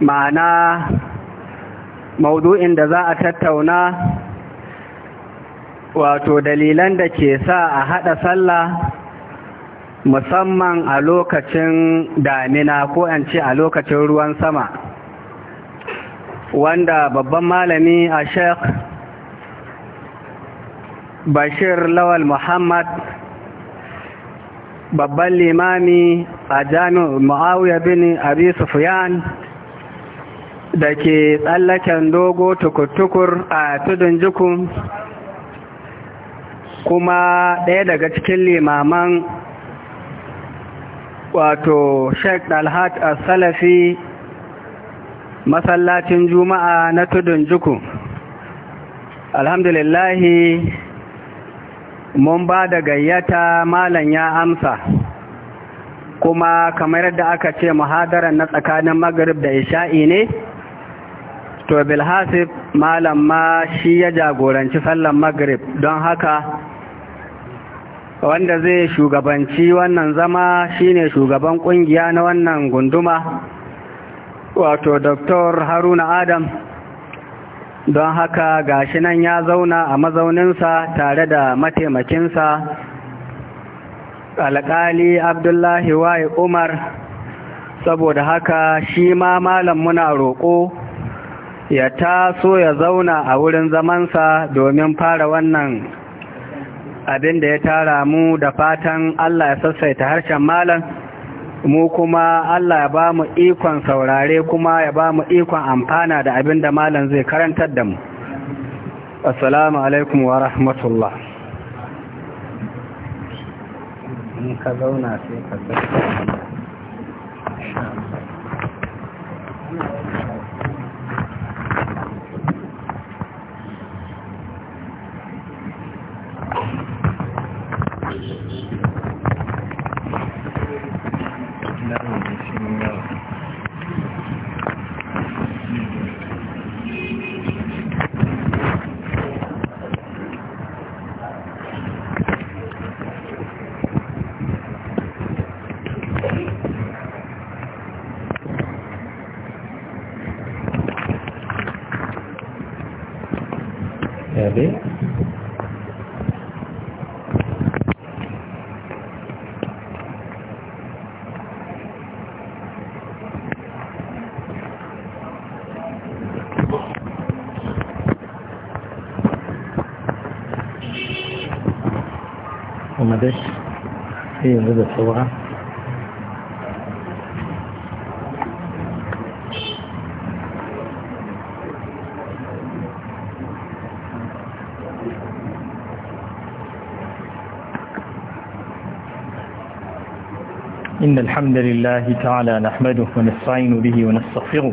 ma'ana maudu'in da za a tattauna wato dalilan da ke sa a haɗa sallah musamman a lokacin damina ko an ce a lokacin ruwan sama wanda babban malami a sheikh bashir lawal muhammad babban limami a jami'ar ma'awiyar bin abi sufyan da ke tsallaken dogo tukur-tukur a tudun jikun kuma ɗaya daga cikin limaman wato sheik dalhat al-salafi masallacin juma'a na tudun jikun alhamdulillahi mun ba da gayyata malam ya amsa kuma kamar da aka ce muhadarar na tsakanin magarib da isha'i ne to bilhassif malam ma shi ya jagoranci sallan maghrib don haka wanda zai shugabanci wannan zama shine shugaban kungiya na wannan gunduma wato dr haruna adam don haka ga shi nan ya zauna a mazauninsa tare da mataimakinsa alƙali abdullahi wa'i umar saboda haka shi ma malam muna roƙo ya taso ya zauna a wurin zamansa domin fara wannan abin da ya tara mu da fatan Allah ya sassaita harshen malam mu kuma Allah ya ba mu ikon saurare kuma ya ba mu ikon amfana da abin da malam zai karantar da mu assalamu alaikum wa rahmatullah ka zauna sai ka بس هي بدأت بسرعة إن الحمد لله تعالى نحمده ونستعين به ونستغفره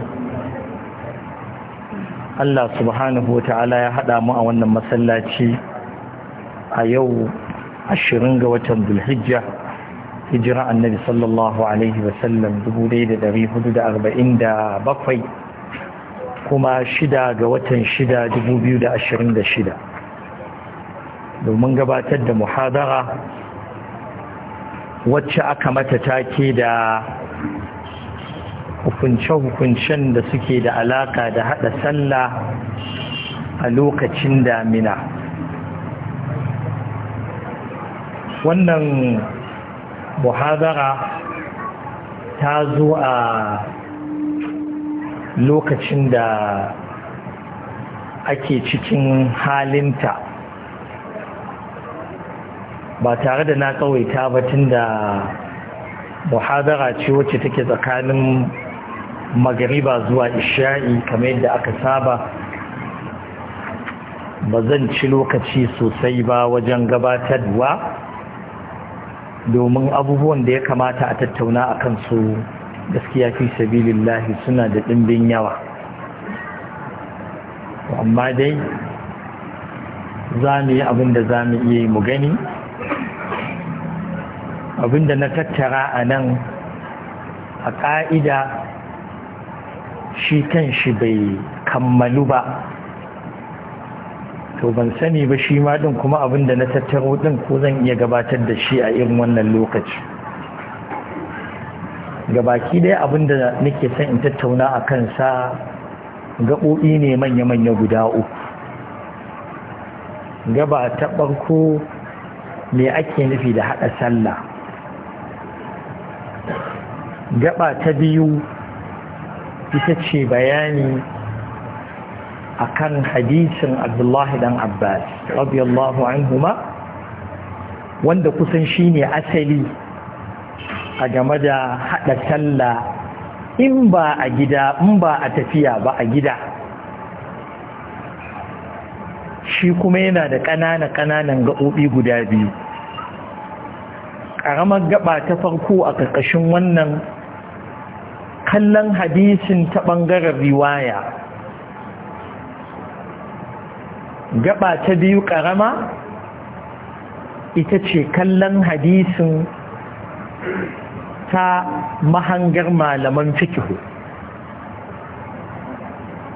Allah subhanahu wa ta'ala ya haɗa mu a wannan masallaci a yau ashirin ga watan Zulhijja hijira annabi sallallahu alaihi wasallam 1447 kuma shida ga watan shida 2026 domin gabatar da muhadara wacce aka mata take da hukunce-hukuncen da suke da alaka da hada sallah a lokacin damina wannan buhadara ta zo a lokacin da ake cikin halinta ba tare da na tsawaita ba tun da buhadara ce wacce take tsakanin magariba zuwa isha'i kamar yadda aka saba ba zan ci lokaci sosai ba wajen gabatarwa domin abubuwan da ya kamata a tattauna a kansu gaskiya fi sabilillahi suna da ɗimbin yawa amma dai za mu yi abin da za mu iya yi mu gani abin da na tattara a nan a ƙa'ida shi kan shi bai kammalu ba to ban sani ba shi ma din kuma abin da na tattaro din ko zan iya gabatar da shi a irin wannan lokaci gabaki dai abin da nake son in tattauna a kansa gaɓoɓi ne manya-manya guda uku gaba ta ɓarko me ake nufi da haɗa sallah gaba ta biyu ita ce bayani a kan hadisin abdullahi dan abbas radiyallahu anhuma wanda kusan shi ne asali a game da haɗa talla in ba a gida in ba a tafiya ba a gida shi kuma yana da ƙanana-ƙananan gaɓoɓi guda biyu ƙaramar gaɓa ta farko a ƙarƙashin wannan kallon hadisin ta ɓangaren riwaya gaba ta biyu ƙarama ita ce kallon hadisin ta mahangar malaman fikihu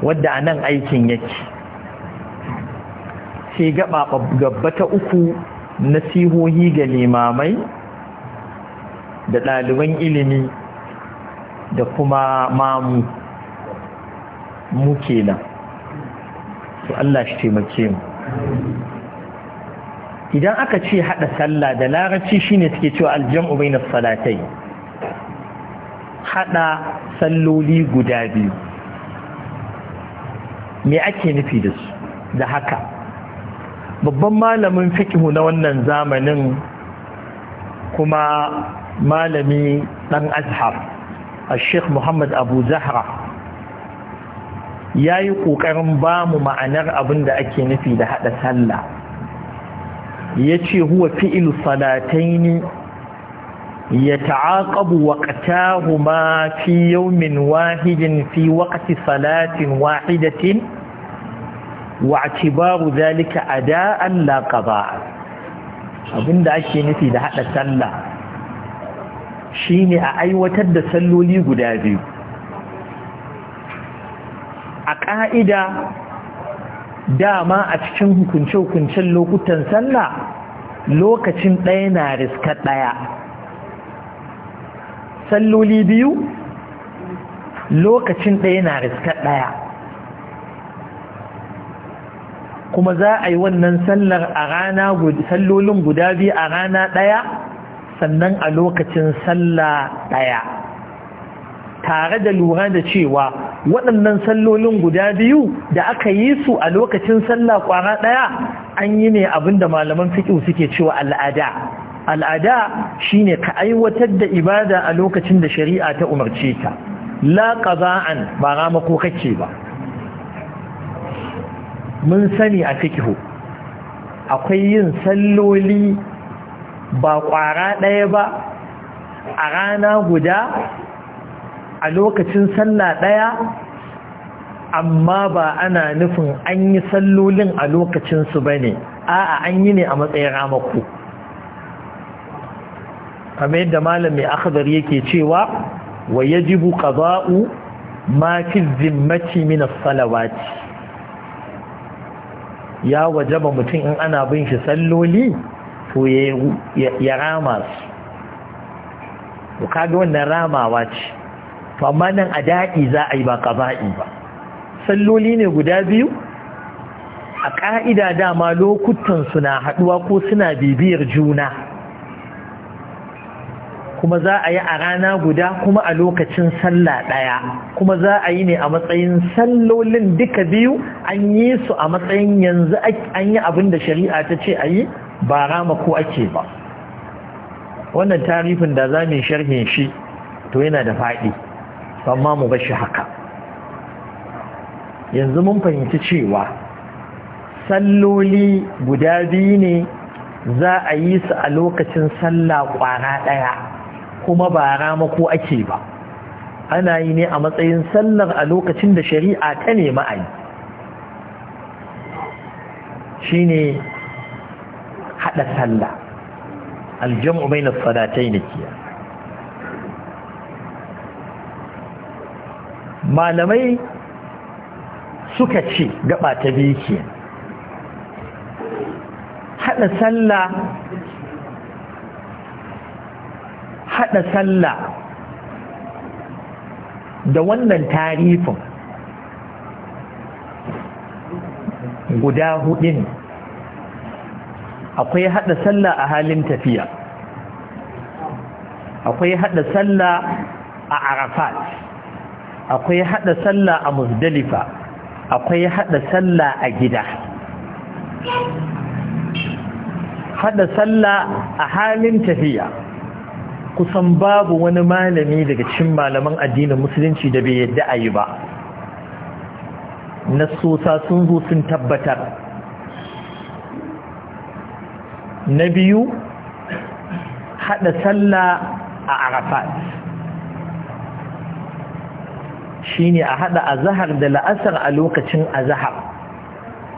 wadda a nan aikin yake sai gaba gaba ta uku nasihohi ga limamai da ɗaliban ilimi da kuma mamu mu kenan to Allah shi taimake mu idan aka ce hada sallah da larabci shine suke cewa aljam'u bainas salatai hada salloli guda biyu me ake nufi da su da haka babban malamin fikihu na wannan zamanin kuma malami dan azhar الشيخ محمد أبو زهرة ya yi ƙoƙarin bamu mu ma'anar abin da ake nufi da haɗa sallah ya ce huwa fi'il salataini ya ta'aƙabu waƙatahu fi yaumin wahidin fi waƙati salatin wahidatin wa atibaru zalika ada'an la qada abinda ake nufi da haɗa sallah Shi ne a aiwatar da salloli guda biyu a ƙa'ida dama a cikin hukunce-hukuncen lokutan sallah lokacin ɗaya na riska ɗaya salloli biyu lokacin ɗaya na riska ɗaya kuma za a yi wannan sallar a rana sallolin guda biyu a rana ɗaya sannan a lokacin sallah ɗaya tare da lura da cewa waɗannan sallolin guda biyu da aka yi su a lokacin sallah ƙwara ɗaya an yi ne abinda malaman fiƙi suke cewa al'ada al'ada shine ka aiwatar da ibada a lokacin da shari'a ta umarce ta la qaza'an ba ko kake ba mun sani a fikihu akwai yin salloli ba ƙwara ɗaya ba a rana guda a lokacin sallah ɗaya amma ba ana nufin an yi sallolin a lokacinsu ba ne a'a an yi ne a matsayin ramako kamar yadda malam mai yake cewa wa yajibu qada'u ma fi zimmati min as-salawati ya wajaba mutum in ana bin shi salloli to ya rama su kaga wannan ramawa ce to amma nan a daɗi za a yi ba ƙaba'i ba salloli ne guda biyu a ƙa'ida dama lokutan suna haɗuwa ko suna bibiyar juna kuma za a yi a rana guda kuma a lokacin sallah ɗaya kuma za a yi ne a matsayin sallolin duka biyu an yi su a matsayin yanzu an yi abin da shari'a ta ce a yi ba rama ko ake ba wannan tarifin da za mu sharhin shi to yana da faɗi amma mu shi haka yanzu mun fahimci cewa salloli guda biyu ne za a yi su a lokacin sallah kwana ɗaya kuma ba rama ko ake ba ana yi ne a matsayin sallar a lokacin da shari'a ta nemi a yi shi ne haɗa sallah aljam'u bai na kiya malamai suka ce gaba ta biyu ke haɗa sallah haɗa sallah da wannan tarifin guda hudu ne akwai hada sallah a halin tafiya akwai hada sallah a arafat akwai hada sallah a muzdalifa akwai hada sallah a gida hada sallah a halin tafiya kusan babu wani malami daga cikin malaman addinin musulunci da bai yadda a yi ba nasusa sun zo sun tabbatar na biyu haɗa sallah a arafat ne a haɗa azahar da la'asar a lokacin azahar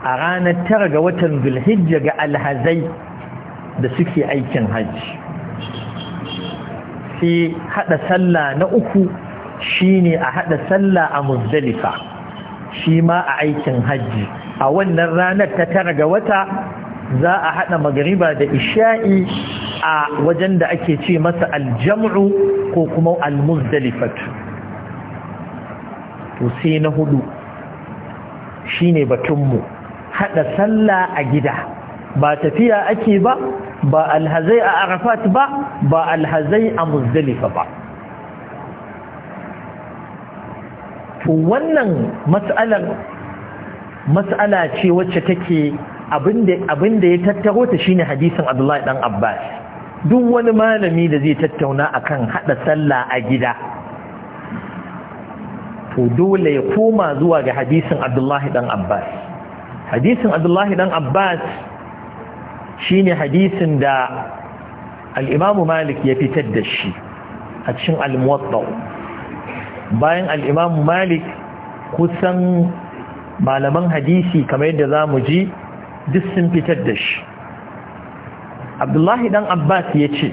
a ranar tara ga watan zulhijja ga alhazai da suke aikin hajji sai haɗa sallah na uku shine a haɗa sallah a muzdalifa shi ma a aikin hajji a wannan ranar ta tara ga wata za a haɗa magariba da isha'i a wajen da ake ce masa aljam'u ko kuma almuzdalifat to sai na hudu shine batunmu haɗa sallah a gida ba tafiya ake ba ba alhazai a arafat ba ba alhazai a muzdalifa ba to wannan matsalar matsala ce wacce take abin da ya tattaro ta shine hadisin Abdullahi dan Abbas duk wani malami da zai tattauna akan hada sallah a gida to dole ya koma zuwa ga hadisin Abdullahi dan Abbas hadisin Abdullahi dan Abbas shine hadisin da al-Imam Malik ya fitar da shi a cikin al-Muwatta bayan al-Imam Malik kusan malaman hadisi kamar yadda mu ji duk sun fitar da shi abdullahi dan abbas ya ce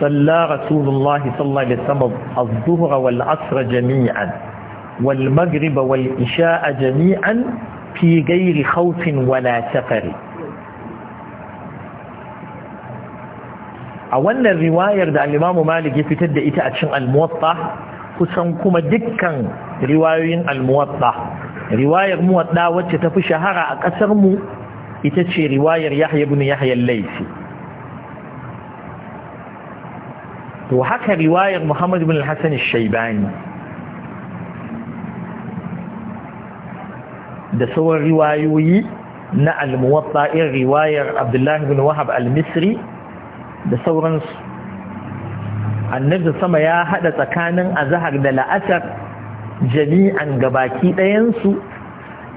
salla rasulullah sallallahu alaihi wasallam az-zuhra wal asra jami'an wal maghriba wal isha'a jami'an fi ghairi khawfin wala safari a wannan riwayar da al malik ya fitar da ita a cikin al-muwatta kusan kuma dukkan riwayoyin al-muwatta riwayar muwatta wacce ta fi shahara a ƙasar mu ita ce riwayar yahya bin yahya Laifi, to haka riwayar muhammad bin al-hasan al da sauran riwayoyi na al riwayar abdullahi bin wahab al-misri da sauransu annabi sama ya hada tsakanin azhar da la'asar jami'an gabaki ɗayansu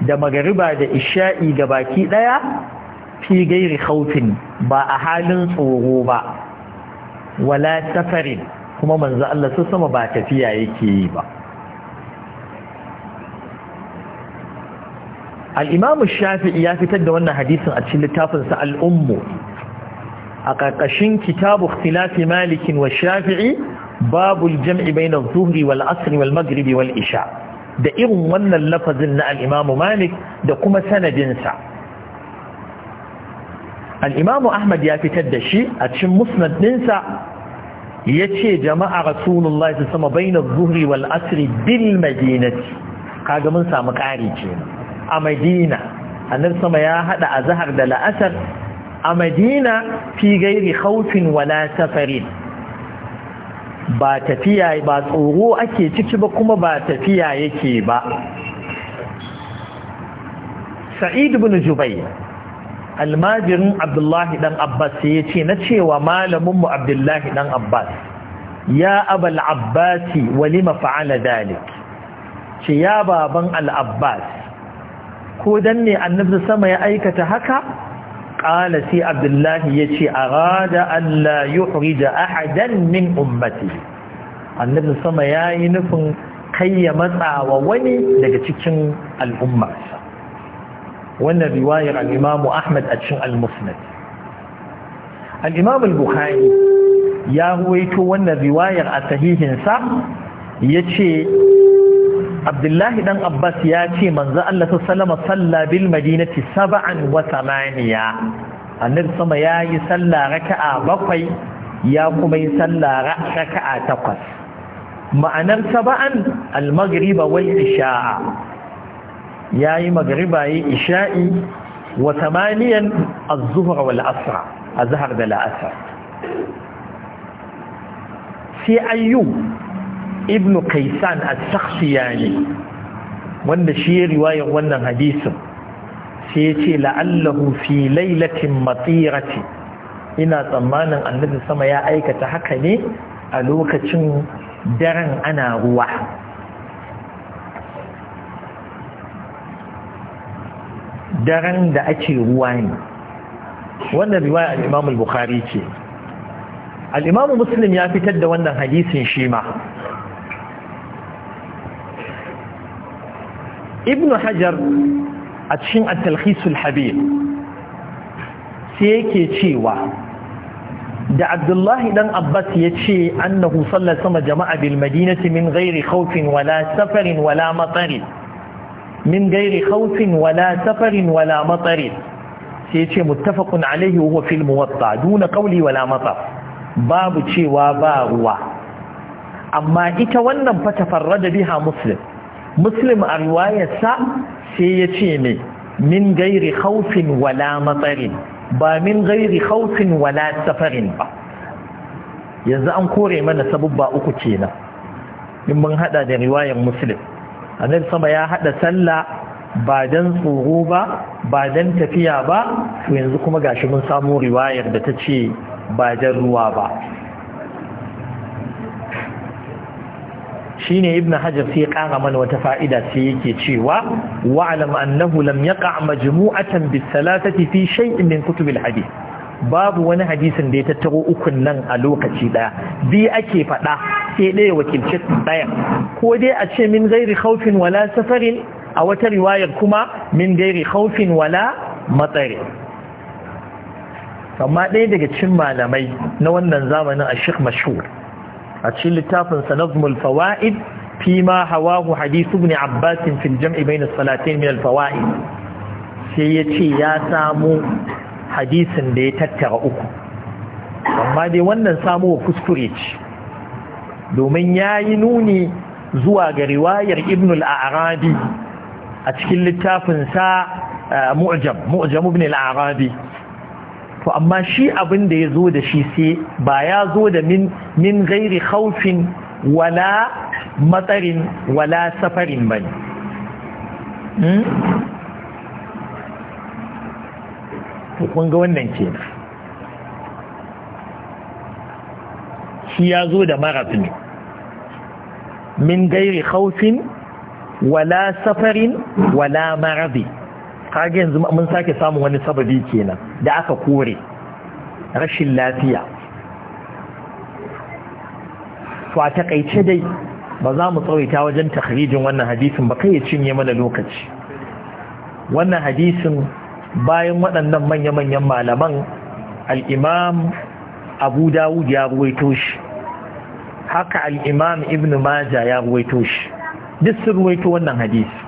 da magariba da isha'i ga baki ɗaya fi gairi khawfin ba a halin tsoro ba wala safarin kuma manzo Allah su sama ba tafiya yake yi ba al shafi'i ya fitar da wannan hadisin a cikin littafinsa al'ummu. a ƙarƙashin kitabu ikhtilafi malikin wa shafi'i babul jam'i baina adh-dhuhri wal asr wal magribi wal isha' da irin wannan lafazin na al'imamu malik da kuma sanadinsa al'imamu ahmad ya fitar da shi a cikin musnadinsa. ɗinsa ya ce jama'a rasulullah su sama bai na zuhri wal asiri bil madinati kaga mun samu ƙari ce a madina annar sama ya haɗa a zahar da la'asar a madina fi gairi haufin wala safarin ba tafiya ba tsoro ake ciki ba kuma ba tafiya yake ba sa'id ibn jubayr almajirin abdullahi dan abbas ya ce na cewa malaminmu abdullahi dan abbas ya abal abbasi walima fa'ala dalik ce ya baban al-abbas ko dan ne annabi sama ya aikata haka قال sai abdullahi ya ce أراد أن allah يحرج da من min النبي صلى الله ya yi nufin matsa wa wani daga cikin al'ummarsa wannan riwayar al'imamu ahmad a cikin al-musnad al'imamu al-bukhari ya huwaito wannan riwayar a sahihinsa ya ce abdullahi dan abbas ya ce manzo Allah ta salama salla bil madinati saba'an wa A annabi sama ya yi salla raka'a bakwai ya kuma yi salla raka'a takwas ma'anar saba'an al-maghriba wal isha'a ya yi maghriba yi isha'i wa a az-zuhr wal asr azhar da la'asar sai ayyu ibn kaisan as-sakhsiyani wanda shi ya riwayar wannan hadisin sai ya ce la'allahu fi lailatin matirati ina tsammanin annabi sama ya aikata haka ne a lokacin daren ana ruwa daren da ake ruwa ne wannan riwaya al bukhari ce al-imam muslim ya fitar da wannan hadisin shi ma ibn hajar a cikin at-talkhisul habib sai yake cewa da abdullahi dan abbas ya ce annahu sallar sama jama'a bil madinati min gairi khawfin wala safarin wala matsari min gairi khawfin wala safarin wala matsari sai ya muttafaqun alaihi wa fil muwatta duna qawli wala matsar babu cewa ba ruwa amma ita wannan fa tafarrada biha muslim muslim a ruwayarsa sai ya ce ne min gairi haufin wala matsarin ba min gairi haufin wala safarin ba yanzu an kore mana sabubba uku kenan in mun hada da riwayar muslim nan sama ya hada sallah ba don tsoro ba ba dan tafiya ba to yanzu kuma gashi mun samu riwayar da ta ce ba don ruwa ba Shi ne ibn hajar sai ya kara mana wata fa'ida sai yake cewa wa'lam annahu lam yaqa majmu'atan bis salatati fi shay'in min kutubil hadis babu wani hadisin da ya tattaro ukun nan a lokaci ɗaya. bi ake faɗa sai ɗaya wakilce ɗaya ko dai a ce min gairi khaufin wala safarin a wata riwayar kuma min zai khaufin wala matsari amma ɗaya daga cin malamai na wannan zamanin a shi mashur a cikin littafin sa nazmul fawaid fi ma hawahu hadith ibn abbas fi al-jam'i bayna salatayn min al-fawaid sai yace ya samu hadisin da ya tattara uku amma dai wannan samu kuskure ce domin yayi nuni zuwa ga riwayar ibn al-arabi a cikin littafin sa eh, mu'jam mu'jam ibn al-arabi to amma shi abin da ya zo da shi sai ba ya zo da min min gairi khawfin wala matsarin wala safarin bane hmm? to kun ga wannan ke shi ya zo da marafin min gairi khawfin wala safarin wala marabi kage yanzu mun sake samun wani sababi kenan da aka kore rashin lafiya to a takaice dai ba za mu tsawaita wajen takhrijin wannan hadisin ba kai ya cinye mana lokaci wannan hadisin bayan waɗannan manya-manyan malaman al'imam abu dawud ya ruwaito shi haka al'imam ibn maja ya ruwaito shi duk sun ruwaito wannan hadisi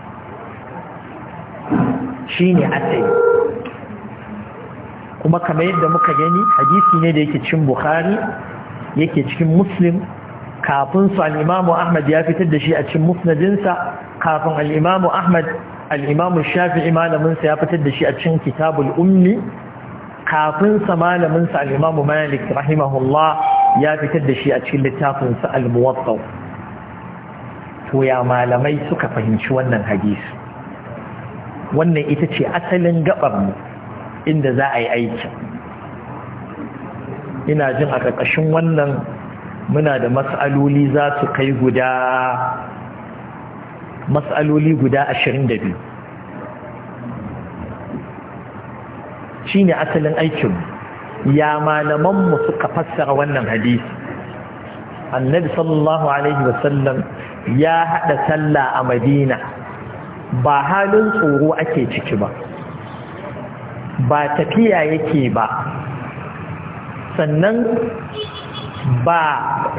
shine asali kuma kamar yadda muka gani hadisi ne da yake cikin bukhari yake cikin muslim kafin su al'imamu ahmad ya fitar da shi a cikin musnadinsa kafin al'imamu ahmad al'imamu shafi'i malaminsa ya fitar da shi a cikin kitabul ummi kafin sa malaminsa al'imamu malik rahimahullah ya fitar da shi a cikin littafinsa al-muwattau to ya malamai suka fahimci wannan hadisi wannan ita ce asalin gabar inda za a yi aiki ina jin a ƙarƙashin wannan muna da matsaloli za su kai guda matsaloli guda ashirin da biyu shi ne asalin aikinmu ya malamanmu suka fassara wannan hadisi annabi sallallahu alaihi wasallam ya haɗa sallah a madina ba halin tsoro ake ciki ba ba tafiya yake ba sannan ba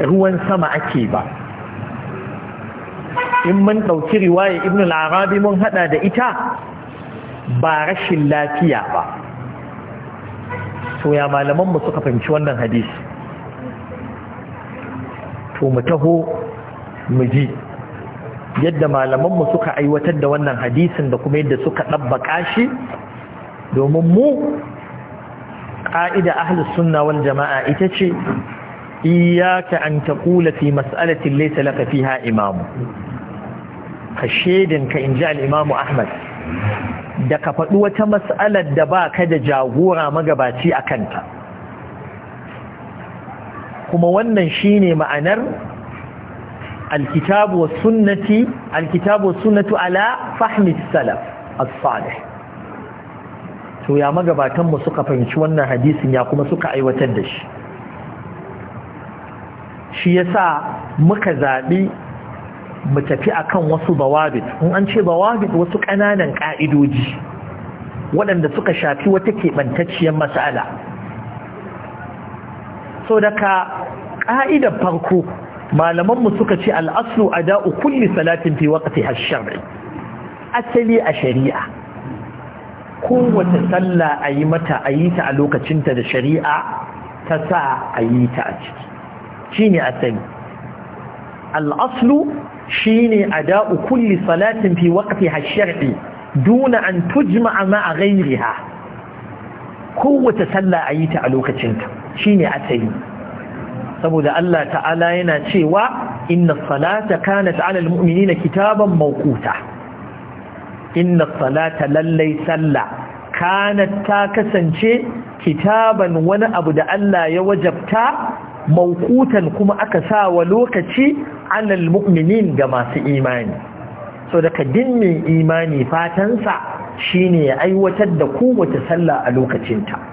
ruwan sama ake ba in mun ɗauki riwaya ibn al'arabi mun haɗa da ita ba rashin lafiya ba to ya malamanmu suka fahimci wannan hadisi to mu taho mu ji yadda malamanmu suka aiwatar da wannan hadisin da kuma yadda suka ɗabbaka shi domin mu ƙa'ida ahli sunna wal jama'a ita ce iyaka an taqula fi mas'alatin laysa laka fiha imamu ka shedin ka inji al-imamu ahmad da ka faɗi wata mas'alar da ba ka da jagora magabaci a kanta kuma wannan shine ma'anar الكتاب والسنة الكتاب والسنة على فهم السلف الصالح to ya magabatan mu suka fahimci wannan hadisin ya kuma suka aiwatar da shi shi yasa muka zaɓi mu tafi akan wasu bawabit in an ce bawabit wasu ƙananan ka'idoji waɗanda suka shafi wata keɓantacciyar matsala so daga ƙa'idar farko malamanmu suka ce al'aslu a da'u kulli salatin fi waƙati hashari asali a shari'a kowace sallah a yi mata a yi ta a lokacinta da shari'a ta sa a yi ta a ciki shi ne asali al'aslu shi ne a da'u kulli salatin fi waƙati hashari duna an tujma ma a gairiha kowace sallah a yi ta a lokacinta shi ne asali saboda Allah ta'ala yana cewa inna salata kanat 'ala al kitaban mawquta inna salata lallai salla kanat ta kasance kitaban wani abu da Allah ya wajabta mawqutan kuma aka sa wa lokaci 'ala muminin ga masu imani so daga dinmin imani fatansa shine ya aiwatar da kowace sallah a lokacinta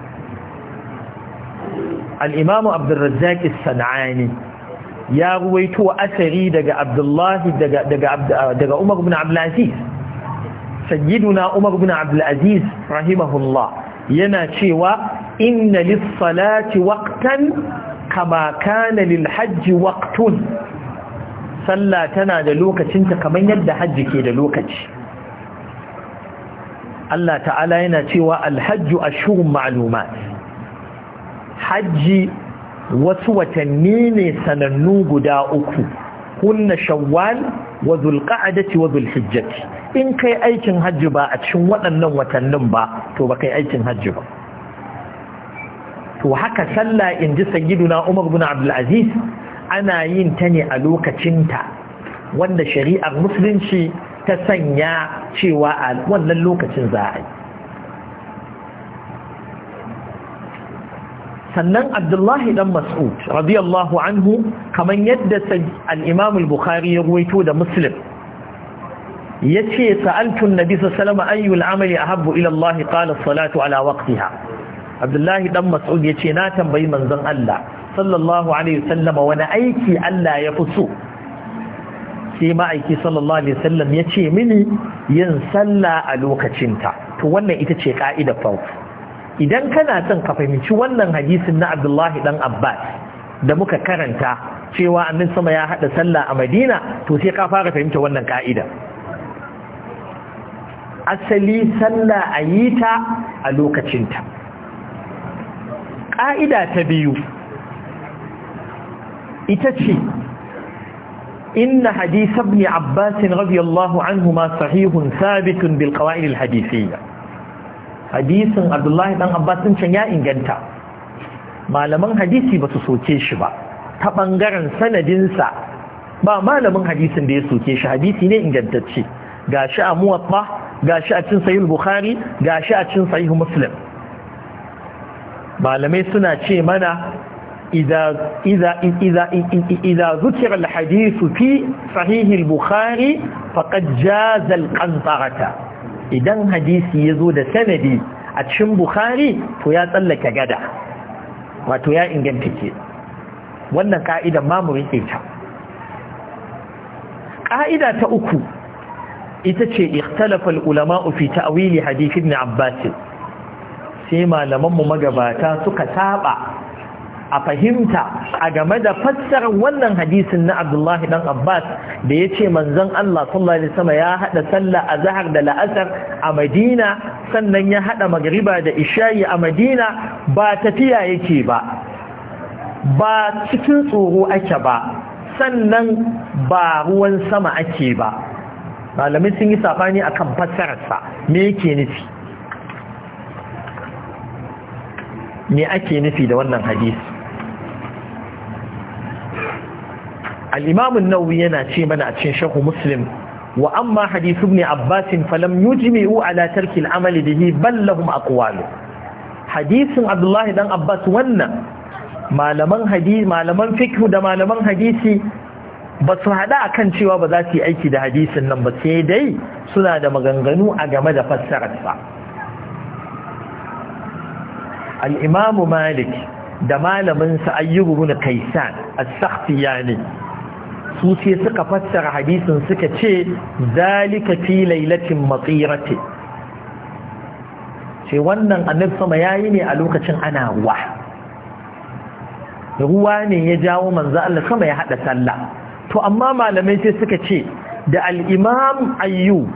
al'imamu abdurrazzaki sana'ani ya ruwaito asari daga abdullahi daga ah, umar bin abdulaziz sayyiduna umar bin abdulaziz rahimahullah yana cewa inna lissalati waqtan kama kana lil hajji waqtun sallah tana da lokacinta kamar yadda hajji ke da lokaci Allah ta'ala yana cewa alhajju ashurun ma'lumat hajji wasu watanni ne sanannu guda uku kunna shawwal wa zulqa'adati wa zulhijjati in kai aikin hajji ba a cikin waɗannan watannin ba to ba kai aikin hajji ba to haka sallah in ji sayyiduna Umar ibn Abdul Aziz ana yin ta ne a lokacin ta wanda shari'ar musulunci ta sanya cewa a wannan lokacin za a yi sannan abdullahi dan mas'ud radiyallahu anhu kaman yadda al-imam al-bukhari ya ruwaito da muslim yace sa'altu an-nabi sallallahu alaihi ayyul amali ahabbu ila Allah qala as-salatu ala waqtiha abdullahi dan mas'ud yace na tambayi manzon Allah sallallahu alaihi wasallam wani aiki Allah ya fi so sai ma'aiki sallallahu alaihi wasallam yace mini yin sallah a lokacinta to wannan ita ce ka'idar farko idan kana son ka fahimci wannan hadisin na abdullahi dan abbas da muka karanta cewa annin sama ya haɗa sallah a madina to sai ka fara fahimta wannan ka'ida asali sallah a yi ta a lokacinta ƙa'ida ta biyu ita ce inna hadisabni ibn abbas radiyallahu anhu ma sahihun sabitun bil qawaid al hadisiyya hadisin abdullahi dan abbas din can ya inganta malaman hadisi ba su soke shi ba ta ɓangaren sanadinsa ba malamin hadisin da ya soke shi hadisi ne ingantacce ga shi a muwatta shi a cin sahih bukhari shi a cin sahih muslim malamai suna ce mana idan إذا, إذا, fi fi الحديث في صحيح البخاري idan hadisi ya zo da sanadi a cikin bukhari to ya tsallaka gada wato ya inganta ke wannan ka'idan ma mu rike ta ka'ida ta uku ita ce ikhtalafa al-ulama fi ta'wili hadisi ibn abbas sai malaman mu magabata suka saba a fahimta a game da fassarar wannan hadisin na Abdullahi dan Abbas da ya ce manzon Allah sallallahu alaihi sama ya haɗa sallah a zahar da la'asar a Madina sannan ya haɗa magariba da isha'i a Madina ba tafiya yake ba ba cikin tsoro ake ba sannan ba ruwan sama ake ba malamai sun yi a akan fassararsa me yake nufi me ake nufi da wannan hadisi Al'imamin Nauyi nawawi yana ce mana a cikin shahu muslim wa amma hadith ibn abbas falam yujmi'u ala tarki al-amali da bal lahum aqwalu hadisin abdullahi dan abbas wannan malaman hadisi da malaman hadisi ba su hada akan cewa ba za su yi aiki da hadisin nan ba sai dai suna da maganganu a game da fassararsa al Al'imamu malik da malaminsa sa ayyubu bin a as-sakhtiyani su ce suka fassara hadisin suka ce zalika fi lailatin matsirati ce wannan annab sama yayi ne a lokacin ana ruwa ruwa ne ya jawo manzo Allah sama ya hada sallah to amma malamai sai suka ce da al-imam ayyub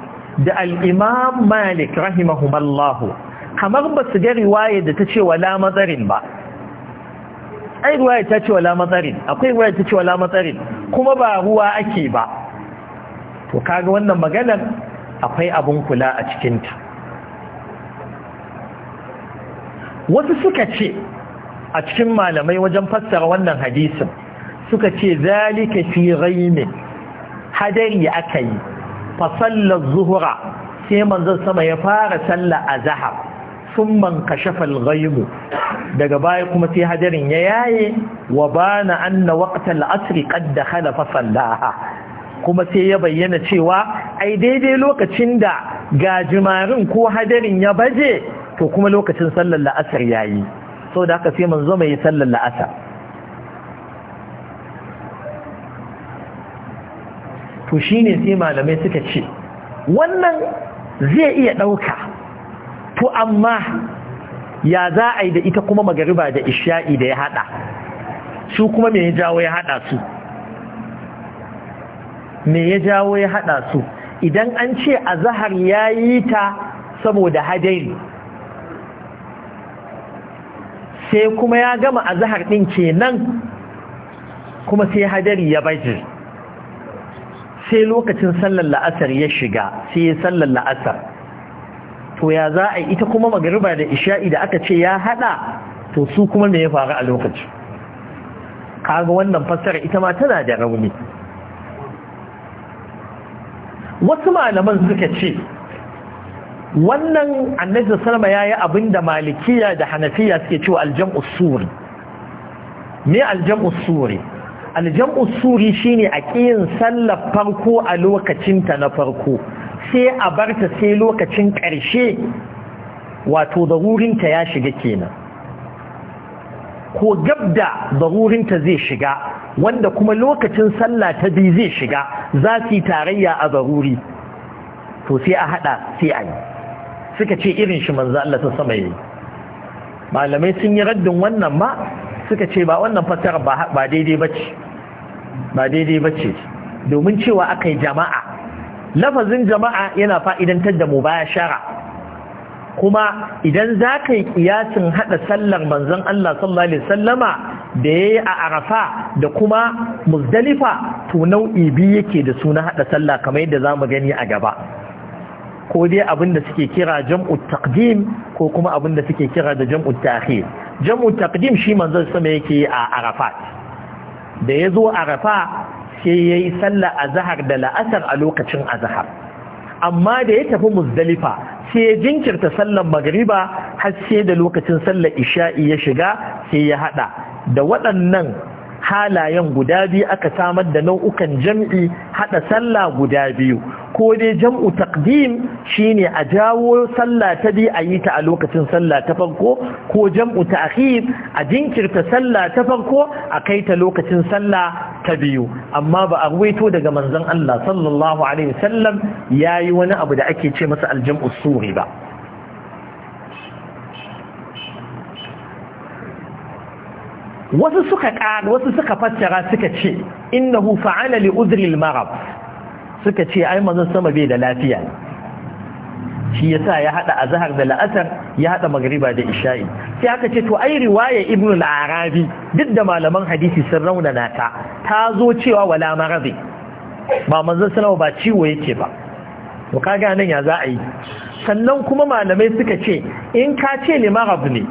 da al-imam malik rahimahumallahu kamar ba su ga riwaya da ta ce wala matsarin ba ai ruwaya ta ce wala matsarin akwai ruwaya ta ce wala matsarin kuma ba ruwa ake ba to kaga wannan maganar akwai abun kula a cikinta wasu suka ce a cikin malamai wajen fassara wannan hadisin suka ce zalika fi ghaimi hadari akai fa sallar zuhra sai manzon sama ya fara sallar azhar summan kashafal ghaibu daga baya kuma sai hadarin ya yaye wa bana anna waqtal asri qad dakhala fa sallaha kuma sai ya bayyana cewa ai daidai lokacin da gajimarin ko hadarin ya baje to kuma lokacin sallar la'asar yayi saboda haka sai manzo mai sallar la'asar to shine sai malamai suka ce wannan zai iya dauka to amma ya za a yi da ita kuma magariba da isha'i da ya hada su kuma me ya jawo ya hada su me ya jawo ya hada su idan an ce a zahar ya yi ta saboda hadari sai kuma ya gama a zahar ɗin kenan kuma sai hadari ya baje sai lokacin sallar la'asar ya shiga sai sallar la'asar to ya za a ita kuma magariba da isha'i da aka ce ya hada to su kuma me ya faru a lokaci kaga wannan fassara ita ma tana da rauni wasu malaman suka ce wannan annabi sallama yayi abin da malikiya da hanafiya suke cewa aljam'u suri me aljam'u suri aljam'u suri shine a kiyin sallar farko a lokacin ta na farko sai a barta sai lokacin ƙarshe wato zarurinta ya shiga kenan ko gab da zarurinta zai shiga wanda kuma lokacin sallah ta biyu zai shiga za su yi tarayya a zaruri to sai a hada sai a yi suka ce irin shi manzo Allah ta sama yi malamai sun yi raddin wannan ma suka ce ba wannan fassara ba daidai bace ba daidai bace domin cewa aka yi jama'a lafazin jama'a yana fa'idantar da mu baya shara, kuma idan za ka yi ƙiyasin haɗa sallar manzan Allah sallallahu Alaihi sallama da ya yi a arafa da kuma musdalifa to nau'i biyu yake da suna haɗa sallah kamar yadda za mu gani a gaba ko dai abin da suke kira jam'ut taqdim ko kuma abin da suke kira da jam'ut ta'khir jam'ut taqdim shi manzon sama yake a arafat da ya zo arafa sai ya yi sallah a zahar da la'asar a lokacin a zahar amma da ya tafi muzdalifa sai ya jinkirta sallar magariba har sai da lokacin sallar isha'i ya shiga sai ya haɗa da waɗannan halayen guda biyu aka samar da nau'ukan jam'i hada sallah guda biyu ko dai jam'u taqdim shine a jawo sallah ta bi a yi ta a lokacin sallah ta farko ko jam'u ta'khir a jinkirta sallah ta farko a kai ta lokacin sallah ta biyu amma ba a ruwaito daga manzon Allah sallallahu alaihi wasallam yayi wani abu da ake ce masa aljam'u suri ba wasu suka ƙada wasu suka fassara suka ce innahu fa'ala li udhril marad suka ce ai manzon sama bai da lafiya shi yasa ya hada azhar da la'asar ya hada magriba da isha'i sai aka ce to ai riwaya ibnu al-arabi duk da malaman hadisi sun raunana ta ta zo cewa wala marabi ba manzon sama ba ciwo yake ba to kaga nan ya za a yi sannan kuma malamai suka ce in ka ce ne ne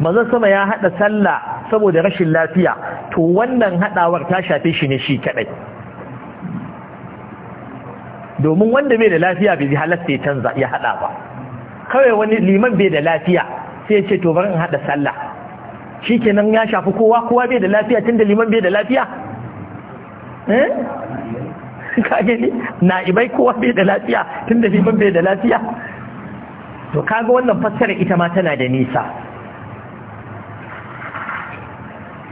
manzon sama ya hada sallah saboda rashin lafiya to wannan hadawar ta shafe shi ne shi kadai domin wanda bai da lafiya bai ji halatta ya canza ya hada ba kawai wani liman bai da lafiya sai ya ce to bari in hada sallah shikenan ya shafi kowa kowa bai da lafiya tunda liman bai da lafiya eh ka gani ibai kowa bai da lafiya tunda liman bai da lafiya to kaga wannan fassara ita ma tana da nisa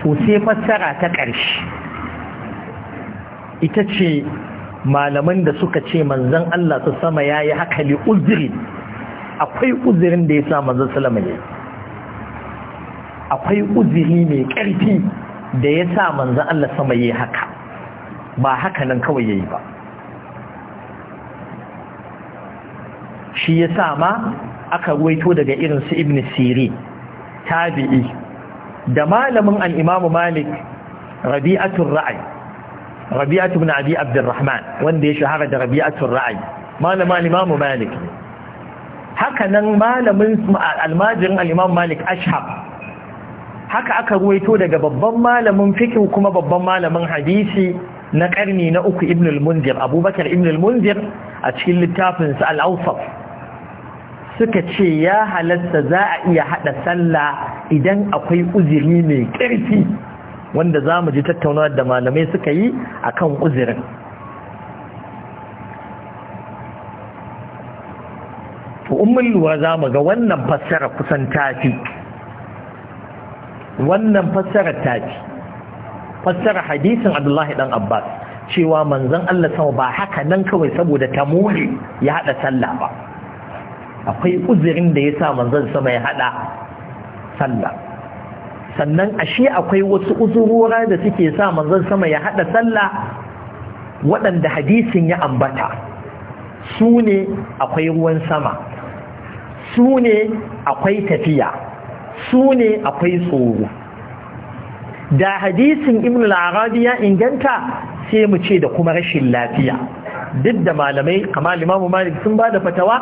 to sai fassara ta ƙarshe ita ce malaman da suka ce manzan Allah su sama ya yi haka li uzuri akwai uzurin da ya sa manzan salama ya akwai uzuri mai ƙarfi da ya sa manzan Allah sama ya yi haka ba haka nan kawai ya yi ba shi ya sa ma aka waito daga irin su ibn siri tabi'i da malamin al'imamu malik rabi'atun ra'ayi rabi'atun na abi abdurrahman wanda ya shahara da rabi'atun ra'ayi malamin al'imamu malik haka nan malamin almajirin al'imamu malik ashab haka aka ruwaito daga babban malamin fikin kuma babban malamin hadisi na ƙarni na uku ibn al-munzir abubakar ibn al-munzir a cikin littafinsa al-ausaf suka ce ya halatta za a iya haɗa sallah idan akwai uzuri mai ƙarfi wanda za mu ji tattaunawar da malamai suka yi a kan uzurin umar za mu ga wannan fassara kusan tafi wannan fassara tafi fassara hadisin abdullahi ɗan abbas cewa manzon Allah sama ba haka nan kawai saboda tamuri ya haɗa sallah ba akwai uzurin da ya sa manzon sama ya hada sallah sannan ashe akwai wasu uzurora da suke sa manzon sama ya hada sallah waɗanda hadisin ya ambata su ne akwai ruwan sama su ne akwai tafiya su ne akwai tsoro da hadisin ibn al-arabi inganta sai mu ce da kuma rashin lafiya duk da malamai kamar limamu malik sun ba da fatawa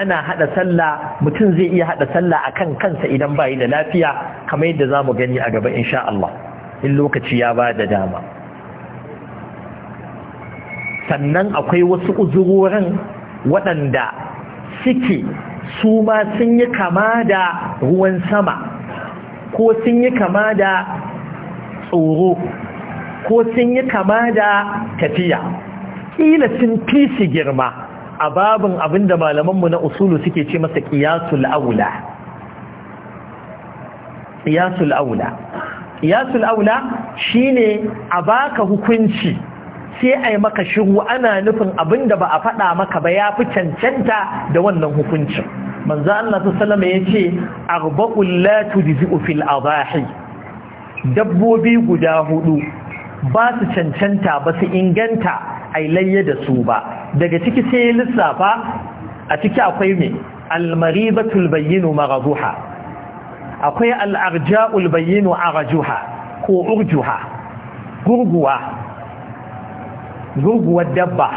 ana hada sallah mutum zai iya hada sallah akan kansa idan bai da lafiya kamar yadda za mu gani a gaba insha Allah in lokaci ya ba da dama sannan akwai wasu uzurorin waɗanda suke su ma sun yi kama da ruwan sama ko sun yi kama da tsoro ko sun yi kama da tafiya kila sun fi girma a babin abinda malamanmu na usulu suke ce masa qiyasul aula qiyasul aula aula shine a baka hukunci sai ai maka shiru ana nufin abinda ba a faɗa maka ba ya fi cancanta da wannan hukuncin manzo Allah sallama yace arba'ul la tujzi'u fil adahi dabbobi guda hudu ba su cancanta ba su inganta a layya da su ba daga ciki sai lissafa a ciki akwai ne almaribatul bayyinu marazuha akwai al'arja'ul bayyinu arajuha ko urjuha gurguwa gurguwar dabba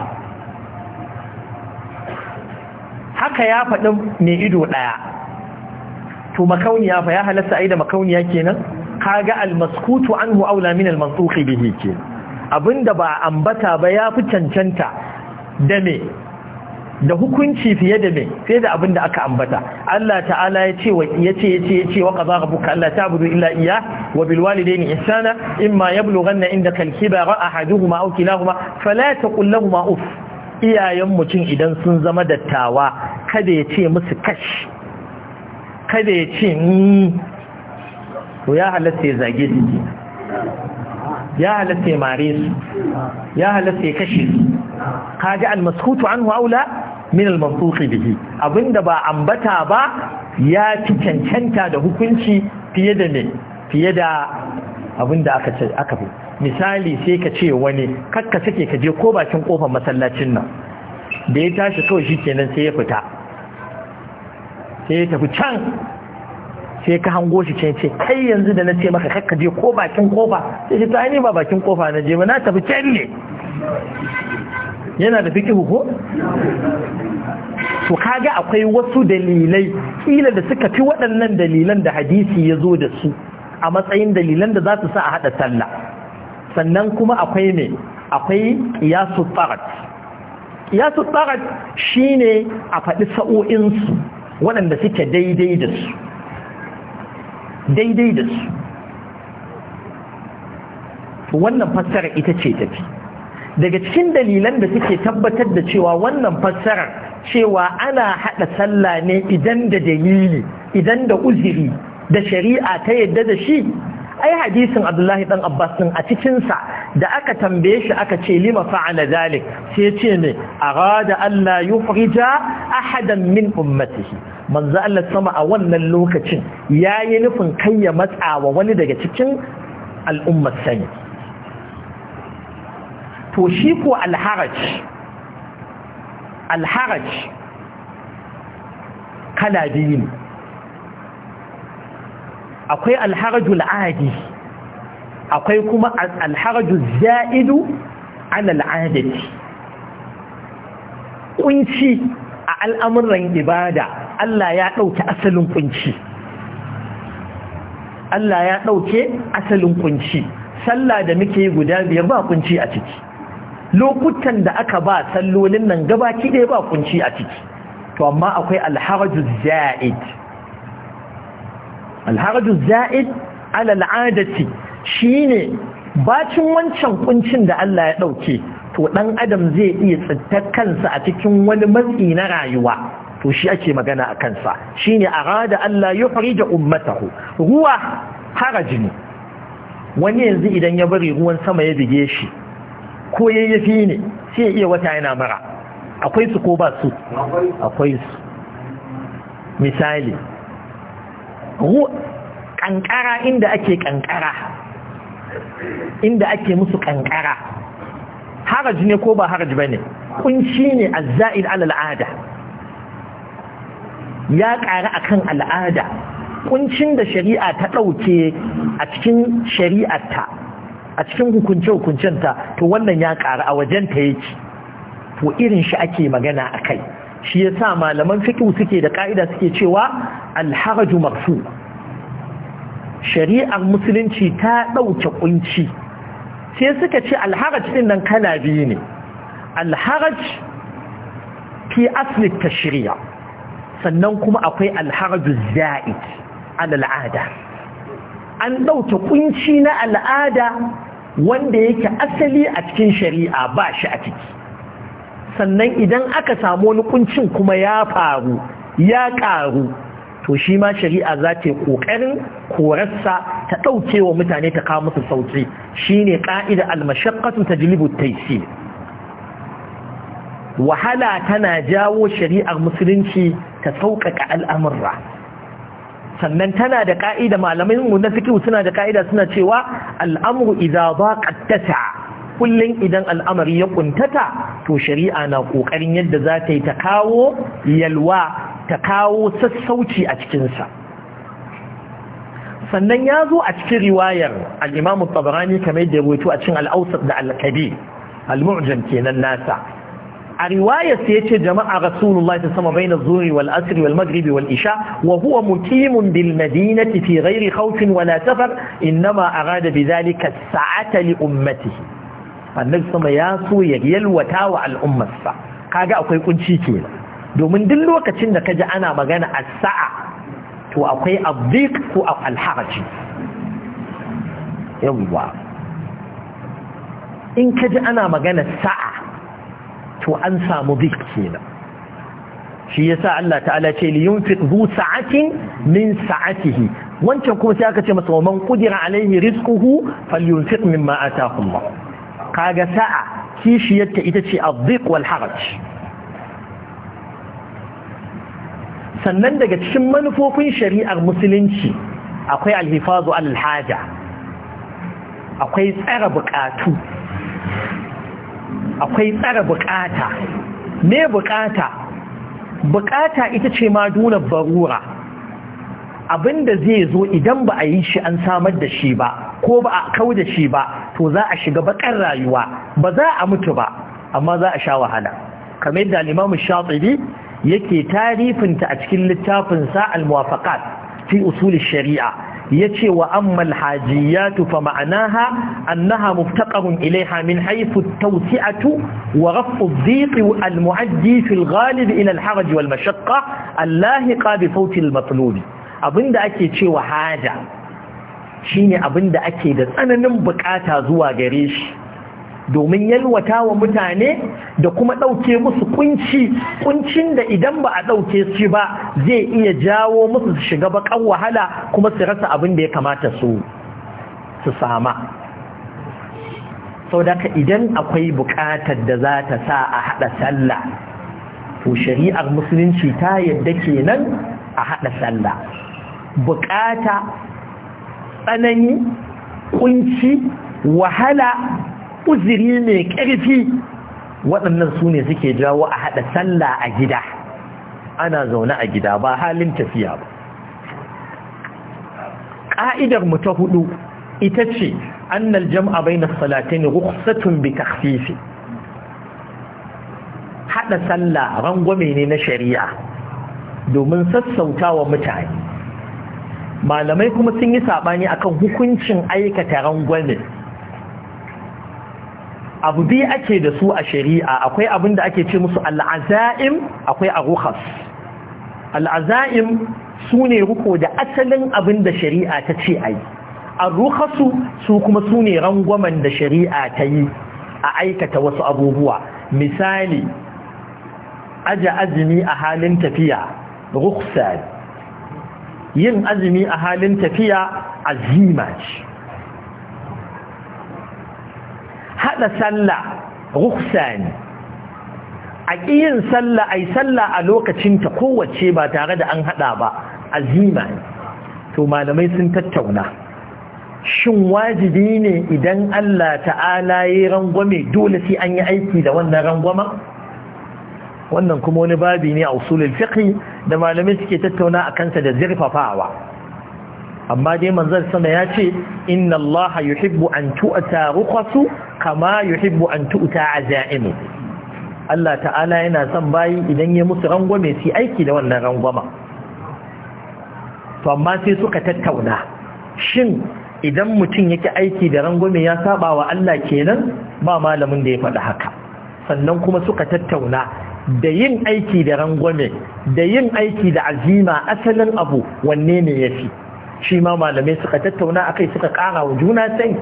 haka ya faɗi mai ido ɗaya to makauniya fa ya halasta ai da makauniya kenan kaga almaskutu anhu aula min almansukh bihi ke abinda ba ambata ba ya fi cancanta da me da hukunci fiye da me sai da abinda aka ambata Allah ta'ala ya ce yace yace yace wa qadha rabbuka alla ta'budu illa iyyah wa bil walidayni ihsana imma yablughanna indaka al-kibara ahaduhuma aw kilahuma fala taqul lahumā uff iyayen mutum idan sun zama dattawa kada ya ce musu kash kada ya ce hmm, to ya halatta ya zage su ya halatta ya mare su ya halatta ya kashe su kaga al-maskutu anhu aula min al-mansuqi bihi abinda ba ambata ba ya ci cancanta da hukunci fiye da ne fiye da abinda aka ce aka fi misali sai ka ce wani kakka sake ka je ko bakin kofar masallacin nan da ya tashi kawai shi kenan sai ya fita sai ya tafi can sai ka hango shi ce ce kai yanzu da na ce maka kakka je ko bakin kofa sai shi ta ni ba bakin kofa na je ba na tafi can ne yana da fiki ko to kaga akwai wasu dalilai kila da suka fi waɗannan dalilan da hadisi ya zo da su a matsayin dalilan da za su sa a haɗa sallah sannan kuma akwai ne akwai kiyasu tsarat kiyasu tsarat shine a faɗi sa'o'insu waɗanda suke daidai da su daidai da su wannan fassara ita ce tafi daga cikin dalilan da suke tabbatar da cewa wannan fassarar cewa ana haɗa sallah ne idan da dalili idan da uziri da shari'a ta yadda da shi ai hadisin abdullahi dan abbas din a cikinsa da aka tambaye shi aka ce lima fa'ala zalik sai ce ne arada alla yufrija ahadan min ummatihi manzo Allah sama a wannan lokacin yayi nufin kai ya matsawa wani daga cikin al'ummar sani to shi ko alharaj alharaj kala biyu ne akwai alharajul adi akwai kuma alharajul za'idu an al'adati kunci a al'amuran ibada Allah ya ɗauke asalin kunci Allah ya ɗauke asalin kunci sallah da muke yi guda biyar ba kunci a ciki lokutan da aka ba sallolin nan gabaki ɗaya ba kunci a ciki to amma akwai alharajul za'id alharaju za'id alal shi shine bacin wancan kuncin da Allah ya ɗauke, to ɗan adam zai iya tsitta kansa a cikin wani matsi na rayuwa to shi ake magana a kansa shine arada Allah da ummatahu ruwa haraji ne wani yanzu idan ya bari ruwan sama ya bige shi ko ne sai iya wata yana mara akwai su ko ba su akwai su misali ru kankara inda ake kankara inda ake musu kankara haraji ne ko ba haraj bane kunci ne azza'il ala al'ada ya ƙara akan al'ada kuncin da shari'a ta ɗauke a cikin shari'arta a cikin hukunce-hukuncenta to wannan ya ƙara a wajenta yake to irin shi ake magana a kai shi yasa malaman fiqh suke da ka'ida suke cewa alharaju haraju marfu shari'ar musulunci ta ɗauke ƙunci sai suka ce alharaj ɗin nan kana biyu ne Alharaj haraj fi ta shirya sannan kuma akwai alharaju za'id alada an ɗauke ƙunci na al'ada wanda yake asali a cikin shari'a ba shi a ciki sannan idan aka samu wani kuncin kuma ya faru ya ƙaru to shi ma shari'a za ta yi ƙoƙarin korarsa ta ɗauke wa mutane ta kawo musu sauƙi shi ne ƙa'ida almashakkatun ta jilibu taisi wahala tana jawo shari'ar musulunci ta sauƙaƙa al'amurra sannan tana da ƙa'ida malamai mu na fikihu suna da ƙa'ida suna cewa al'amuru idza baqa kullum idan al'amari ya kuntata to shari'a na kokarin yadda za ta yi ta kawo yalwa ta kawo sassauci a cikinsa sannan ya zo a cikin riwayar al'imamu tabarani kamar da ya a cikin al'ausar da al-kabi al-mu'jam kenan nasa a riwayar sai ya ce jama'a rasulullahi ta sama baina zuri wal asri wal maghribi wal isha wa huwa muqimun bil madinati fi ghairi khawfin wala safar inma arada bidhalika sa'ata li ummatihi annabi sama ya so ya yalwata wa al'ummarsa kaga akwai kunci kenan domin duk lokacin da kaji ana magana as-sa'a to akwai abdik ko al-haraji yawwa in kaji ana magana sa'a to an samu dik kenan shi yasa Allah ta'ala ce li yunfiq zu sa'atin min sa'atihi wancan kuma sai aka ce masa man qudira alaihi rizquhu falyunfiq mimma ataahu Allah kaga sa'a kishiyarta ita ce azziq wal haraj sannan daga cikin manufofin shari'ar musulunci akwai alhifazu alal haja akwai tsara bukatu akwai tsara bukata me bukata bukata ita ce ma duna barura abin da zai zo idan ba a yi shi an samar da shi ba ko ba a kau da shi ba to za a shiga bakar rayuwa ba za a mutu ba amma za a sha wahala kamar da limamu shatsiri yake tarifinta a cikin littafinsa al-muwafaqat fi usul shari'a yace wa ammal hajiyatu fa ma'anaha annaha muftaqarun ilayha min haythu at-tawsi'atu wa rafu ad-dhiq al-mu'addi fi al-ghalib ila al-haraj wal-mashaqqa allahiqa bi fawti al-matlub Abin da ake cewa haja shine da ake da tsananin bukata zuwa gare shi domin yalwata wa mutane da kuma ɗauke musu kunci kuncin da idan ba a ɗauke shi ba zai iya jawo musu su shiga bakan wahala kuma su rasa abin da ya kamata su su sama sau da idan akwai buƙatar da za ta sa a haɗa sallah to shari'ar musulunci ta yadda kenan a haɗa sallah bukata tsanani kunci wahala uzuri mai ƙarfi waɗannan su ne suke jawo a haɗa sallah a gida ana zaune a gida ba halin tafiya ba ƙa'idar mu ta hudu ita ce annal jam'a bainas salatain rukhsatun bi takhfifi Haɗa sallah rangwame ne na shari'a domin sassauta wa mutane malamai kuma sun yi saɓani a kan hukuncin aikata rangwame abu biyu ake da su a shari'a akwai abin da ake ce musu al'aza'im akwai aruhas al'aza'im su ne ruko da asalin abin da shari'a ta ce a yi aruhasu su kuma su ne rangwamen da shari'a ta yi a aikata wasu abubuwa misali aji azumi a halin tafiya rukhsat yin azumi a halin tafiya azima ce hada sallah rukhsa ne a ƙiyin sallah ai sallah a lokacinta kowace ba tare da an haɗa ba azima ne to malamai sun tattauna shin wajibi ne idan Allah ta'ala ya rangwame dole sai an yi aiki da wannan rangwamen wannan kuma wani babi ne a usulul fiqh da malamai suke tattauna a kansa da zirfafawa amma dai manzon sama ya ce inna allaha yuhibbu an tu'ta ruqasu kama yuhibbu an tu'ta azaimu Allah ta'ala yana son bayi idan ya musu rangwame su aiki da wannan rangwama to amma sai suka tattauna shin idan mutum yake aiki da rangwame ya saba wa Allah kenan ba malamin da ya faɗi haka sannan kuma suka tattauna da yin aiki da rangwame da yin aiki da azima asalin abu wanne ne ya fi shi ma malamai suka tattauna kai suka kara wa juna sai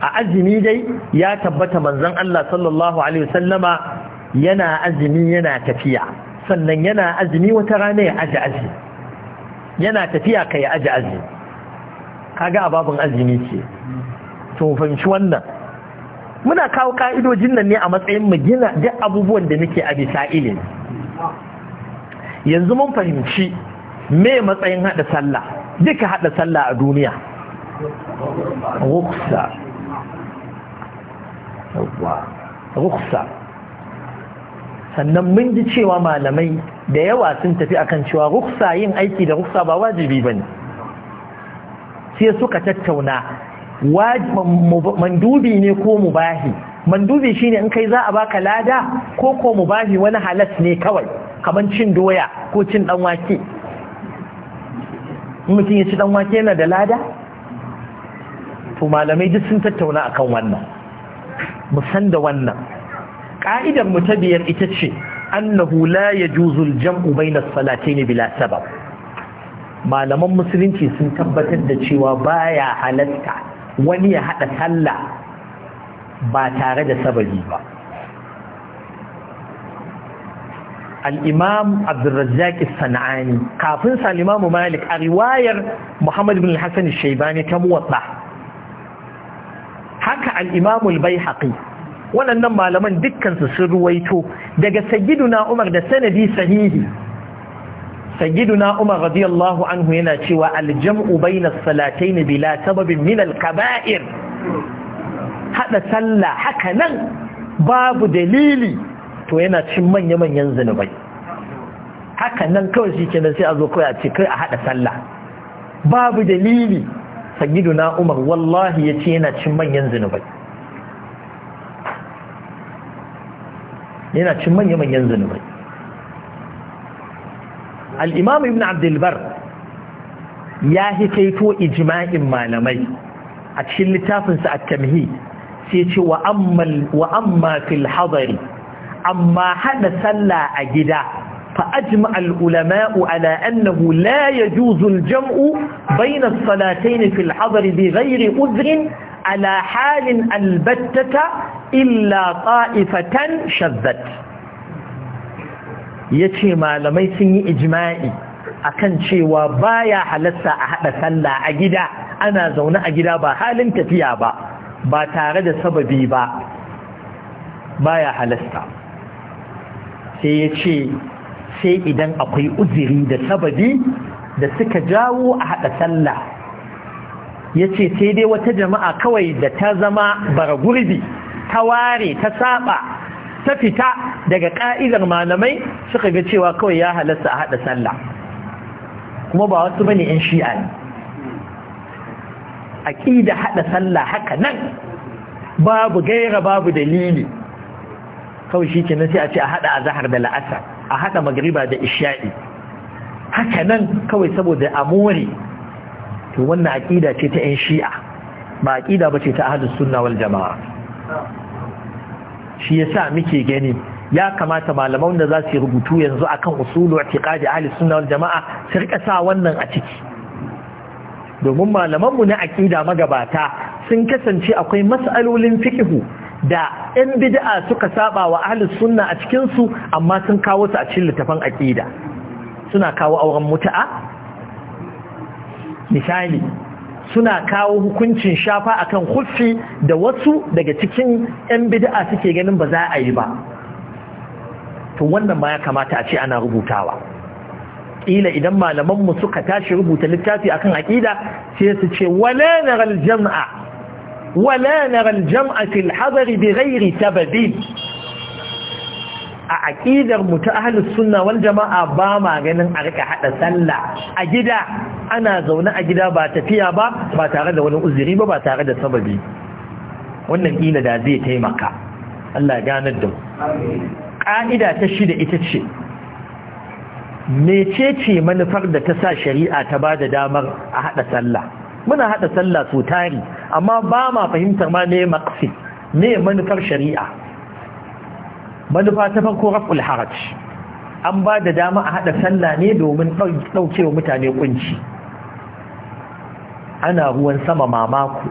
a azumi dai ya tabbata manzan Allah sallallahu alaihi wasallama yana azumi yana tafiya sannan yana azumi wata rana ya aji aji yana tafiya ka yi aji aji kaga ababun azumi ce to fahimci wannan muna kawo ka'idojin nan ne a matsayin mu gina duk abubuwan da muke a bisa ilimi yanzu mun fahimci me matsayin hada sallah duka hada sallah a duniya ruksa ruksa sannan mun ji cewa malamai da yawa sun tafi akan cewa ruksa yin aiki da ruksa ba wajibi bane sai suka tattauna mandubi ne ko mubahi mandubi shine in kai za a baka lada ko ko mubahi wani halas ne kawai kamar cin doya ko cin dan wake mutum ya ci dan wake yana da lada to malamai duk sun tattauna akan wannan mu san da wannan ka'idar mu ta biyar ita ce annahu la yajuzu jamu bayna salatayn bila sabab malaman musulunci sun tabbatar da cewa baya halatta wani ya haɗa sallah ba tare da sababi ba al'imam abdurrazzaki sana'ani kafin salimamu malik a riwayar muhammad bin hassan shaibani ta muwatsa haka al'imamul bai haƙi wannan malaman dukkansu sun ruwaito daga sagiduna umar da sanadi sahihi sayyiduna umar radiyallahu anhu yana cewa aljam'u bayna salatayn bila sababin min al-kaba'ir hada sallah haka nan babu dalili to yana cin manya manyan zinubai haka nan kawai shi kenan sai a zo kawai a ce a hada sallah babu dalili sayyiduna umar wallahi yace yana cin الإمام ابن عبد البر يا هيكيتو إجماع مالمي أكشي اللي تافن سأكمهي سيتي وأما, وأما في الحضر أما حد سلى أجدا فأجمع العلماء على أنه لا يجوز الجمع بين الصلاتين في الحضر بغير أذر على حال البتة إلا طائفة شذت ya ce malamai sun yi ijma'i akan cewa baya halatta a haɗa sallah a gida ana zaune a gida ba halin tafiya ba ba tare da sababi ba baya halasta sai ya ce sai idan akwai uziri da sababi da suka jawo a haɗa sallah ya ce sai dai wata jama'a kawai da ta zama bara gurbi ta ware ta saba ta fita daga ƙa'izar malamai suka ga cewa kawai ya halasta a haɗa sallah kuma ba wasu bane yan shi'a ne a ƙida haɗa sallah haka nan babu gaira babu dalili kawai shi ke sai a ce a haɗa azahar da la'asa a haɗa magriba da isha'i haka nan kawai saboda amore to wannan aqida ce ta yan shi'a ba ba ce ta ahlus sunna wal jama'a shi ya sa muke gani ya kamata malaman da za su yi rubutu yanzu akan usulu i'tiqadi ahli suna wani jama'a su rika sa wannan a ciki domin malamanmu na aƙida magabata sun kasance akwai matsalolin fiƙihu da 'yan bid'a suka saba wa ahli suna a cikinsu amma sun kawo su a cikin littafin aƙida. suna kawo auren mutu'a misali suna kawo hukuncin shafa akan khuffi da wasu daga cikin yan bid'a suke ganin ba za a yi ba to wannan ma ya kamata a ce ana rubutawa Ƙila idan malamanmu suka tashi rubuta littafi akan aƙida sai su ce walenar naral jam'a wala jam'a fil hadari bi ghairi a aƙidar mu ta ahlus sunna wal jama'a ba ma ganin a rika hada sallah a gida ana zaune a gida ba tafiya ba ba tare da wani uzuri ba ba tare da sababi wannan kila da zai taimaka Allah ya ganar da mu ka'ida ta shida ita ce mecece manufar da ta sa shari'a ta ba da damar a hada sallah muna haɗa sallah sutari. tari amma ba ma fahimtar ma ne maqsid ne manufar shari'a manufa ta farko raf'ul haraj an ba da dama a haɗa sallah ne domin ɗauke wa mutane kunci ana ruwan sama mamako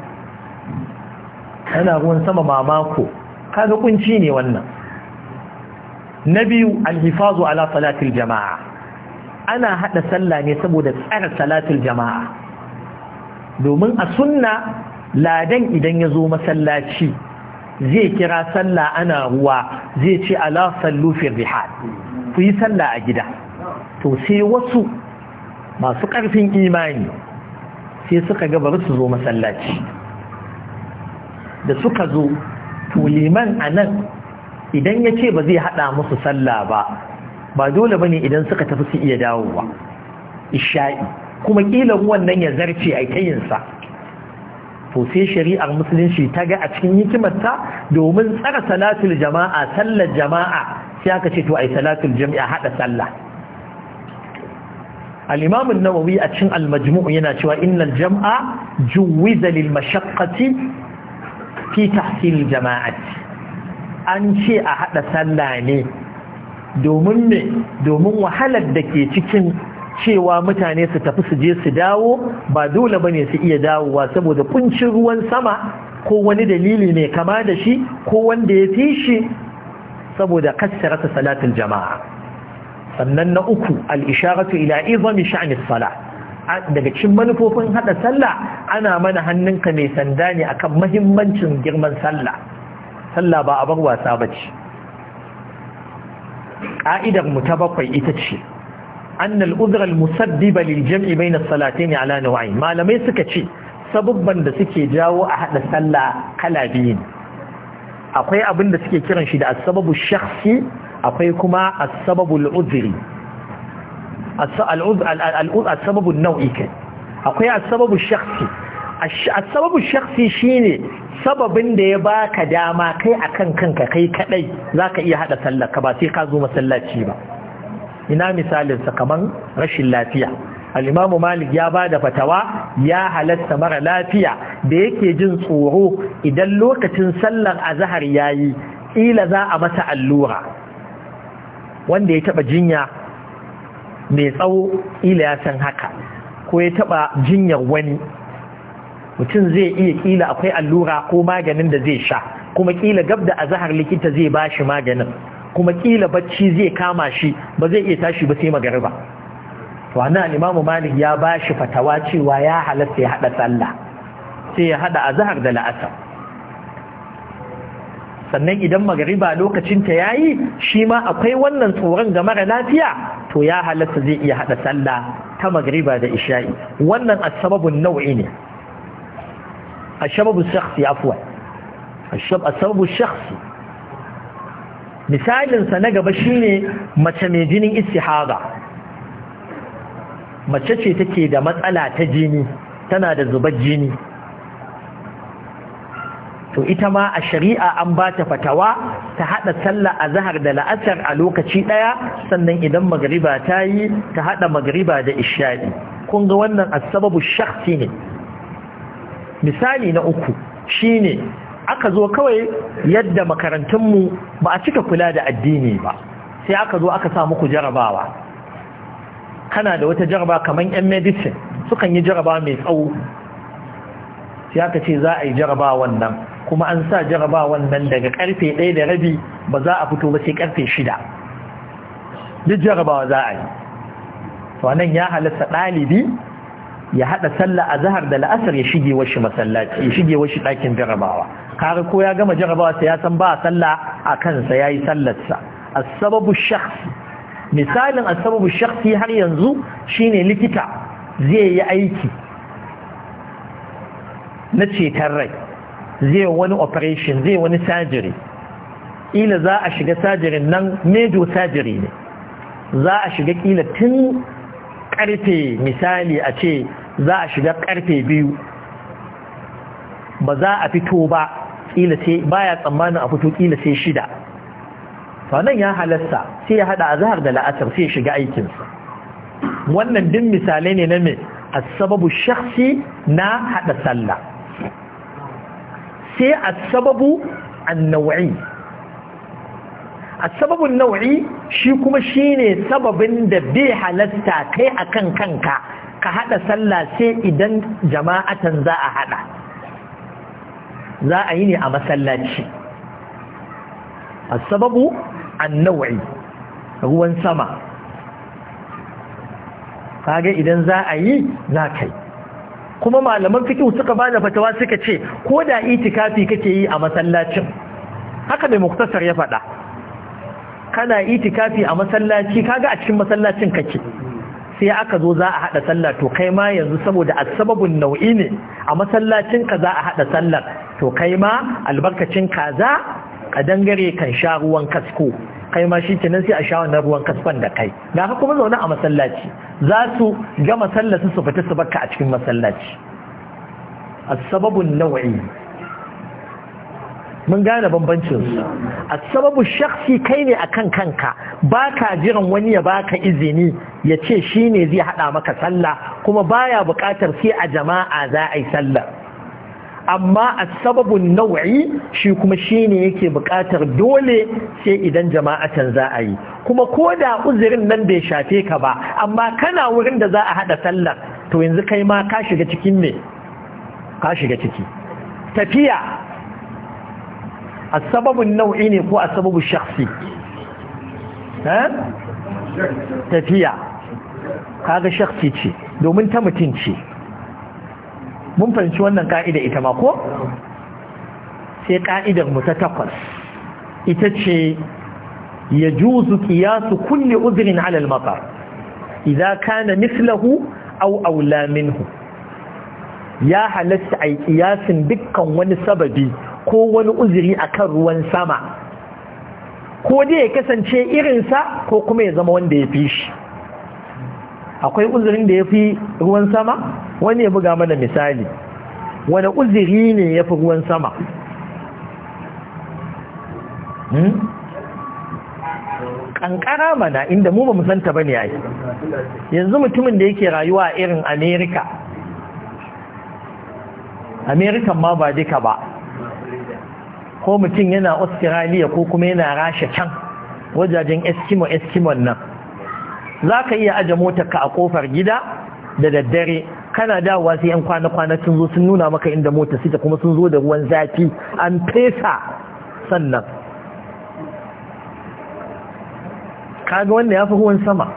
ana ruwan sama mamako kaga kunci ne wannan na biyu alhifazu ala salatil jama'a ana haɗa sallah ne saboda tsara salatil jama'a domin a sunna ladan idan ya zo masallaci zai kira sallah ana ruwa zai ce ala sallu fi rihal ku yi sallah a gida to sai wasu masu ƙarfin imani sai suka ga bari su zo masallaci da suka zo to liman anan idan yace ba zai haɗa musu sallah ba ba dole ba ne idan suka tafi su iya dawowa isha'i kuma ƙila ruwan nan ya zarce a to sai shari'ar musulunci ta ga a cikin hikimarta domin tsara salatul jama'a sallar jama'a sai aka ce to ai salatul jami'a hada sallah al-imam an-nawawi a cikin al-majmu' yana cewa innal jam'a juwiza lil mashaqqati fi tahsil jama'ati an ce a hada sallah ne domin ne domin wahalar da ke cikin cewa mutane su tafi su je su dawo ba dole ba ne su iya dawowa saboda kuncin ruwan sama ko wani dalili mai kama da shi ko wanda ya fi shi saboda rasa salatin jama'a sannan na uku al'isharatu ila izami sha'anis sala daga cikin manufofin haɗa sallah ana mana hannunka mai sanda ne akan mahimmancin girman sallah sallah ba a bar wasa ba ce ƙa'idar mu ta bakwai ita ce أن الأذر المسبب للجمع بين الصلاتين على نوعين Malamai suka ce سببا da suke jawo a haɗa sallah kala biyu akwai abin da suke kiran shi da as-sababu shakhsi akwai kuma as-sababu al-udhri as-sababu an akwai as-sababu shakhsi as-sababu shi ne sababin da ya baka dama kai akan kanka kai kadai zaka iya haɗa sallah ka ba sai ka zo masallaci ba ina misalinsa kaman rashin lafiya al'imamu malik ya ba da fatawa ya halatta mara lafiya da yake jin tsoro idan lokacin sallar azahar ya yi ƙila za a masa allura wanda ya taɓa jinya mai tsawo ƙila ya san haka ko ya taɓa jinyar wani mutum zai iya ƙila akwai allura ko maganin da zai sha kuma ƙila gabda da azahar likita zai bashi maganin kuma kila bacci zai kama shi ba zai iya tashi ba sai magariba to anan imamu Malik ya ba shi fatawa cewa ya halatta ya hada sallah sai ya hada azhar da la'asar sannan idan magariba lokacin ta yayi shi ma akwai wannan tsoron ga mara lafiya to ya halatta zai iya hada sallah ta magariba da isha'i wannan asbabun nau'i ne asbabu shakhsi afwan asbabu shakhsi misalinsa na gaba shine mace mai jinin istihada mace ce take da matsala ta jini tana da zubar jini to ita ma a shari'a an ba ta fatawa ta haɗa sallah a zahar da la'asar a lokaci ɗaya sannan idan magariba ta yi ta haɗa magariba da ishaɗi kun ga wannan asababu shakhsi ne misali na uku shine aka zo kawai yadda makarantunmu ba a cika kula da addini ba sai aka zo aka sa muku jarabawa kana da wata jaraba kamar yan medicine sukan yi jaraba mai tsawo sai aka ce za a yi jaraba wannan kuma an sa jaraba wannan daga karfe ɗaya da rabi ba za a fito ba sai karfe shida duk jarabawa za a yi wannan ya halatta ɗalibi ya haɗa sallah a zahar da la'asar ya shige wasu masallaci ya shige washi ɗakin jarabawa kaga ko ya gama jarabawa sai ya san ba sallah a kansa yayi sallarsa as-sababu shakhsi misalin as-sababu shakhsi har yanzu shine likita zai yi aiki na ceton rai zai wani operation zai wani surgery ila za a shiga surgery nan major surgery ne za a shiga kila tun karfe misali a ce za a shiga karfe biyu ba za a fito ba kila sai baya tsammanin a fito kila sai shida to nan ya halasta sai ya hada azhar da la'asar sai ya shiga aikin sa wannan din misalai ne na me asbabu sababu shakhsi na hada sallah sai asbabu sababu an-naw'i shi kuma shine sababin da bai halasta kai akan kanka ka hada sallah sai idan jama'atan za a hada za a yi ne a masallaci a sababu annawai, ruwan sama kaga idan za a yi za ka yi kuma malaman fikihu suka bada fatawa suka ce ko da itikafi kake yi a masallacin haka mai muktasar ya faɗa kana itikafi a masallaci kaga a cikin masallacin kake sai aka zo za a haɗa sallah to kai ma yanzu saboda asbabun nau'i ne a masallacin ka za a haɗa sallar to kai ma albarkacin kaza a dangare kan sha ruwan kasko kai ma shi kenan sai a sha wannan ruwan kaskon da kai ga haka kuma zaune a masallaci za su ga masallaci su fita su barka a cikin masallaci asbabun nau'i mun gane bambancin su. a sababu shakshi kai ne akan kanka baka jiran wani ya baka izini ya ce shi zai haɗa maka sallah kuma baya buƙatar sai a jama'a za a yi sallah amma a sababin nau'i shi kuma shine yake buƙatar dole sai idan jama'atan za a yi kuma ko da uzurin nan bai shafe ka ba amma kana wurin da za a haɗa sallar to yanzu kai ma ka shiga cikin me ka shiga ciki tafiya asbabun nau'i ne ko asbabu shakhsi eh? tafiya kaga shakhsi ce domin ta mutun ce mun fahimci wannan ka'ida ita ma ko sai ka'idar mu ta takwas ita ce yajuzu juzu kiyasu udhrin uzirin halal maqam idza kana mislahu au awla minhu ya halatta yi kiyasin dukkan wani sababi ko wani uzuri akan ruwan sama ko dai ya kasance irinsa ko kuma ya zama wanda ya fi shi akwai uzurin da ya fi ruwan sama wani ya buga mana misali wani uzuri ne ya fi ruwan sama ƙanƙara hmm? mana inda mu ba ba santa ya yi yanzu mutumin da yake rayuwa irin Amerika, Amerika ma ba duka ba ko mutum yana australia ko kuma yana rasha can wajajen eskimo eskimon nan za ka iya aje motarka a kofar gida da daddare kana dawowa sai yan kwana-kwana sun zo sun nuna maka inda mota sita kuma sun zo da ruwan zafi an fesa sannan kaga wanda ya fi ruwan sama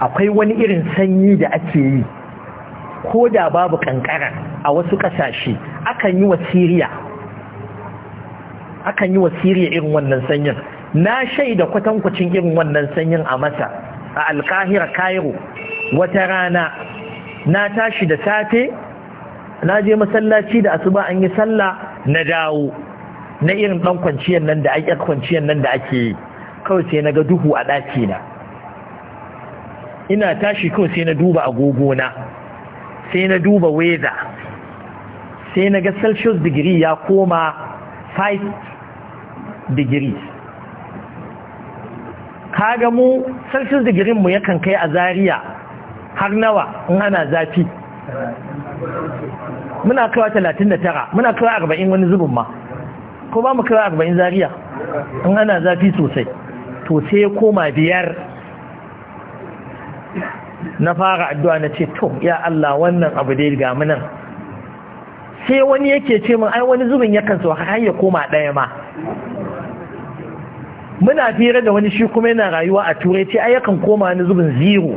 akwai wani irin sanyi da ake yi ko da babu kankara a wasu kasashe akan yi wa siriya akan yi wa siriya irin wannan sanyin na shaida kwatankwacin irin wannan sanyin a masa a alkahira cairo wata rana na tashi da safe na je masallaci da asuba an yi sallah na dawo na irin dan kwanciyar nan da ake kwanciyar nan da ake yi kawai sai na ga duhu a ɗakina ina tashi kawai sai na duba agogona sai na duba weather sai na ga celsius degree ya koma 5 degrees kaga mu celsius degree mu yakan kai a zariya har nawa in ana zafi muna kawa 39 muna kawa 40 wani zubin ma ko ba mu kawa 40 zariya in ana zafi sosai to sai koma biyar na fara addu'a na ce to ya Allah wannan abu dai ga mu nan sai wani yake ce min ai wani zubin ya kansu har ya koma ɗaya ma muna fira da wani shi kuma yana rayuwa a turai ce ai yakan koma wani zubin zero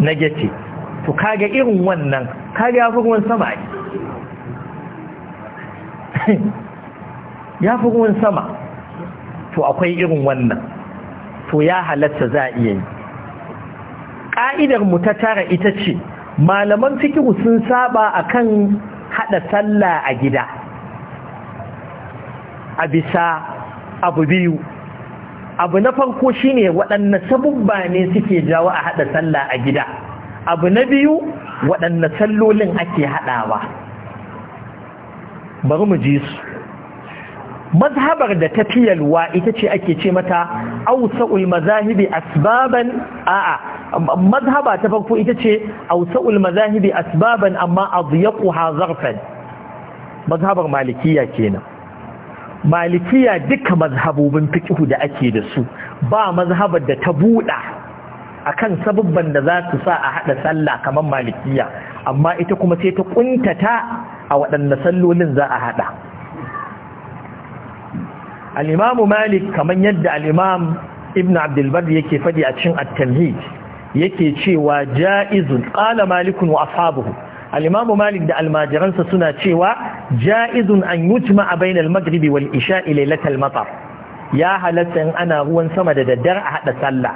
na gete. to kaga irin wannan kaga ya fi ruwan sama ya fi ruwan sama to akwai irin wannan to ya halatta za a iya yi ka'idar mu ta tara ita ce malaman fikihu sun saba akan hada sallah a gida a bisa abu biyu abu na farko shine waɗanne sabubba ne suke jawo a hada sallah a gida abu na biyu waɗanne sallolin ake hadawa bari mu ji su mazhabar da tafiyarwa ita ce ake ce mata ul mazahibi asbaban a'a mazhaba ta farko ita ce ausa'ul mazahibi asbaban amma ha zarfan mazhabar malikiya kenan malikiya duka mazhabobin fiqhu da ake da su ba mazhabar da ta buɗa akan sababban da za su sa a haɗa sallah kamar malikiya amma ita kuma sai ta kuntata a waɗannan sallolin za a haɗa al-imamu malik kamar yadda al-imam ibn abdulbar yake faɗi a cikin at yake cewa ja'izun qala malikun wa ashabuhu al-imam malik da almajiransa suna cewa ja'izun an yujma'a bayna al-maghribi wal isha'i laylatal matar ya halatta in ana ruwan sama da daddare a hada sallah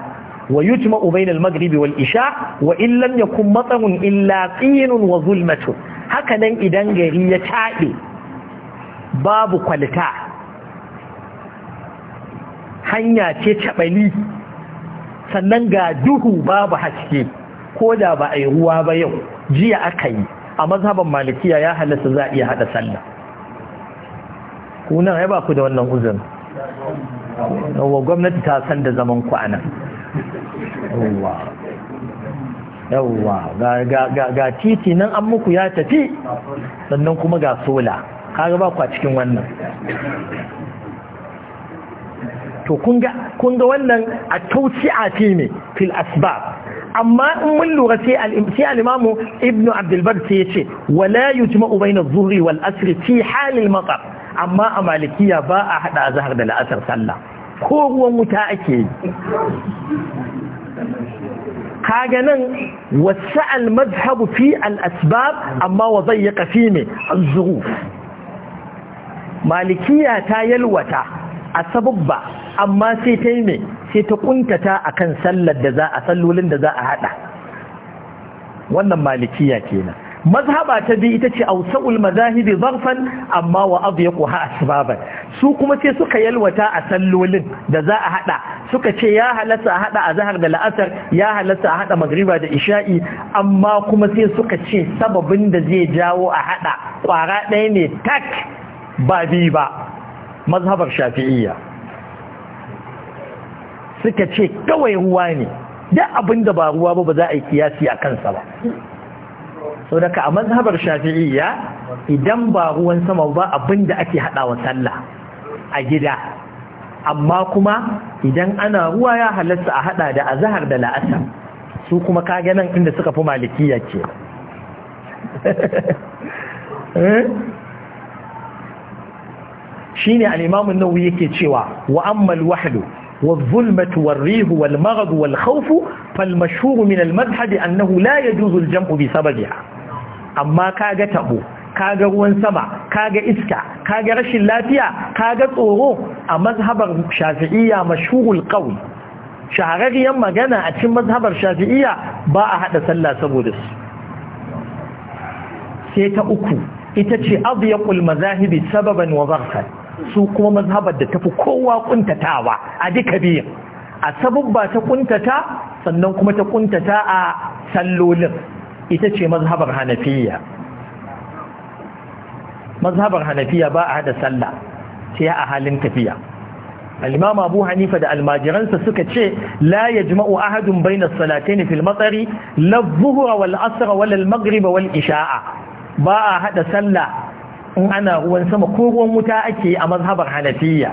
wa yujma'u bayna al-maghribi wal isha wa in yakun matarun illa qinun wa zulmatu haka nan idan gari ya taɗe babu kwalta, hanya ce caɓali sannan ga duhu babu haske ko da ba a yi ruwa ba yau jiya aka yi a mazhaban malikiya ya halasta za a iya haɗa sallah kunan ya ba ku da wannan uzun yawon gwamnati ta san da zaman ku ana yawwa yawwa ga titi nan an muku ya tafi sannan kuma ga sola kaga ba ku a cikin wannan to kun ga wannan a tausi'a ce ne fil asbab amma in mun lura sai al-imamu ibnu abdulbar sai ya ce wala yujma'u bayna adh-dhuhri wal asr fi halin matar amma a malikiya ba a hada azhar da la'asar sallah ko ruwan wuta ake yi kaga nan wasa al fi al-asbab amma wa dayyaqa fi me az-zuruf malikiya ta yalwata asabba amma sai ta yi mai sai ta kuntata a kan sallar da za a sallolin da za a haɗa wannan malikiya kenan mazhaba ta bi ita ce ausa'ul mazahibi zarfan amma wa abu ya ha asbaban su kuma sai suka yalwata a sallolin da za a haɗa suka ce ya halatta a haɗa a zahar da la'asar ya halatta a haɗa magriba da isha'i amma kuma sai suka ce sababin da zai jawo a haɗa ƙwara ɗaya ne tak ba biyu ba mazhabar shafi'iyya suka ce kawai ruwa ne da abin da ba ruwa ba ba za a yi kiyasi a kansa ba sau daga a mazhabar shafi'iyya idan ba ruwan sama ba abin da ake haɗawa sallah a gida amma kuma idan ana ruwa ya halatta a haɗa da azahar da la'asar su kuma kaga nan inda suka fi malikiya ce eh? shi ne al'imamun nawu yake cewa wa'ammal Wahlu. والظلمة والريه والمغض والخوف فالمشهور من المذهب أنه لا يجوز الجمع بسببها أما كاغة تبو كاغة ونسمع كاغة إسكا كاغة رش اللاتية كاغة طورو أمذهب شافعية مشهور القول شعرغي أما جنا أتم مذهب شافعية باء حتى سلا سبودس سيتأكو إتتشي أضيق المذاهب سببا وضغفا su kuma mazhabar da tafi kowa kuntatawa a duka biyan a sabubba ta kuntata sannan kuma ta kuntata a sallolin ita ce mazhabar hanafiya mazhabar hanafiya ba a hada sallah sai a halin tafiya al-imam abu hanifa da almajiransa suka ce la yajma'u ahadun bayna as fil matsari la adh wal asr wal maghrib wal isha'a ba a hada sallah in ana ruwan sama ko ruwan wuta ake yi a mazhabar hanafiya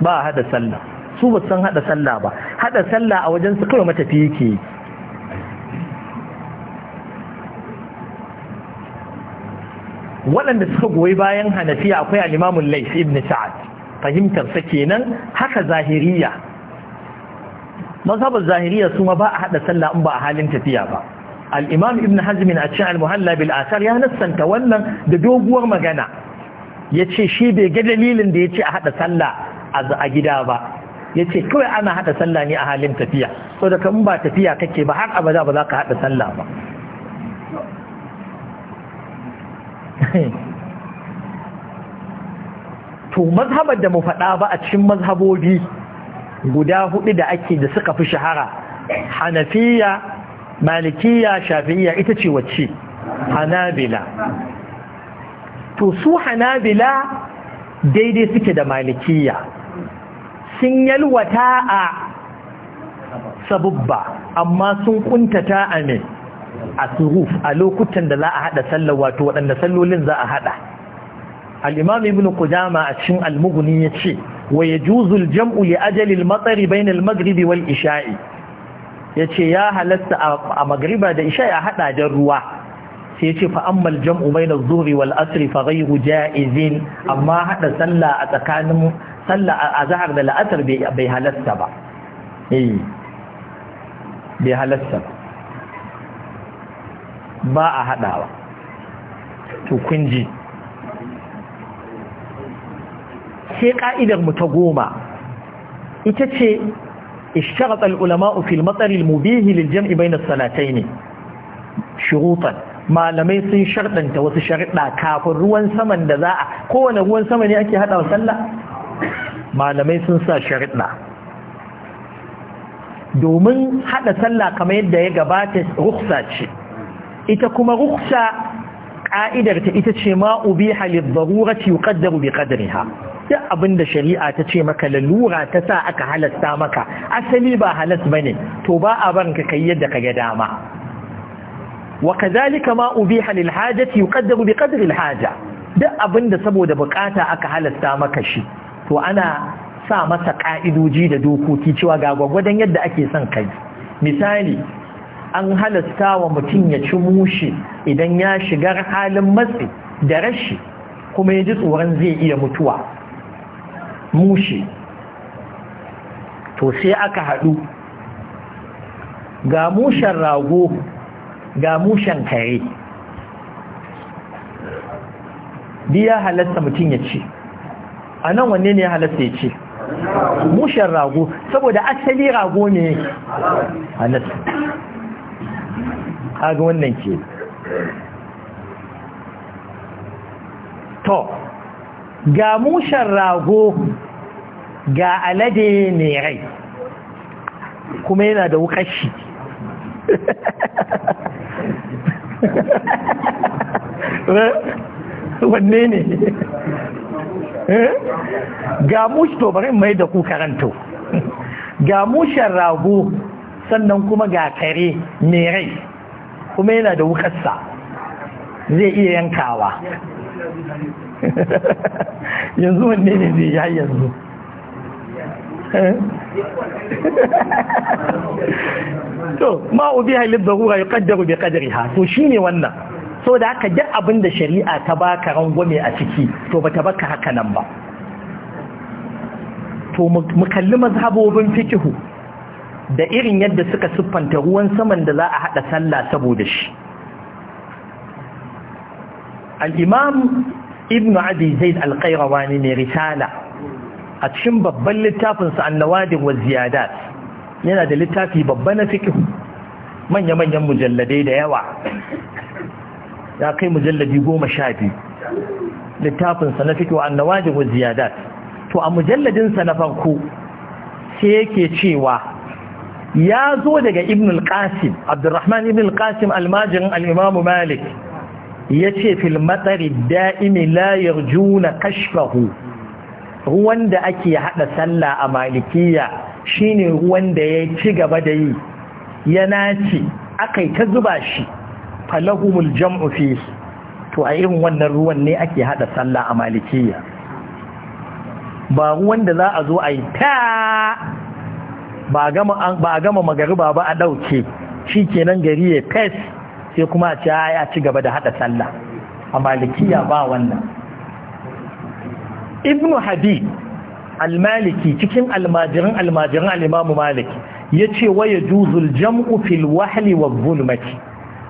ba hada sallah su ba san hada sallah ba hada sallah a wajen su kawai matafi yake waɗanda suka goyi bayan hanafiya akwai alimamun lais ibn sa'ad fahimtarsa kenan haka zahiriya mazhabar zahiriya su ma ba a hada sallah in ba a halin tafiya ba al'imam ibn hazmin a cikin al-muhalla bil asar ya nassanta wannan da doguwar magana ya ce shi bai ga dalilin da ya ce a haɗa sallah a gida ba ya ce kawai ana haɗa sallah ne a halin tafiya so da kan ba tafiya kake ba har abada ba za ka haɗa sallah ba to mazhabar da mu faɗa ba a cikin mazhabobi guda hudu da ake da suka fi shahara hanafiya malikiya shafi'iyya ita ce wacce hanabila to su hanabila daidai suke da malikiya sun yalwata a sabubba amma sun kuntata a ne a suruf a lokutan da za a hada sallar wato waɗanda sallolin za a hada al'imam ibn kudama a cikin almuguni ya ce wa ya juzul jam'u ajalil matsari bainal magribi wal isha'i ya ce ya halatta a magriba da isha ya hada da ruwa sai ce fa ammal jam'u bayna zuhri wal asri fa ghayru ja'izin amma haɗa sallah a tsakanin sallah a zahar da la'asar bai halatta ba eh bai halatta ba a haɗawa to kunji sai ka'idar mu ta goma ita ce اشتغط العلماء في المطر المبيه للجمع بين الصلاتين شروطا malamai sun sharɗanta wasu sharɗa kafin ruwan saman da za kowane ruwan sama ne ake haɗa wa sallah malamai sun sa sharɗa domin haɗa sallah kamar yadda ya gabata ruksa ce ita kuma ruksa ƙa'idarta ita ce ma'ubi halin zarurati yi ƙaddaru bi ƙadariha duk abin da shari'a ta ce maka lalura ta sa aka halasta maka asali ba halas ne to ba a barin ka kai yadda ka ga dama wa kazalika ma ubiha lil hajati yuqaddaru bi qadri al haja duk abin da saboda bukata aka halasta maka shi to ana sa masa ka'idoji da dokoki cewa ga gwagwadan yadda ake son kai misali an halasta wa mutum ya ci mushi idan ya shiga halin matsi da rashi kuma ya ji tsoron zai iya mutuwa mushe to sai aka haɗu ga mushen rago ga mushen kare biya halatta mutum ya ce a nan wanne ne ya halatta ya ce mushen rago saboda asali rago ne halatta haga wannan ke to ga mushen rago ga alade mai rai kuma yana da wukashi wanne ne ga mushi to bari mai da ku karanto ga mushen rago sannan kuma ga kare mai rai kuma yana da wukarsa zai iya yankawa yanzu wanne ne zai ya yanzu to ma ubi halin zarura ya kaddaru bai kadari ha to shi ne wannan so da aka duk abinda shari'a ta baka rangwame a ciki to ba ta baka haka nan ba to mu kalli mazhabobin fikihu da irin yadda suka siffanta ruwan saman da za a haɗa sallah saboda shi al'imam ibn adi zaid al-qayrawani mai risala a cikin babban littafin sa annawadin wa ziyadat yana da littafi babba na fiqh manya manyan mujalladai da yawa ya kai mujalladi 12 littafin sa na fiqh annawadin wa ziyadat to a mujalladin sa na farko sai yake cewa ya zo daga ibn al-qasim abdurrahman ibn al-qasim al-majin al-imam malik ya ce matsari da'imi layar juna kashfahu ruwan da ake haɗa sallah a malikiya shine ruwan da ya ci gaba da yi ya nace aka ta zuba shi falahumul jam'u fi to a irin wannan ruwan ne ake haɗa sallah a malikiya ba ruwan da za a zo a yi ta ba a gama magariba ba a ɗauke shi kenan gari ya fes sai kuma a ce ya ci gaba da haɗa sallah a malikiya ba wannan ibnu habib al-maliki cikin almajirin almajirin al-imamu malik ya ce waya juzul jam'u fil wahli wa zulmati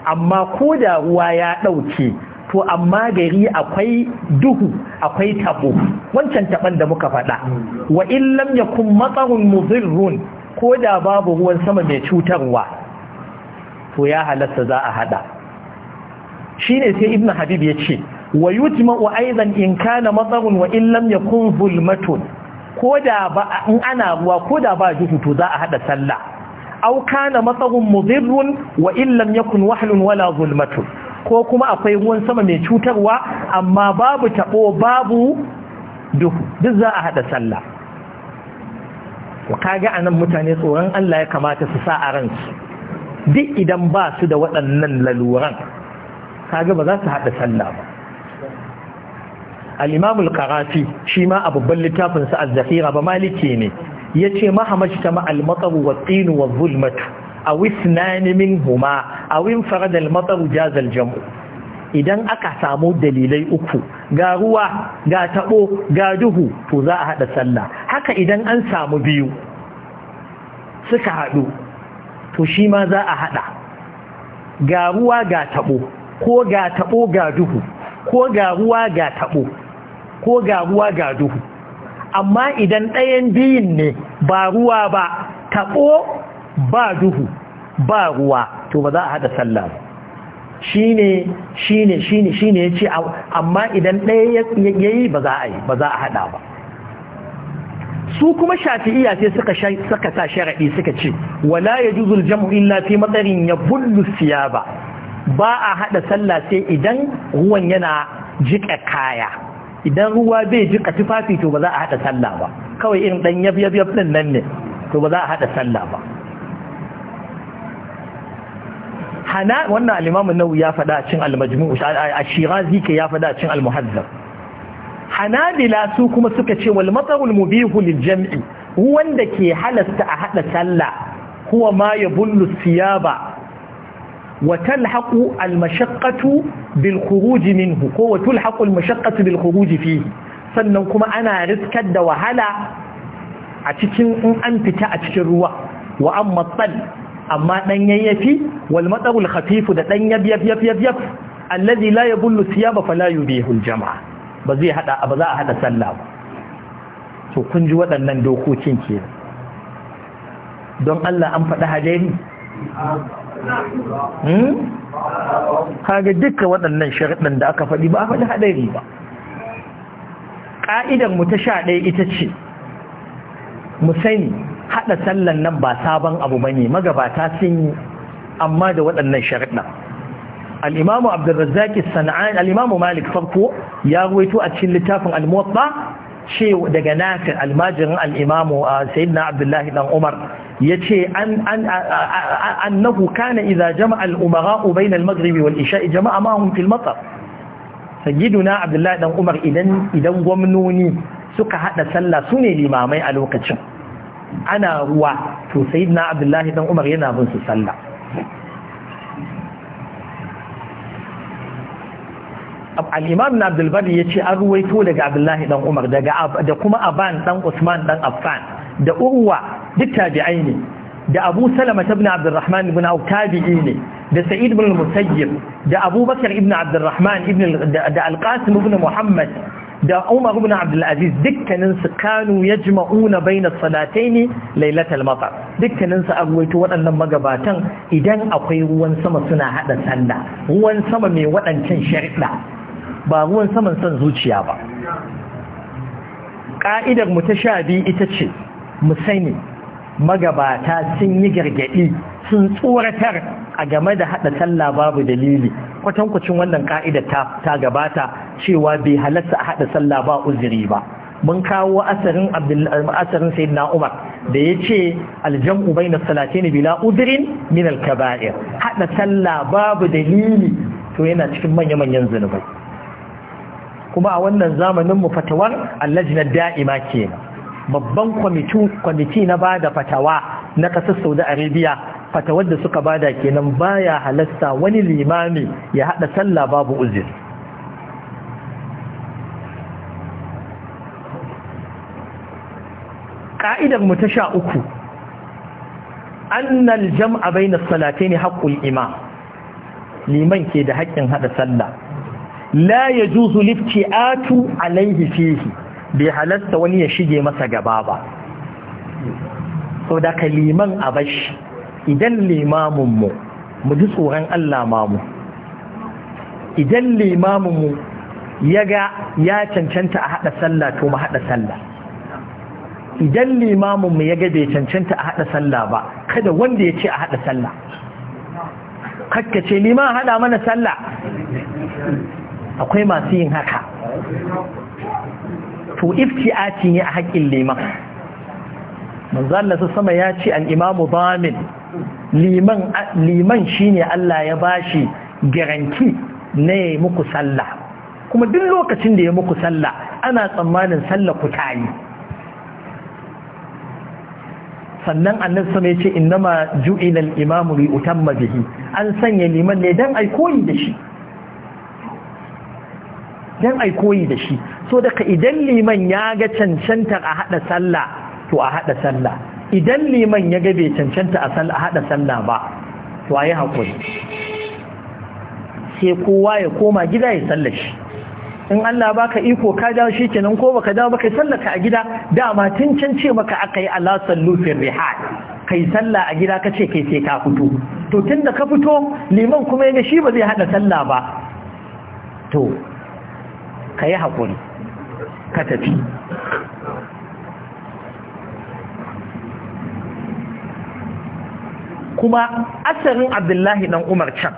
amma ko da ruwa ya ɗauke to amma gari akwai duhu akwai tabo wancan taban da muka faɗa wa in yakun matsarun muzirrun ko da babu ruwan sama mai cutarwa to ya halatta za a hada shine sai ibnu habib ya ce wa yujma'u aidan in kana matsarun wa in yakun zulmatun koda ba in ana ruwa ko da ba duhu to za a hada sallah aw kana matsarun mudirrun wa in yakun wahlun wala zulmatun ko kuma akwai ruwan sama mai cutarwa amma babu tabo babu duhu duk za a hada sallah kaga anan mutane tsoron Allah ya kamata su sa a ransu duk idan ba su da waɗannan laluran kaga ba za su haɗa sallah ba Alimamul imam qarafi shi ma a babban littafin sa az-zakhira ba maliki ne yace ce ma ma'al matar wa tin wa zulmatu aw min huma aw infarad al-matar jamu idan aka samu dalilai uku ga ruwa ga taɓo ga duhu to za a haɗa sallah haka idan an samu biyu suka haɗu. to shi ma za a haɗa ga ruwa ga taɓo ko ga taɓo ga duhu ko ga ruwa ga taɓo ko ga ruwa ga duhu amma idan ɗayan biyun ne ba ruwa ba taɓo ba duhu ba ruwa to ba za a haɗa sallah ba shi ne shi ne shi ne shi ne ya ce amma idan ɗaya ya yi ba za a haɗa ba su kuma shafi'iyya sai suka saka sa sharadi suka ce wala yajuzu al-jam'u illa fi matarin yabullu siyaba ba a hada sallah sai idan ruwan yana jika kaya idan ruwa bai jika tufafi to ba za a hada sallah ba kawai irin dan yab yab yab din nan ne to ba za a hada sallah ba hana wannan al-imam an-nawawi ya fada cin al-majmu' ash-shirazi ke ya fada cin al muhaddath hanabila su kuma suka ce wal matsarul mubihu lil jam'i ruwan da ke halasta a hada sallah huwa ma yabullu siyaba wa talhaqu al mashaqqatu bil khuruj minhu ko wa talhaqu al mashaqqatu bil khuruj fihi sannan kuma ana riskar da wahala a cikin in an fita a cikin ruwa wa amma tsal amma dan yayyafi wal matsarul khafif da dan yab yab yab la yabullu siyaba fala yubihu al jama'a ba zai hada ba za a hada sallah ba to kun ji waɗannan dokokin ke don Allah an faɗi ne hmm? kaga duka waɗannan sharaɗin da aka faɗi ba a faɗi hadari ba ƙa'idar mu ta sha ɗaya ita ce mu sani haɗa sallan nan ba sabon abu bane magabata sun yi amma da waɗannan sharaɗin الإمام عبد الرزاق الصنعاني الإمام مالك فرقو يرويتو أتشل لتافن الموطا شيء دقا نافع الماجر الإمام سيدنا عبد الله بن عمر يتشي أن أن أنه كان إذا جمع الأمراء بين المغرب والإشاء جمع معهم في المطر سيدنا عبد الله بن عمر إذن إذن ومنوني suka hada sallah su ne limamai a lokacin ana ruwa to sayyidina abdullahi dan umar yana bin su sallah al'imam na abdulbari ya ce an ruwaito daga abdullahi dan umar da kuma aban dan usman dan affan da urwa duk tabi'ai ne da abu salama ta bin abdurrahman ibn auf tabi'i ne da sa'id ibn musayyib da abubakar ibn abdurrahman ibn da alqasim ibn muhammad da umar ibn aziz dukkanin su kanu yajma'una salatai ne lailatul matar dukkanin su agwaito waɗannan magabatan idan akwai ruwan sama suna hada sanda ruwan sama mai waɗancan shari'a. ba ruwan saman son zuciya ba ƙa'idar mu ta sha biyu ita ce mu sani magabata sun yi gargaɗi sun tsoratar a game da haɗa sallah babu dalili kwatankwacin wannan ƙa'idar ta gabata cewa bai halatta a haɗa sallah ba uzuri ba mun kawo asarin asarin sai na umar da ya ce aljam'u bai na salatin bila udirin min al-kaba'ir haɗa sallah babu dalili to yana cikin manya-manyan zunubai kuma a wannan zamanin mu fatawar na da'ima ke, babban kwamiti na ba da fatawa na ƙasar saudi arabia fatawar da suka bada kenan baya halasta wani limami ya haɗa sallah babu uzir ƙa'idar mu ta sha uku annal jam'a bai na salatai ne haƙƙul imam liman ke da haƙƙin haɗa sallah la ya juzu lifti'atu alaihi fihi bai halarta wani ya shige masa gaba ba so da a bashi idan limaminmu mu ji tsoron Allah mamu idan limaminmu ya ga ya cancanta a haɗa sallah to mu haɗa sallah idan limaminmu ya ga bai cancanta a haɗa sallah ba kada wanda ya ce a haɗa sallah kakkace liman haɗa mana sallah akwai masu yin haka to ifti ati ne a haƙƙin liman manzalla su sama ya ce al'imamu bamin liman shi ne Allah ya ba shi garanti na ya muku salla kuma duk lokacin da ya muku salla ana tsammanin salla ku ta yi sannan annan sama ya ce innama ju'ilal imamu li utamma bihi an sanya liman ne dan ai koyi da shi don ai koyi da shi so daga idan liman ya ga cancantar a haɗa sallah to a haɗa sallah idan liman ya ga bai cancanta a haɗa sallah ba to a yi haƙuri sai kowa ya koma gida ya sallah shi in Allah baka iko ka dawo shi kenan ko baka dawo baka sallaka a gida dama tun can ce maka aka yi ala sallu fi rihad kai sallah a gida kace kai sai ka fito to tunda ka fito liman kuma ya ga shi ba zai hada sallah ba to ka yi haƙuri ka tafi kuma asarin abdullahi Ɗan umar can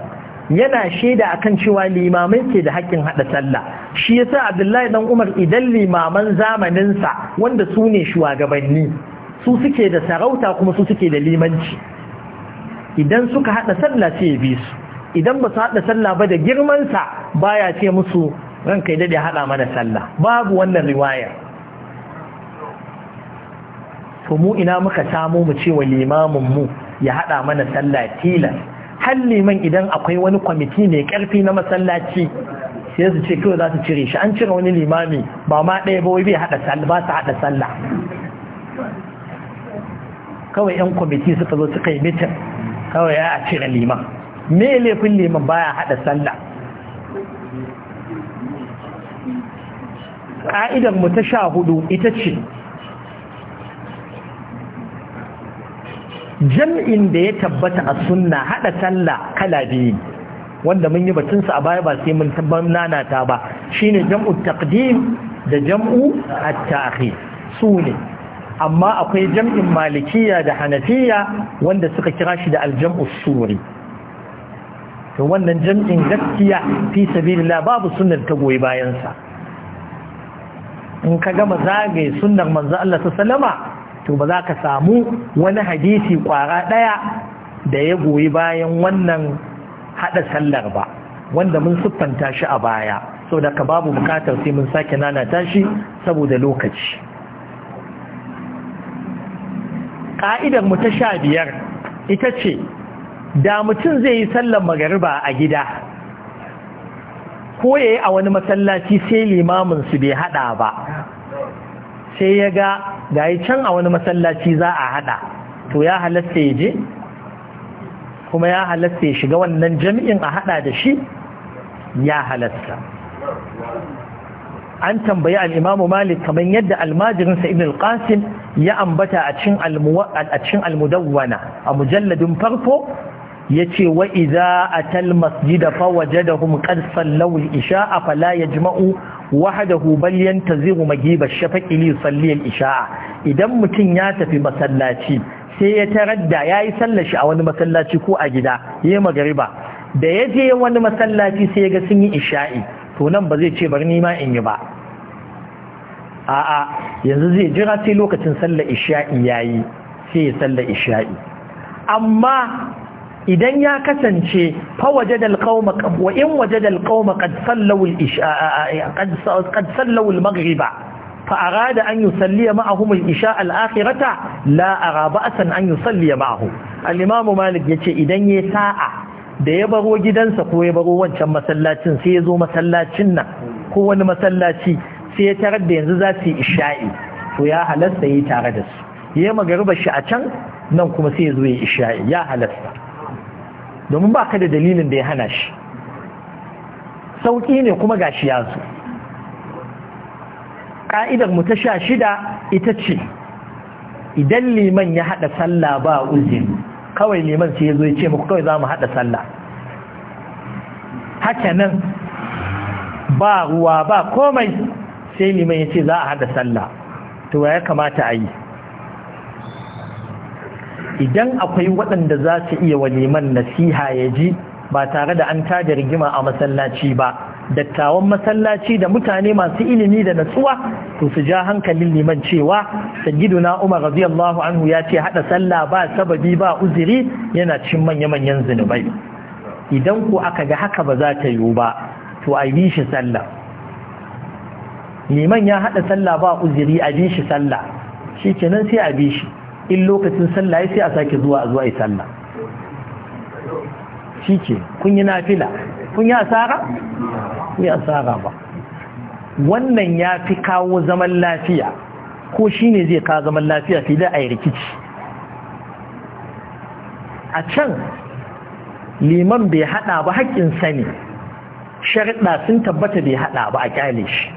yana shaida akan cewa limamai ke da haƙƙin haɗa sallah shi ya sa abdullahi Ɗan umar idan limaman zamaninsa wanda su ne shugabanni su suke da sarauta kuma su suke da limanci idan suka haɗa sallah sai ya bi su idan ba su haɗa sallah ba da girmansa baya ce musu ranka idan ya haɗa mana sallah babu wannan riwaya to mu ina muka samu mu cewa limamin mu ya haɗa mana sallah tilas har liman idan akwai wani kwamiti mai karfi na masallaci sai su ce kawai za su cire shi an cire wani limami ba ma ɗaya ba wai bai haɗa sallah ba su haɗa sallah kawai yan kwamiti suka zo suka yi mitin kawai ya a cire liman me laifin liman baya haɗa sallah ka'idar mu ta sha hudu ita ce jam'in da ya tabbata a sunna haɗa sallah kala biyu wanda mun yi batunsa a baya ba sai mun tabbar nanata ba shine jam'u taqdim da jam'u at-ta'khir su ne amma akwai jam'in malikiya da hanafiya wanda suka kira shi da al-jam'u suri to wannan jam'in gaskiya fi sabilillah babu sunnar ta goyi bayan sa in ka gama zagaye sunnar manzo Allah sallama to ba za ka samu wani hadisi kwara daya da ya goyi bayan wannan hada sallar ba wanda mun siffanta shi a baya saboda ka babu bukatar sai mun sake nanata shi saboda lokaci ka'idar mu ta sha biyar ita ce da mutum zai yi sallar magariba a gida ko yayi a wani masallaci sai limamin su bai hada ba sai ya ga gayi can a wani masallaci za a hada to ya halasta ya je kuma ya halasta ya shiga wannan jami'in a hada da shi ya halasta. an tambayi al'imamu malik kamar yadda almajirinsa ibn al-qasim ya ambata a cin almudawwana a mujalladin farko Ya ce wa idza atal da fawajadahum qad sallaw Isha ishaa fala ya yajma'u wahdahu bal zai zai shafaqi li yusalli salliyar ishaa idan mutum ya tafi masallaci sai ya taradda yi sallar shi a wani masallaci ko a gida ya yi magariba da ya yaje wani masallaci sai ya ga sun yi isha'i to nan ba zai ce bar nima in yi ba a'a yanzu zai jira sai lokacin sallar isha'i ya yi sai ya sallar isha'i amma idan ya kasance fa wajada alqauma wa in wajada alqauma qad al-isha'a qad sallaw al-maghriba fa arada an yusalli ma'ahum al isha al-akhirata la ara asan an yusalli ma'ahu al-imam malik yace idan ya sa'a da ya baro gidansa ko ya baro wancan masallacin sai ya zo masallacin nan ko wani masallaci sai ya tarar da yanzu za su isha'i to ya halasta yi tare da su ya magariba shi a can nan kuma sai ya zo ya isha'i ya halasta domin ba ka da dalilin da ya hana shi sauƙi ne kuma gashi ya zo ƙa'idar mu ta sha shida ita ce idan liman ya haɗa sallah ba uzin kawai liman sai ya zo ya ce muku kawai za mu haɗa sallah haka nan ba ruwa ba komai sai liman ya ce za a haɗa sallah to ya kamata a yi idan akwai waɗanda za su iya wa liman nasiha ya ji ba tare da an tada rigima a masallaci ba dattawan masallaci da mutane masu ilimi da natsuwa to su ja hankalin liman cewa sayyiduna umar radiyallahu anhu ya ce hada sallah ba sababi ba uzuri yana cin manya-manyan zunubai idan ku aka ga haka ba za ta yiwu ba to a yi shi sallah liman ya hada sallah ba uzuri a bi shi sallah kenan sai a bi shi in lokacin sallah sai a sake zuwa a zuwa yi sallah shi ce kun yi nafila kun yi asara? kun yi asara ba wannan ya fi kawo zaman lafiya ko shi ne zai kawo zaman lafiya fi da a yi rikici a can liman bai hada ba haƙƙin sani sharaɗa sun tabbata bai hada ba a ƙyale shi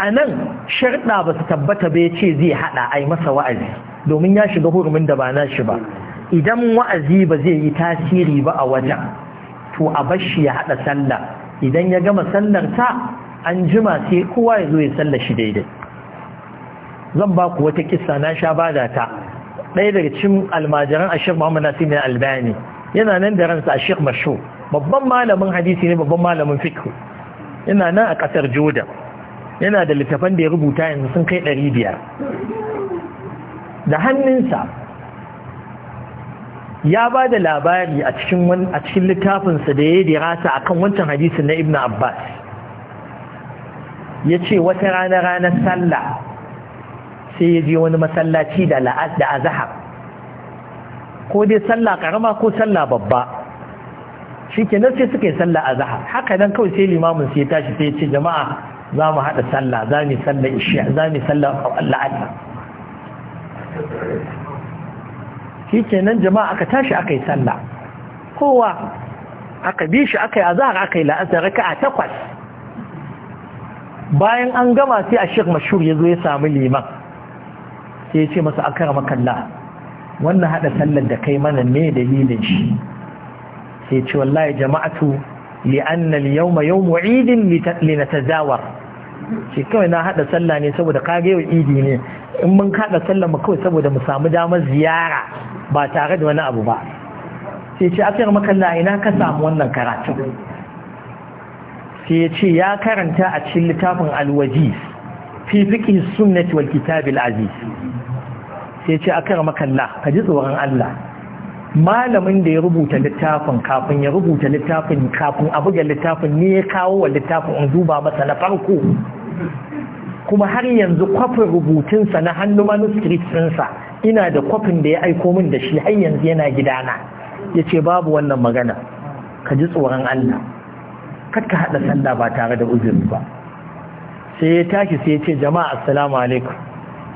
a nan sharɗa ba su tabbata bai ce zai haɗa a yi masa wa'azi domin ya shiga hurumin da ba na shi ba idan wa'azi ba zai yi tasiri ba a wajen to a bashi ya haɗa sallah idan ya gama sallar ta an jima sai kowa ya zo ya sallar shi daidai zan ba ku wata kisa na sha bada ta ɗaya daga cin almajiran a shek muhammad nasir bin albani yana nan da ransa a shek mashu babban malamin hadisi ne babban malamin fiqh yana nan a ƙasar jordan yana da littafan da ya rubuta yanzu sun kai ɗari biyar da hannunsa ya ba da labari a cikin littafinsa da ya yi dirasa a kan wancan hadisin na ibn abbas ya ce wata rana ranar sallah sai ya je wani masallaci da la'ad da azahar ko dai sallah karama ko sallah babba shi kenan sai suka yi sallah azahar haka nan kawai sai limamin sai ya tashi sai ya ce jama'a za mu haɗa sallah za mu sallah ishiya za mu sallah la'adda shi kenan jama'a aka tashi aka yi sallah kowa aka bi shi aka yi azahar aka yi la'asar raka a takwas bayan an gama sai a shek mashur ya zo ya sami liman sai ya ce masa aka kara makalla wannan haɗa sallar da kai mana ne dalilin shi sai ce wallahi jama'atu li'anna al-yawma yawmu 'idin litatazawar ce kawai na haɗa sallah ne saboda kage yau idi ne in mun haɗa sallah mu kawai saboda mu samu damar ziyara ba tare da wani abu ba sai ce afiyar makalla ina ka samu wannan karatun sai ya ce ya karanta a cikin littafin alwaji fi fiqhi sunnati wal kitabil aziz sai ce makalla ka ji tsoron Allah malamin da ya rubuta littafin kafin ya rubuta littafin kafin a buga littafin ne ya kawo wa littafin in duba masa na farko kuma har yanzu kwafin rubutunsa na hannu manuscript ina da kwafin da ya aiko min da shi har yanzu yana gidana ya ce babu wannan magana ka ji tsoron Allah ka haɗa sallah ba tare da uzuri ba sai ya tashi sai ya ce jama'a assalamu alaikum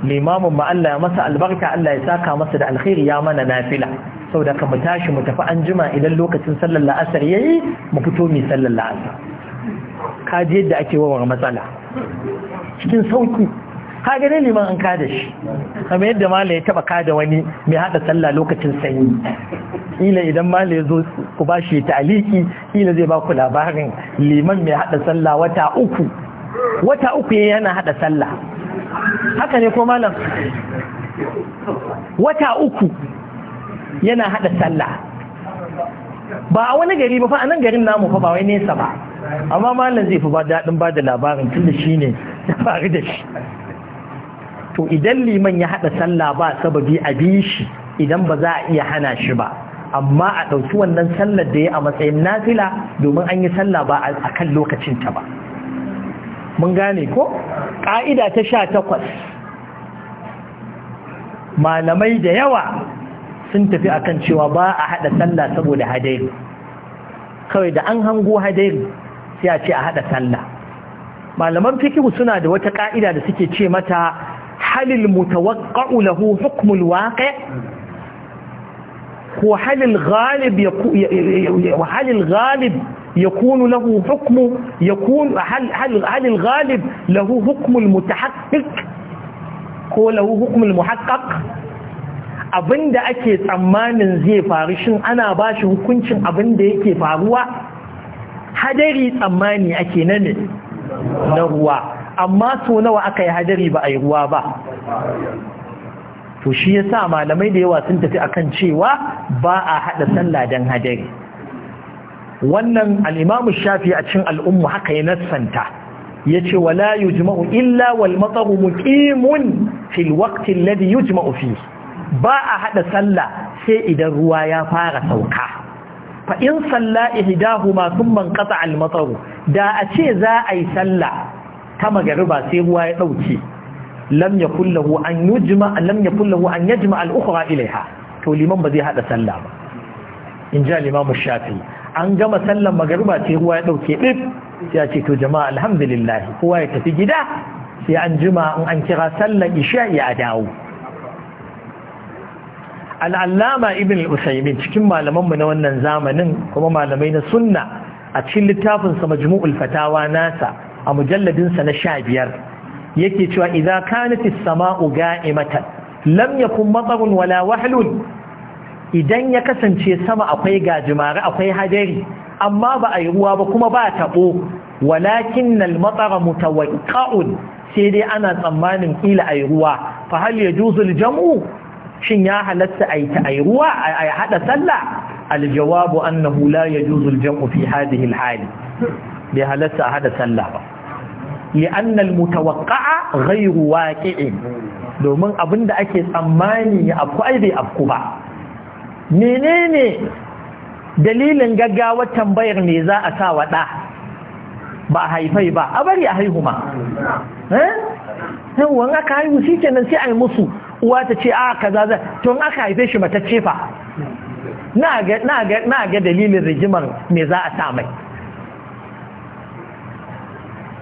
limamin ma Allah ya masa albarka Allah ya saka masa da alkhairi ya mana nafila saboda ka mu tashi mu tafi anjima idan lokacin sallar la'asar yayi mu fito mu sallar la'asar kaji yadda ake wawar matsala cikin sauki kaga ne liman an kada shi kamar yadda mala ya taba kada wani mai hada sallah lokacin sanyi ila idan mala ya zo ku ba shi ta'aliki ila zai ba ku labarin liman mai hada sallah wata uku wata uku yana hada sallah haka ne ko malam wata uku yana hada sallah ba a wani gari ba fa a nan garin namu fa ba wai nesa ba amma malam zai fi ba daɗin ba da labarin tun da shi ne ya faru da shi to idan liman ya haɗa sallah ba sababi a bi shi idan ba za a iya hana shi ba amma a ɗauki wannan sallar da ya a matsayin nafila domin an yi sallah ba a kan ta ba mun gane ko ƙa'ida ta sha takwas malamai da yawa sun tafi akan cewa ba a haɗa sallah saboda hadari kawai da an hango hadari sai a ce a haɗa sallah malaman fikihu suna da wata ƙa'ida da suke ce mata halil mutawaqqa'u lahu hukmul waqi' ko halil ghalib ya halil ghalib يكون له حكم يكون هل هل هل الغالب Abin da ake tsammanin zai faru shin ana ba shi hukuncin da yake faruwa hadari tsammani ake na na ruwa amma so nawa aka yi hadari ba a yi ruwa ba to shi ya sa malamai da yawa sun tafi akan cewa ba a haɗa sallah don hadari wannan al'imamu shafi a cin al'ummu haka ya nassanta ya ce wala yujma'u illa wal matsaru muqimun fil waqtin ladhi yujma'u fihi ba a haɗa sallah sai idan ruwa ya fara sauka fa in salla ihdahuma thumma qata al matar da a ce za a yi sallah ta magariba sai ruwa ya dauke lam yakul lahu an yujma lam yakul lahu an yajma al ukhra ilaiha to liman ba zai haɗa sallah ba in ji al imam shafi. an gama sallan magariba sai ruwa ya dauke dip sai a ce to jama'a alhamdulillah kowa ya tafi gida sai an jima in an kira sallan isha'i ya dawo al'allama ibn al'usaimin cikin malamanmu na wannan zamanin kuma malamai na sunna a cikin littafinsa majmu'ul fatawa nasa a mujalladinsa na sha biyar yake cewa iza kanat samau ga'imatan lam yakun matsarun wala wahlun idan ya kasance sama akwai gajimare akwai hadari amma ba a yi ruwa ba kuma ba taɓo walakin al-matara mutawaqqa'un sai dai ana tsammanin kila ayi ruwa fa hal ya juzul jamu shin ya halatta a yi ruwa a haɗa sallah aljawabu annahu ya yajuzu aljam'u fi hadhihi hali. bai halatta a haɗa sallah ba li'anna almutawaqqa ghayru waqi'in domin abinda ake tsammani ya afku ai bai afku ba menene dalilin gaggawar tambayar ne za a sa waɗa? ɗa ba haifai ba a bari a haihu ma Eh? yawon aka haihu shi nan sai a yi musu uwa ta ce a ah, kaza za tun aka haife shi mata fa na ga dalilin rigimar me za a sa mai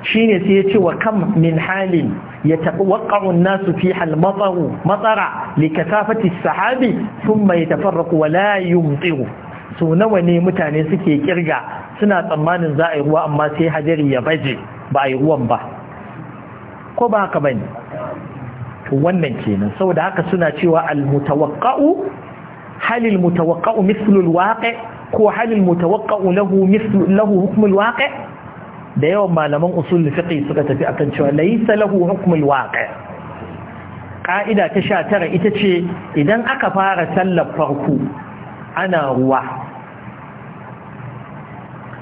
shi ne sai ya ce wa kam min halin ya taɓa waƙarun nasu fi halmatsaru matsara likatafati sahabi sun mai tafarraku wa layun tsiru so nawa ne mutane suke kirga suna tsammanin za a yi ruwa amma sai hadari ya baje ba a yi ruwan ba ko ba haka bane wannan kenan saboda haka suna cewa al-mutawaqqa'u hal al-mutawaqqa'u mithlu al-waqi' ko hal al-mutawaqqa'u lahu mithlu lahu hukm al da yawan malaman usul fiqh suka tafi akan cewa laysa lahu hukm al ka'ida ta 19 ita ce idan aka fara sallar farko ana ruwa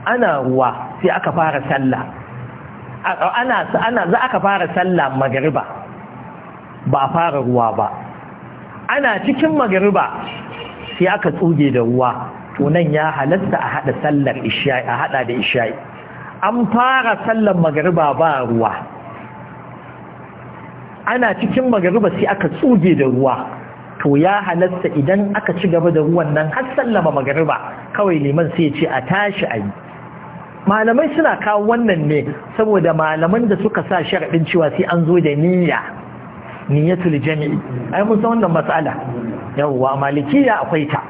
ana ruwa sai aka fara sallah ana ana za aka fara sallah magariba ba fara ruwa ba ana cikin magariba sai aka tsuge da ruwa to nan ya halatta a hada sallar isha'i a hada da isha'i an fara sallar magariba ba ruwa ana cikin magariba sai aka tsuge da ruwa to ya halatta idan aka ci gaba da ruwan nan har sallama magariba kawai liman sai ya ce a tashi ayi. malamai suna kawo wannan ne saboda malaman da suka sa sharaɗin cewa sai an zo da niyya niyyatul jami'i ai mun san wannan matsala yawwa malikiya akwai ta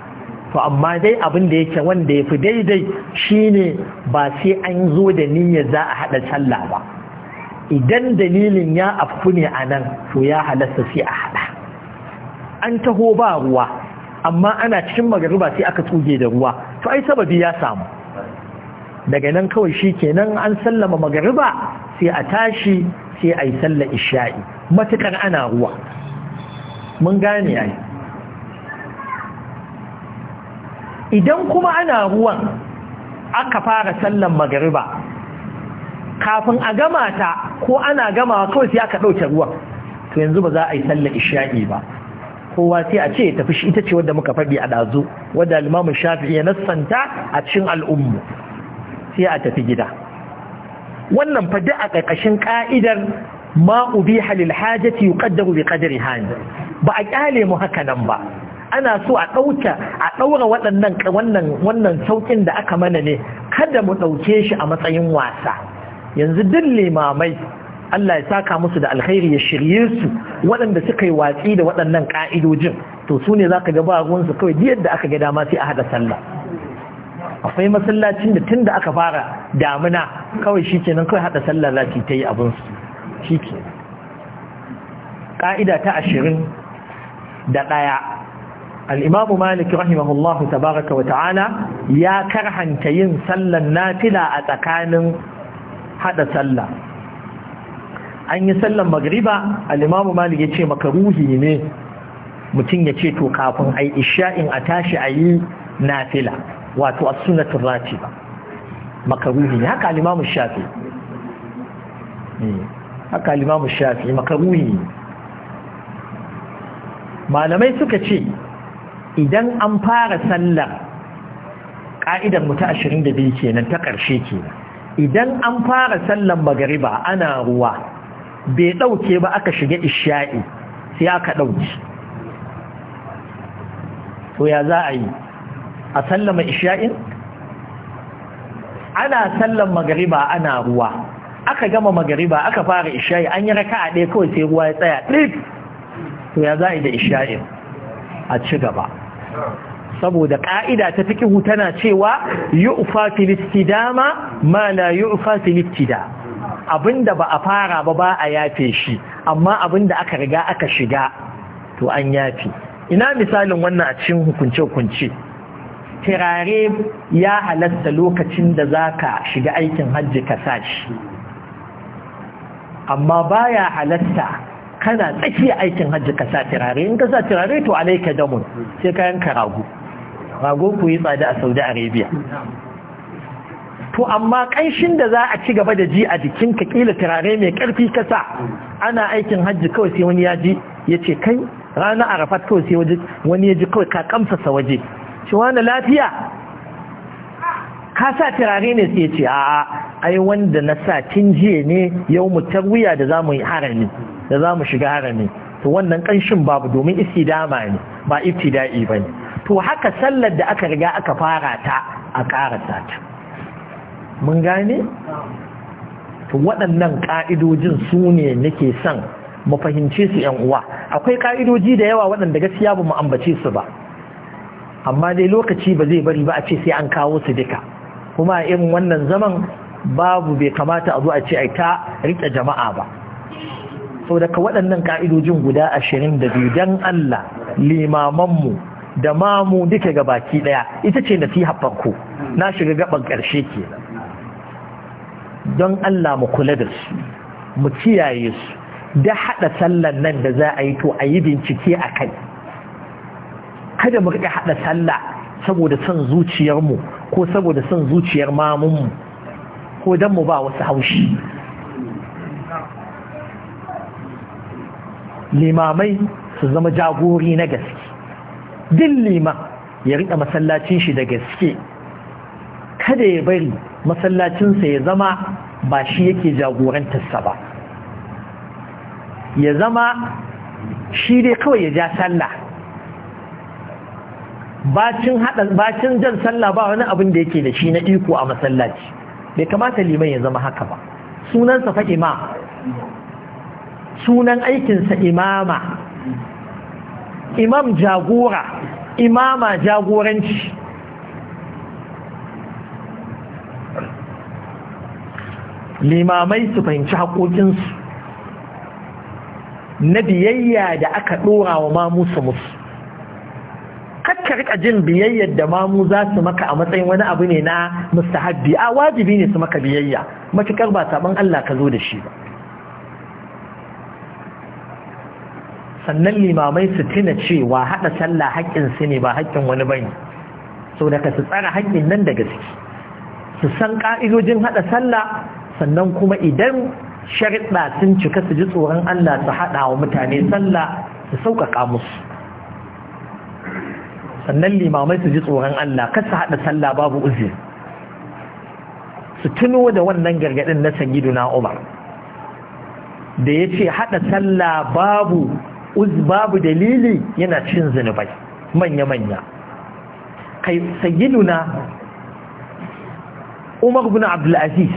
to amma dai abin da yake wanda yafi daidai shine ba sai an zo da niyya za a hada sallah ba idan dalilin ya afku ne anan to ya halasta sai a hada an taho ba ruwa amma ana cikin magariba sai aka tsuge da ruwa to ai sababi ya samu daga nan kawai shi kenan an sallama magariba sai a tashi sai a yi sallar isha'i matukar ana ruwa mun gane yayi, idan kuma ana ruwan aka fara sallar magariba kafin a gama ta ko ana gama kawai sai aka ɗauke ruwan to yanzu ba za a yi sallar isha'i ba kowa sai a ce tafi shi ita ce wadda muka faɗi a ɗazu wadda limamin shafi'i ya nassanta a cikin al'ummu sai a tafi gida wannan fa a ƙarƙashin ƙa'idar maubi ubiha lil yi yuqaddaru bi qadri hajji ba a ƙyale mu haka nan ba ana so a ɗauka a ɗaura waɗannan wannan sauƙin da aka mana ne kada mu ɗauke shi a matsayin wasa yanzu duk limamai Allah ya saka musu da alkhairi ya shirye su waɗanda suka yi watsi da waɗannan ƙa'idojin to su ne za ka ga ba ruwansu kawai duk yadda aka ga dama sai a haɗa sallah akwai masallacin da tun da aka fara damina kawai shi kenan kawai haɗa sallah za ta yi abinsu shi ke ƙa'ida ta ashirin da ɗaya al'imamu maliki rahimahullahu tabaraka wa ta'ala ya karhanta yin sallan nafila a tsakanin haɗa sallar an yi sallan magriba al'imamu maliki ya ce makaruhi ne mutum ya ce to kafin a yi isha'in a tashi a yi nafila wato a sunatun rati ba makaruhi ne haka alimamu shafi hmm. haka alimamu shafi makaruhi ne malamai suka ce idan an fara sallar ƙa'idar mutu ta ashirin da biyu kenan ta ƙarshe kenan idan an fara sallar magariba ana ruwa bai ɗauke ba aka shiga isha'i sai aka ɗauki to ya za a yi a sallama isha'in ana sallan magariba ana ruwa aka gama magariba aka fara isha'i an yi raka a ɗaya kawai sai ruwa ya tsaya ɗin to ya za da isha'in a ci gaba saboda ƙa'ida ta fikihu tana cewa yi ufa filisti dama ma la da. filistida abinda ba a fara ba ba a yafe shi amma abinda aka riga aka shiga to an yafe ina misalin wannan a cikin hukunce-hukunce turare ya halatta lokacin da za ka shiga aikin hajji ka sashi amma baya halatta kana tsakiya aikin hajji ka sa turare in ka sa turare to alaika damun sai ka yanka rago rago ku yi tsada a saudi arabia to amma ƙanshin da za a ci gaba da ji a jikinka kila turare mai ƙarfi sa ana aikin hajji kawai sai wani ya ji ya ce kai ranar arafat kawai sai wani ya ji kawai ka sa waje shi wani lafiya ka sa turare ne sai ce a'a ai wanda na sa tun jiya ne yau mu tarwiya da zamu yi harami da zamu shiga harami to wannan kanshin babu domin istidama ne ba ibtida'i bane to haka sallar da aka riga aka fara ta a karanta ta mun gane to waɗannan ƙa'idojin su ne nake son mu fahimce su ‘yan uwa akwai ƙa'idoji da yawa waɗanda gaskiya ba mu ambace su ba amma dai lokaci ba zai bari ba a ce sai an kawo su duka kuma irin wannan zaman babu bai kamata a zo a ce ai ta rike jama'a ba sau daga waɗannan ka'idojin guda ashirin da biyu don Allah limamanmu da mamu duka ga baki ɗaya ita ce nasiha farko na shiga gaɓar ƙarshe ke don Allah mu kula da su mu kiyaye su da haɗa sallan nan da za a yi to a yi bincike a kai kada mu riƙa haɗa sallah saboda son zuciyarmu ko saboda son zuciyar mamunmu ko don mu ba wasu haushi limamai su zama jagori na gaske din liman ya riƙa masallacin shi da gaske kada ya bari masallacinsa ya zama ba shi yake jagorantarsa ba ya zama shi dai kawai ya ja sallah bacin hada bacin jan sallah ba wani abin da yake da shi na iko a masallaci bai kamata liman ya zama haka ba sunansa fa imam sunan aikinsa imama imam jagora imama jagoranci limamai su fahimci haƙoƙinsu na biyayya da aka ɗora wa mamusa musu kakka rika jin biyayyar da mamu za su maka a matsayin wani abu ne na mustahabbi a wajibi ne su maka biyayya matukar ba saban Allah ka zo da shi ba sannan limamai su tuna cewa haɗa sallah haƙƙin su ne ba haƙƙin wani bane so da ka su tsara haƙƙin nan da gaske su san ƙa'idojin haɗa sallah sannan kuma idan sharɗa sun cika su ji tsoron Allah su haɗa wa mutane sallah su sauƙaƙa musu sannan limamai su ji tsoron Allah kar su haɗa sallah babu uzuri su tuno da wannan gargaɗin na na Umar da ya ce haɗa sallah babu uz babu dalili yana cin zunubai manya-manya kai na Umar bin Abdulaziz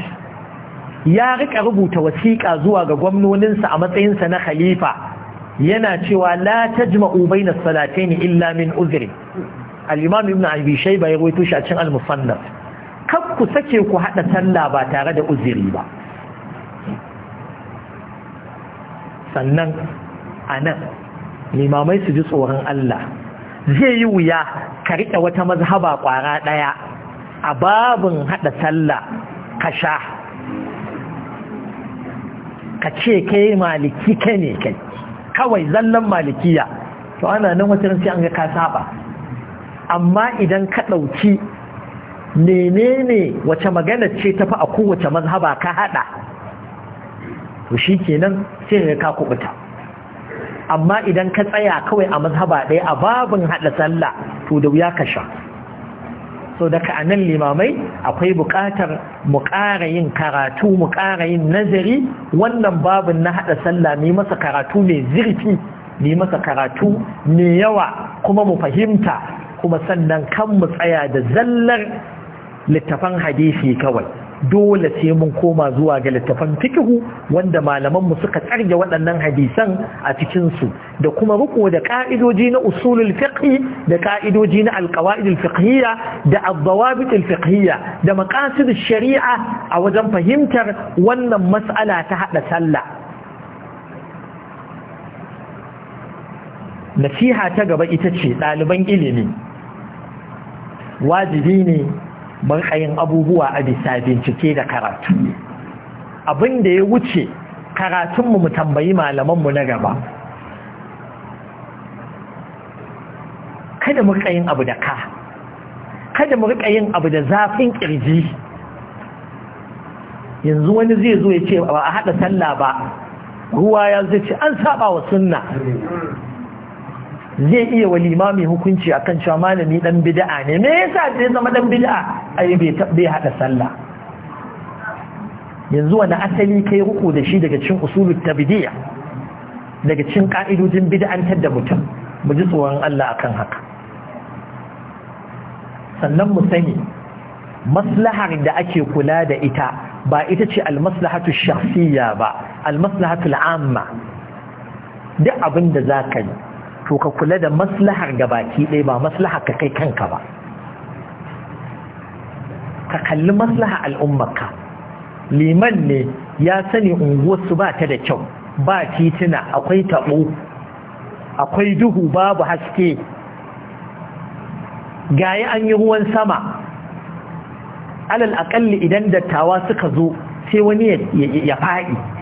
ya rika rubuta wasiƙa zuwa ga gwamnoninsa a matsayinsa na khalifa yana cewa la tajma'u bainas salatayn illa min uzuri. al-imam ibn abi shayba ya rawaito shi a cikin al-musannaf kar ku sake ku haɗa sallah ba tare da uzuri ba sannan anan limamai su ji tsoron Allah zai yi wuya ka riƙe wata mazhaba ƙwara ɗaya a babin haɗa sallah ka sha ka ce kai maliki kai ne kai kawai zallan malikiya to ana nan wata sai an ga ka saba amma idan ka ɗauki menene wace magana ce ta tafi a kowace mazhaba ka haɗa? to shi kenan sai ka kubuta amma idan ka tsaya kawai a mazhaba ɗaya a babin haɗa sallah to da wuya ka sha so daga anan limamai akwai buƙatar mu ƙara yin karatu mu ƙara yin nazari wannan babin na haɗa sallah mai masa karatu mai zirfi mai masa karatu mai yawa kuma mu fahimta kuma sannan kan mu tsaya da zallar littafan hadisi kawai dole sai mun koma zuwa ga littafan fikihu wanda malamanmu suka tsarge waɗannan hadisan a cikinsu da kuma riko da ƙa'idoji na usulul fiqhi da ƙa'idoji na alƙawa'idul fiqhiyya da abdawabitul fiqhiyya da maqasidul shari'a a wajen fahimtar wannan mas'ala ta haɗa sallah nasiha ta gaba ita ce ɗaliban ilimi wajibi ne Murƙayin abubuwa a bisa bincike da karatu abin da ya wuce karatunmu mu tambayi malamanmu na gaba kada mu yin abu da ka kada mu abu da zafin ƙirji. yanzu wani zai zo ya ce ba a haɗa sallah ba ruwa ya zai an saba wa sunna zai iya wa limami hukunci akan cewa malami dan bida'a ne me yasa zai zama dan A yi bai haɗa sallah yanzu wani asali kai ruku da shi daga cikin usulul tabdiyya daga cin ka'idojin bid'antar da mutum mu ji tsoron Allah a kan haka sannan mu sani maslahar da ake kula da ita ba ita ce almaslahatu shafiya ba almaslahatu al'amma duk abin da za ka yi to ka kula da maslahar gabaki ɗaya ba maslahar ka kai kanka ba ka kalli maslaha al'ummarka liman ne ya sani unguwarsu ba ta da kyau ba titina akwai taɓo akwai duhu babu haske gaya an yi ruwan sama alal aƙalli idan dattawa suka zo sai wani ya faɗi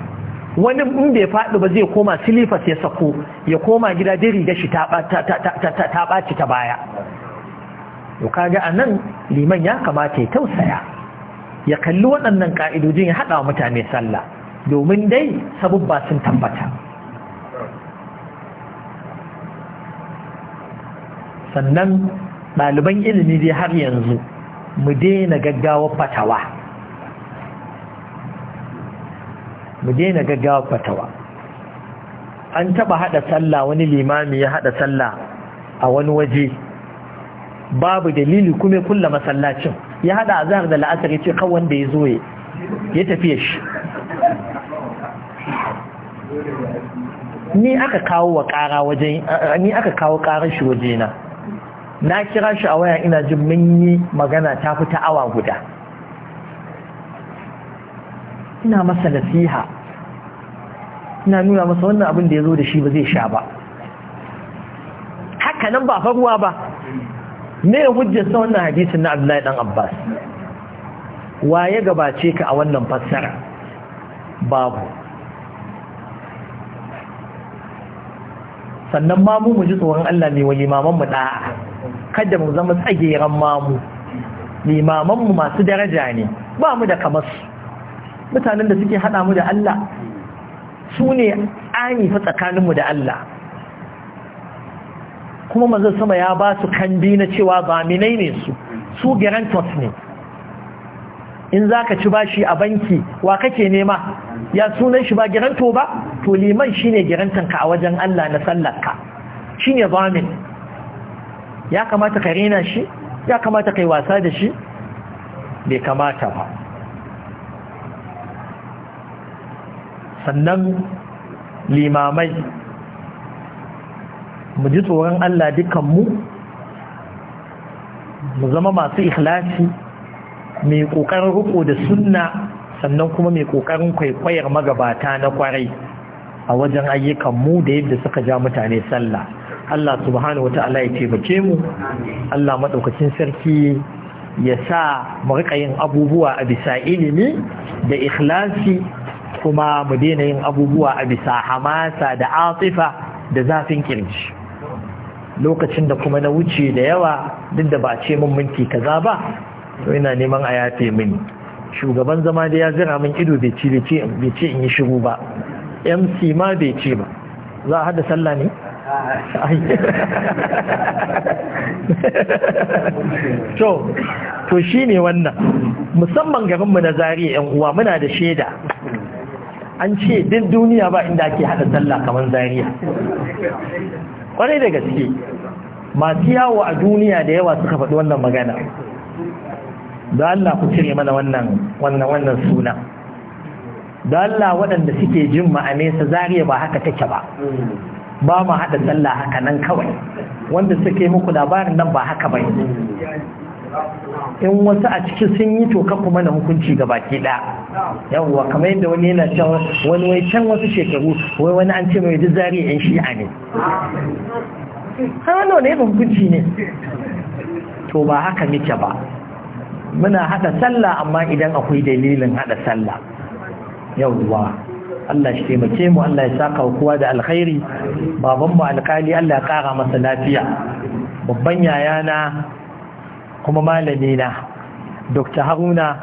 wani in bai faɗi ba zai koma silifas ya sako ya koma gida dai riga shi ta ɓaci ta baya to kaga a nan liman ya kamata ya tausaya ya kalli waɗannan ƙa'idojin ya haɗa wa mutane sallah domin dai sabubba sun tabbata sannan ɗaliban ilimi dai har yanzu mu daina gaggawa fatawa mu daina gaggawa fatawa an taba hada sallah wani limami ya hada sallah a wani waje babu dalili kuma kulla masallacin ya hada azhar da la'asar yace kan wanda ya zo ya tafiye shi ni aka kawo wa kara wajen ni aka kawo karar shi wajena na kira shi a waya ina jin mun yi magana ta fita awa guda ina masa nasiha ina nuna masa wannan abin da ya zo da shi ba zai sha ba haka nan ba faruwa ba ne ya sa wannan hadisin na abdullahi dan abbas wa ya gabace ka a wannan fassara babu sannan mamu mu ji tsoron Allah ne wa mu da'a? kada mu zama tsageren mamu limamanmu masu daraja ne ba mu da su mutanen da suke hada mu da Allah su ne ani fa tsakaninmu da Allah kuma maza sama ya ba su kandi na cewa zaminai ne su su guarantors ne in za ka ci bashi a banki wa kake nema ya sunan shi ba giranto ba to liman shi ne girantanka a wajen Allah na sallarka shi ne zamin ya kamata ka rena shi ya kamata ka yi wasa da shi bai kamata ba sannan limamai mu ji tsoron Allah dukanmu mu zama masu ikhlasi mai ƙoƙarin riko da sunna sannan kuma mai ƙoƙarin kwaikwayar magabata na kwarai a wajen ayyukanmu da yadda suka ja mutane sallah Allah subhanahu wata'ala ya taimake mu Allah maɗaukacin sarki ya sa mu riƙa yin abubuwa a bisa ilimi da ikhlasi kuma mu daina yin abubuwa a bisa hamasa da atifa da zafin kirji lokacin da kuma na wuce da yawa duk da ba ce min minti kaza ba to ina neman a yafe mini shugaban zama da ya zira min ido bai ce bai ce in yi shiru ba mc ma bai ce ba za a hada sallah ne to to shine wannan musamman garinmu na zariya yan uwa muna da shaida an ce duk duniya ba inda ake hada sallah kamar zariya kwarai da gaske masu yawo a duniya da yawa suka faɗi wannan magana da Allah ku cire mana wannan wannan wannan suna da Allah waɗanda suke jin ma'ane sa zariya ba haka take ba ba mu haɗa sallah haka nan kawai wanda suke muku labarin nan ba haka ba in wasu a ciki sun yi to kuma na hukunci ga baki da yawwa kamar yadda wani yana can wani wai can wasu shekaru wai wani an ce mai duk zari yan shi'a ne har wani wani hukunci ne to ba haka nike ba muna haɗa sallah amma idan akwai dalilin haɗa sallah yawwa Allah shi taimake mu Allah ya saka kowa da alkhairi baban mu alkali Allah ya kara masa lafiya babban yayana kuma malami na dr haruna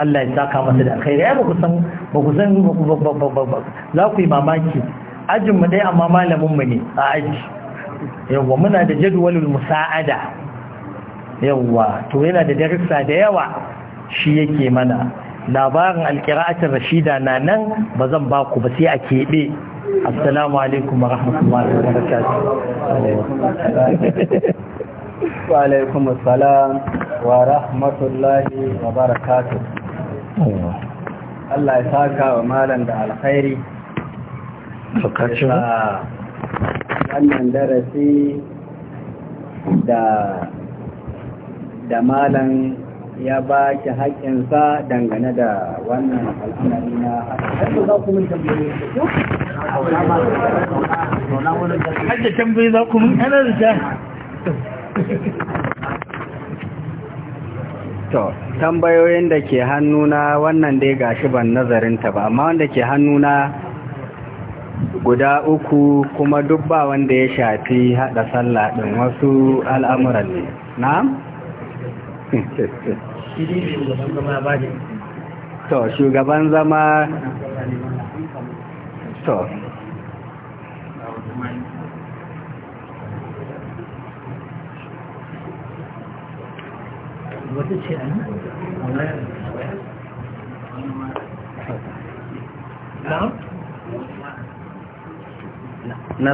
Allah ya saka masa da alkhairi ai ba san ba ku san za ku yi mamaki ajinmu mu dai amma malamin mu ne a aji yawa muna da jadwalul musa'ada yawa to yana da darussa da yawa shi yake mana labarin alqira'atul rashida na nan ba zan ba ku ba sai a keɓe, assalamu alaikum wa rahmatullahi wa alaikum assalam wa rahmatullahi wa barakatuh Allah ya saka wa malam da alkhairi wannan darasi da da malam ya ba ki sa dangane da wannan al'amari na haƙƙin za ku to tambayoyin da ke hannuna wannan dai shi ban nazarinta ba amma wanda ke hannuna guda uku kuma duk ba wanda ya shafi hada sallah din wasu al'amuran ne na'am to shugaban zama to na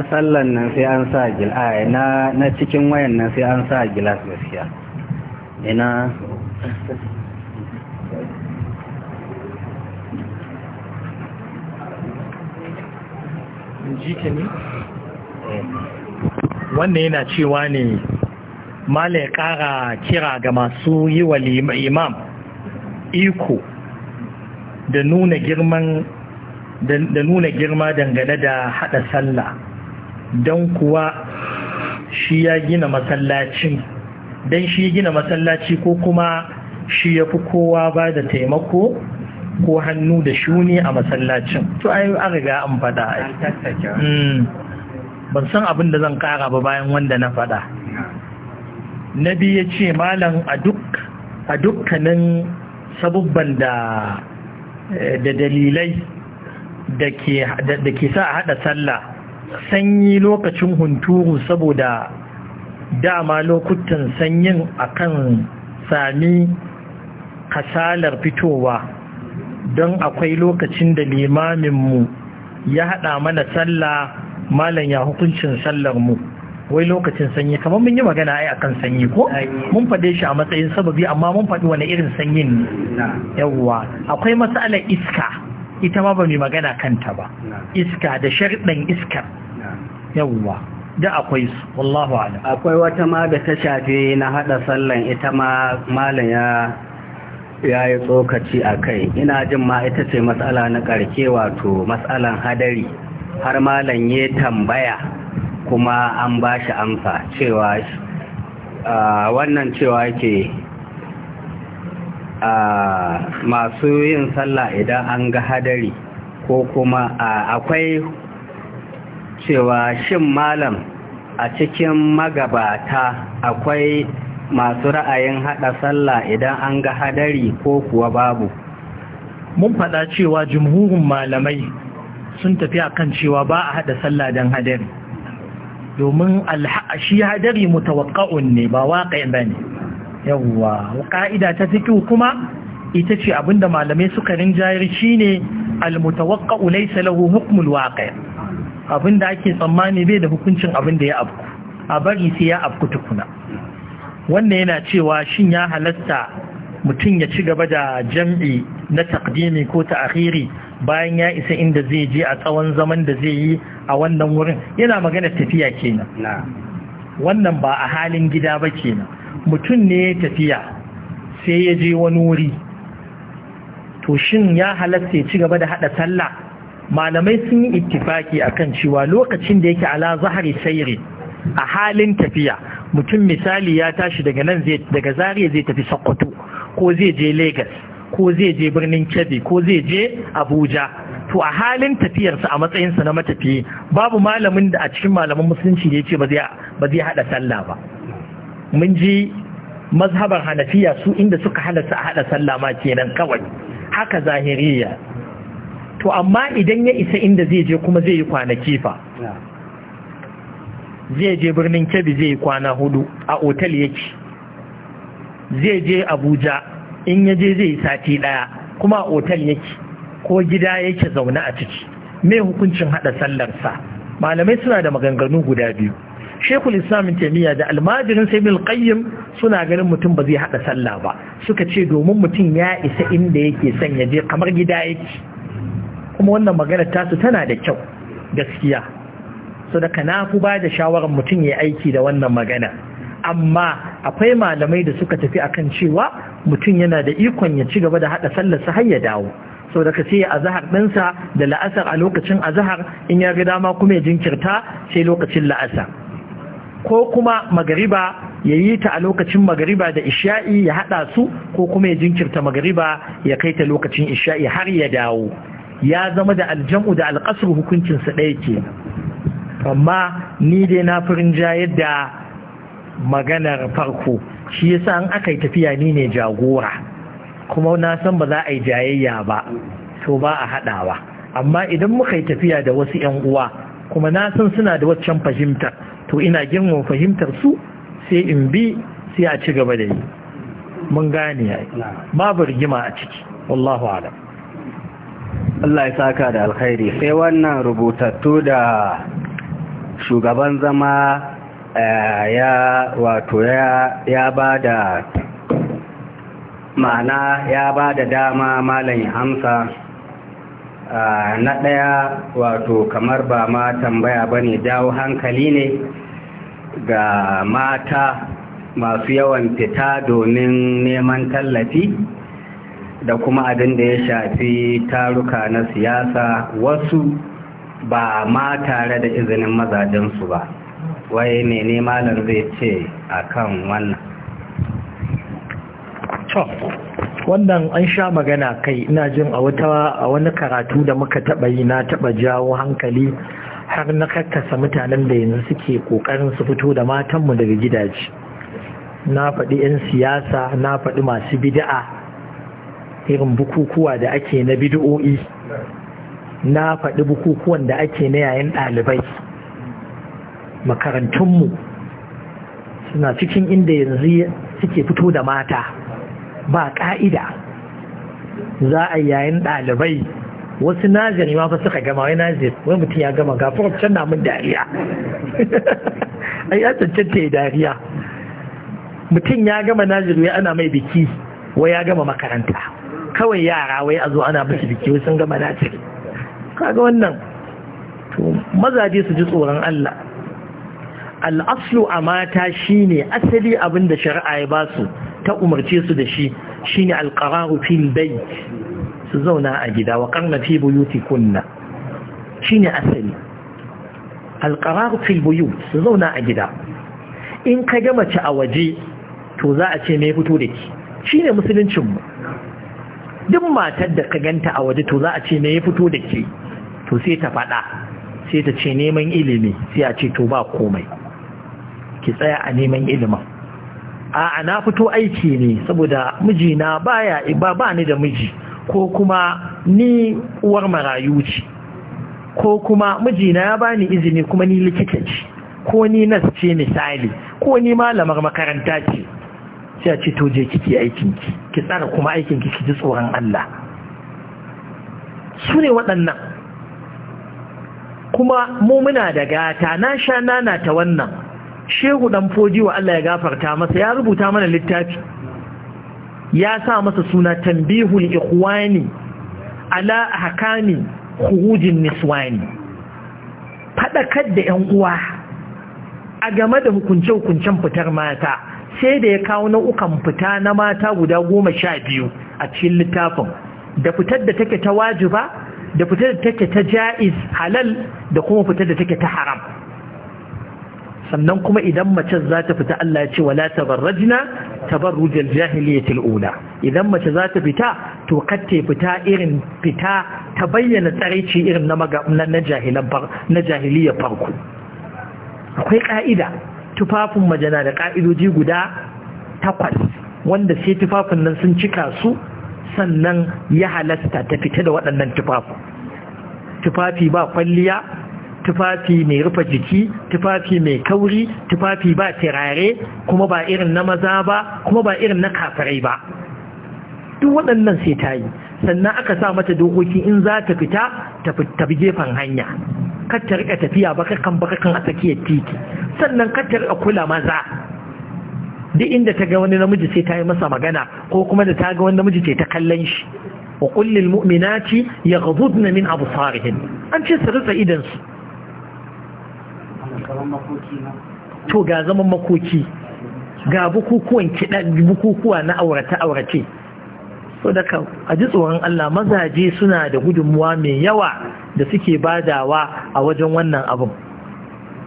sallan nan sai an sa gila na na cikin wayan nan sai an sa gilas gaskiya ina wannan yana cewa ne mala ya kara kira ga masu yi wa imam iko da nuna girman da nuna girma dangane da hada sallah don kuwa shi ya gina masallacin don shi gina masallaci ko kuma shi ya fi kowa ba da taimako ko hannu da shuni a masallacin to ai an riga an faɗa hmm. ban san abin da zan kara ba bayan wanda na faɗa Nabi ya ce malam a dukkanin sabubban da eh, dalilai da ke sa a haɗa sallah sanyi lokacin hunturu saboda dama lokutan sanyin a kan sami kasalar fitowa don akwai lokacin da limaminmu ya haɗa mana sallah malam ya hukuncin sallar mu wai lokacin sanyi kamar mun yi magana ai akan sanyi ko mun fade shi a matsayin sababi amma mun faɗi wani irin sanyin ne yawwa akwai matsalar iska ita ma ba mai magana kanta ba iska da sharɗin iskar yawwa da akwai su wallahu ala akwai wata ma da ta shafi na hada sallan ita ma malam ya ya yi tsokaci a kai ina jin ma ita ce matsala na karke wato matsalan hadari har malam ya tambaya kuma an ba shi amsa cewa wannan cewa ke masu yin sallah idan an ga hadari ko kuma akwai cewa shin malam a cikin magabata akwai masu ra'ayin hada sallah idan an ga hadari ko kuwa babu mun faɗa cewa jumhurin malamai sun tafi akan cewa ba a hada sallah don hadari domin shi hadari mutawakka'un ne ba waƙa'i ba ne yawwa ƙa'ida ta fi kuma ita ce abinda malamai suka rinjayar shi ne almutawakka'u laisa lahu hukmul waƙa'i abinda ake tsammani bai da hukuncin abinda ya afku a bari sai ya afku tukuna wannan yana cewa shin ya halasta mutum ya ci gaba da jam'i na takdimi ko ta'khiri bayan ya isa inda zai je a tsawon zaman da zai yi a wannan wurin yana magana tafiya kenan wannan ba a halin gida ba kenan mutum ne ya tafiya sai ya je wani wuri to shin ya halatta ya ci gaba da hada sallah malamai sun yi ittifaki akan cewa lokacin da yake ala zahari sayri a halin tafiya mutum misali ya tashi daga nan daga zariya zai tafi sokoto ko zai je lagos ko zai je birnin kebbi ko zai je abuja to a halin tafiyarsa a matsayinsa na matafiye babu malamin da a cikin malaman musulunci da ya ce ba zai haɗa sallah ba mun ji mazhabar hanafiya su inda suka halatta a haɗa sallah ma kenan kawai haka zahiriya to amma idan ya isa inda zai je kuma zai yi kwanaki fa zai je birnin kebbi zai yi kwana hudu a otal yake zai je abuja in ya je zai sati ɗaya kuma a otal yake ko gida yake zaune a ciki me hukuncin haɗa sa. malamai suna da maganganu guda biyu shekul islamin taimiyya da almajirin sai mil qayyim suna ganin mutum ba zai haɗa sallah ba suka ce domin mutum ya isa inda yake san ya je kamar gida yake kuma wannan magana su tana da kyau gaskiya so daga kana ba da shawarar mutum ya aiki da wannan magana amma akwai malamai da suka tafi akan cewa mutum yana da ikon ya ci gaba da haɗa sallarsa har ya dawo sau da ka sai azahar ɗinsa da la'asar a lokacin azahar in ya ga dama kuma ya jinkirta sai lokacin la'asar ko kuma magariba ya yi ta a lokacin magariba da isha'i ya haɗa su ko kuma ya jinkirta magariba ya kai ta lokacin isha'i har ya dawo ya zama da aljam'u da alƙasar hukuncinsa ɗaya ke amma ni dai na fi rinja yadda maganar farko shi yasa an aka yi tafiya ni ne jagora kuma na san ba za a yi jayayya ba to ba a haɗawa amma idan muka yi tafiya da wasu 'yan uwa kuma na san suna da waccan fahimtar to ina girmama fahimtar su sai in bi sai a ci gaba da yi mun gane ya babu rigima a ciki wallahu alam Allah ya saka da alkhairi sai wannan rubutattu da shugaban zama Eh, ya wato ya ba da ma'ana ya ba da dama malam hamsa eh, na ɗaya wato kamar ba ma tambaya ba ne jawo hankali ne ga mata masu yawan fita domin neman tallafi da kuma abin da ya shafi taruka na siyasa wasu ba ma tare da izinin mazajensu ba wai ne malar zai ce a kan wannan wannan an sha magana kai ina jin a wata a wani karatu da muka taɓa yi na taɓa jawo hankali har na kakkasa mutanen da yanzu suke ƙoƙarin su fito da matanmu daga gidaje na faɗi 'yan siyasa na faɗi masu bida'a irin bukukuwa da ake na bid'o'i na faɗi bukukuwan da ake na yayin ɗalibai makarantunmu suna cikin inda yanzu suke fito da mata ba ƙa'ida za a yayin ɗalibai wasu nazari ma fa suka gama wai nazari wai mutum ya gama gafi can na mun dariya ai ya cancanta ya dariya mutum ya gama nazari wai ana mai biki wai ya gama makaranta kawai yara wai a zo ana musu biki wai sun gama nazari kaga wannan to mazaje su ji tsoron Allah al'aslu a mata shine asali abin da shari'a ya ba su ta umarce su da shi shine alqararu fil bai su zauna a gida wa qarna fi shi shine asali alqararu fil Buyu su zauna a gida in ka ga mace a waje to za a ce mai fito da ki shine ne musuluncinmu duk matar da ka ganta a waje to za a ce mai ya fito da ke to sai ta faɗa sai ta ce neman ilimi sai a ce to ba komai ki tsaya a neman ilimin a na fito aiki ne saboda mijina baya ba ba ni da miji ko kuma ni uwar marayu ce ko kuma mijina ya bani izini kuma ni likita ce ko ni nas ce misali ko ni malamar makaranta ce sai a ce to je kike aikinki ki tsara kuma aikinki ki ji tsoron Allah su ne waɗannan kuma mu muna da gata na sha nana ta wannan shehu dan foji wa Allah ya gafarta masa ya rubuta mana littafi ya sa masa suna tambihul ikhwani ala hakami khurujin niswani fadakar da yan uwa a game da hukunce-hukuncen fitar mata sai da ya kawo nau'ukan fita na mata guda goma sha biyu a cikin littafin da fitar da take ta wajiba da fitar da take ta ja'iz halal da kuma fitar da take ta haram sannan kuma idan mace za ta fita Allah ya ce wala tabarrajna tabarrujal jahiliyatil ula idan mace za ta fita to katte fita irin fita ta bayyana tsaraici irin na maga na jahilan na farko akwai ka'ida tufafin majana da ka'idoji guda takwas wanda sai tufafin nan sun cika su sannan ya halasta ta fita da waɗannan tufafin tufafi ba kwalliya tufafi mai rufe jiki tufafi mai kauri tufafi ba tirare kuma ba irin na maza ba kuma ba irin na kafirai ba duk waɗannan sai ta yi sannan aka sa mata dokoki in za ta fita ta bi gefen hanya kar ta rika tafiya bakakan kan a tsakiyar titi sannan kar ta rika kula maza duk inda ta ga wani namiji sai ta yi masa magana ko kuma da ta ga wani namiji sai ta kallon shi wa kullil mu'minati yaghdudna min absarihim an ce su rutsa idan su to ga zaman makoki ga bukukuwan kiɗa bukukuwa na aurace-aurace so daga a ji tsoron Allah mazaje suna da gudunmuwa mai yawa da suke badawa a wajen wannan abin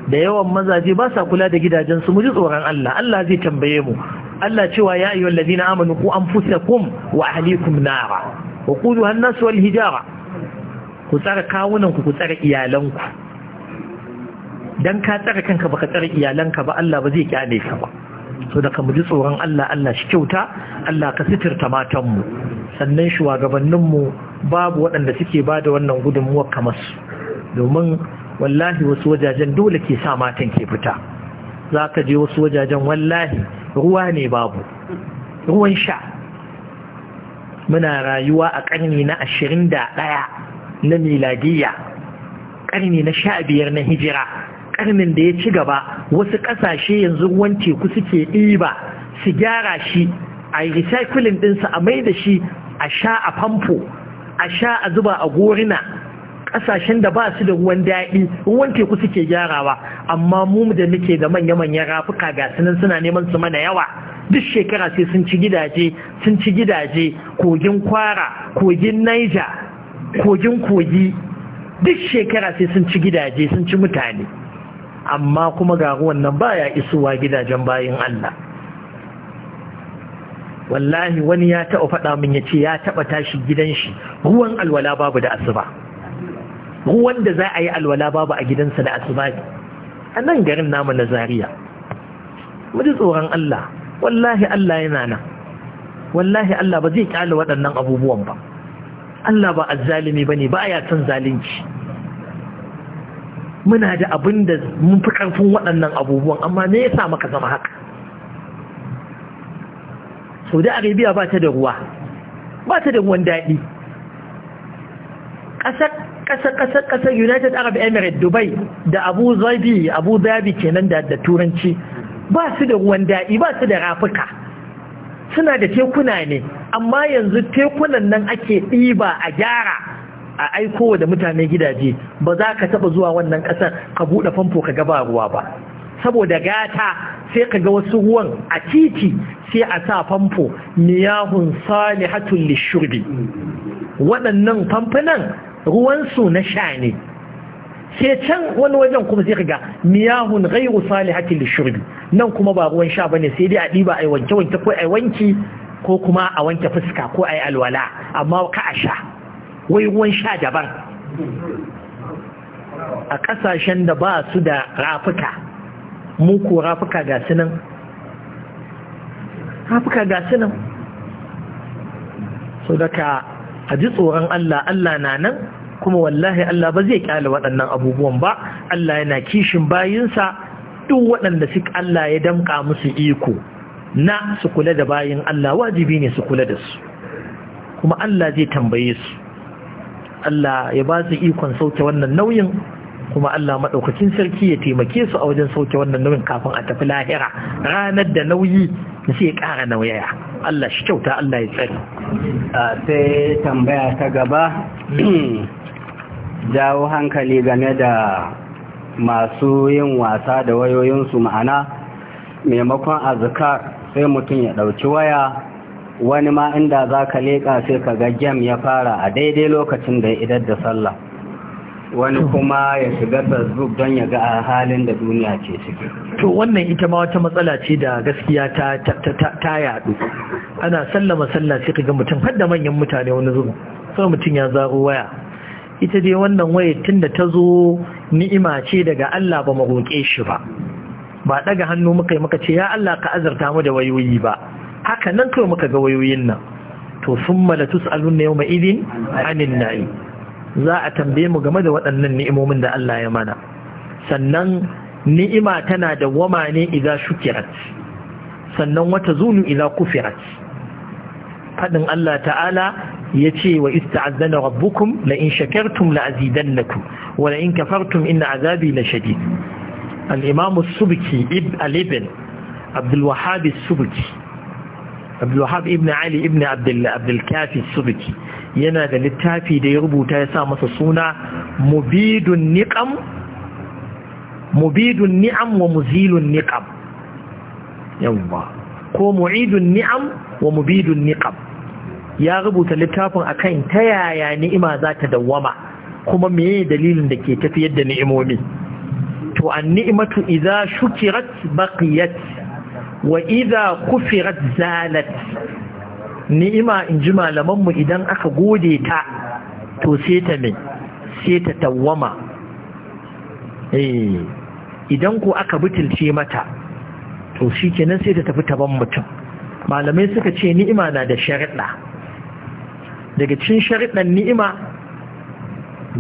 da yawan mazaje ba sa kula da gidajensu mu ji tsoron Allah Allah zai tambaye mu Allah cewa ya ayyuhal ladina amanu ku anfusakum wa ahlikum nara wa quduha an wal hijara ku tsara kawunanku, ku ku tsara iyalanku dan ka tsare kanka baka tsare iyalanka ba Allah ba zai kyale ka ba so da mu ji tsoron Allah Allah shi kyauta Allah ka sitirta mu sannan mu babu waɗanda suke ba da wannan gudunmuwa kamar su domin wallahi wasu wajajen dole ke sa matan ke fita za ka je wasu wajajen wallahi ruwa ne babu ruwan sha muna rayuwa a karni na ashirin da ɗaya na miladiyya ƙarni na sha biyar na hijira karnin da ya ci gaba wasu ƙasashe yanzu ruwan teku suke ɗiba su gyara shi a recycling ɗinsa a mai da shi a sha a famfo a sha a zuba a gorina ƙasashen da ba su da ruwan daɗi ruwan teku suke gyarawa amma mu da muke da manya-manyan rafuka ga sunan suna neman su mana yawa duk shekara sai sun ci gidaje sun ci gidaje kogin kwara kogin naija kogin kogi duk shekara sai sun ci gidaje sun ci mutane amma kuma ga ruwan nan baya isuwa gidajen bayin Allah wallahi wani ya taɓa faɗa min ya ce ya taɓa tashi gidan shi ruwan alwala babu da asuba ruwan da za a yi alwala babu a gidansa da asuba a nan garin namu na Zariya. mu ji tsoron Allah wallahi Allah yana nan wallahi Allah ba zai ƙyale waɗannan abubuwan ba Allah ba azzalimi bane ba ya son zalunci muna da abin da mun fi ƙarfin waɗannan abubuwan amma ne ya sa maka zama haka saudi arabia ba ta da ruwa ba ta da ruwan daɗi ƙasar united arab emirates dubai da abu zabi abu zabi kenan da turanci ba su da ruwan daɗi ba su da rafuka suna da tekuna ne amma yanzu tekunan nan ake ɗiba a gyara a aiko da mutane gidaje ba za ka taba zuwa wannan ƙasar ka buɗe famfo ka gaba ruwa ba saboda gata sai ka ga wasu ruwan a titi sai a sa famfo miyahun salihatul lishurbi waɗannan famfunan ruwansu na sha ne sai can wani wajen kuma sai ka ga miyahun gairu salihatul lishurbi nan kuma ba ruwan sha bane sai dai a ɗiba a yi wanke-wanke ko a wanki ko kuma a wanke fuska ko a yi alwala amma ka a sha wai ruwan sha daban a ƙasashen da ba su da rafuka muku rafuka ga nan? rafuka ga nan? so daga tsoron Allah Allah na nan kuma wallahi Allah ba zai kyale waɗannan abubuwan ba Allah yana kishin bayinsa duk waɗanda su Allah ya damƙa musu iko na su kula da bayin Allah wajibi ne su kula da su kuma Allah zai tambaye su Allah ya ba su ikon sauke wannan nauyin kuma Allah maɗaukacin sarki ya taimake su a wajen sauke wannan nauyin kafin a tafi lahira ranar da nauyi sai ya ƙara nauyaya Allah shi kyauta Allah ya tsari sai tambaya ta gaba jawo hankali game da masu yin wasa da wayoyinsu ma'ana maimakon azkar sai mutum ya ɗauki waya wani ma inda za ka leƙa sai ka ga jam ya fara a daidai lokacin da ya idar da sallah wani kuma ya shiga facebook don ya ga a halin da duniya ce ciki to wannan ita ma wata matsala ce da gaskiya ta ta yadu ana sallama sallah sai ka ga mutum har da manyan mutane wani zuwa, sai mutum ya zaro waya ita dai wannan waya tun da ta zo ni'ima ce daga Allah ba mu roƙe shi ba ba daga hannu muka yi muka ce ya Allah ka azarta mu da wayoyi ba haka nan kawai muka ga wayoyin nan to sun malatus alun yau ma'idin anin na'i za a tambaye mu game da waɗannan ni'imomin da Allah ya mana sannan ni'ima tana da wama ne idan shukirat sannan wata zulu idan kufirat faɗin Allah ta'ala ya ce wa ista'azzana rabbukum la in shakartum la azidannakum wa la in kafartum inna azabi la shadid al-imam as-subki ibn al-ibn abdul wahhab as-subki abdulwahab ibn ali ibn abdulkafi subki yana da littafi da ya rubuta ya sa masa suna mubidun ni'am wa muzilun niqam yawwa ko mu'idun ni'am wa mubidun niqam ya rubuta littafin akan ta yaya ni'ima za ta dawwama kuma meye dalilin da ke tafiyar da ni'imomi to an ni'imatu idza shukirat baqiyat wa idza kufirat zalat ni'ima in ji malamanmu idan aka gode ta to sai ta mai sai ta tawwama eh, idan ku aka butulce mata to shi sai ta tafi taban mutum malamai suka ce ni'ima na da sharida daga cikin sharidan ni'ima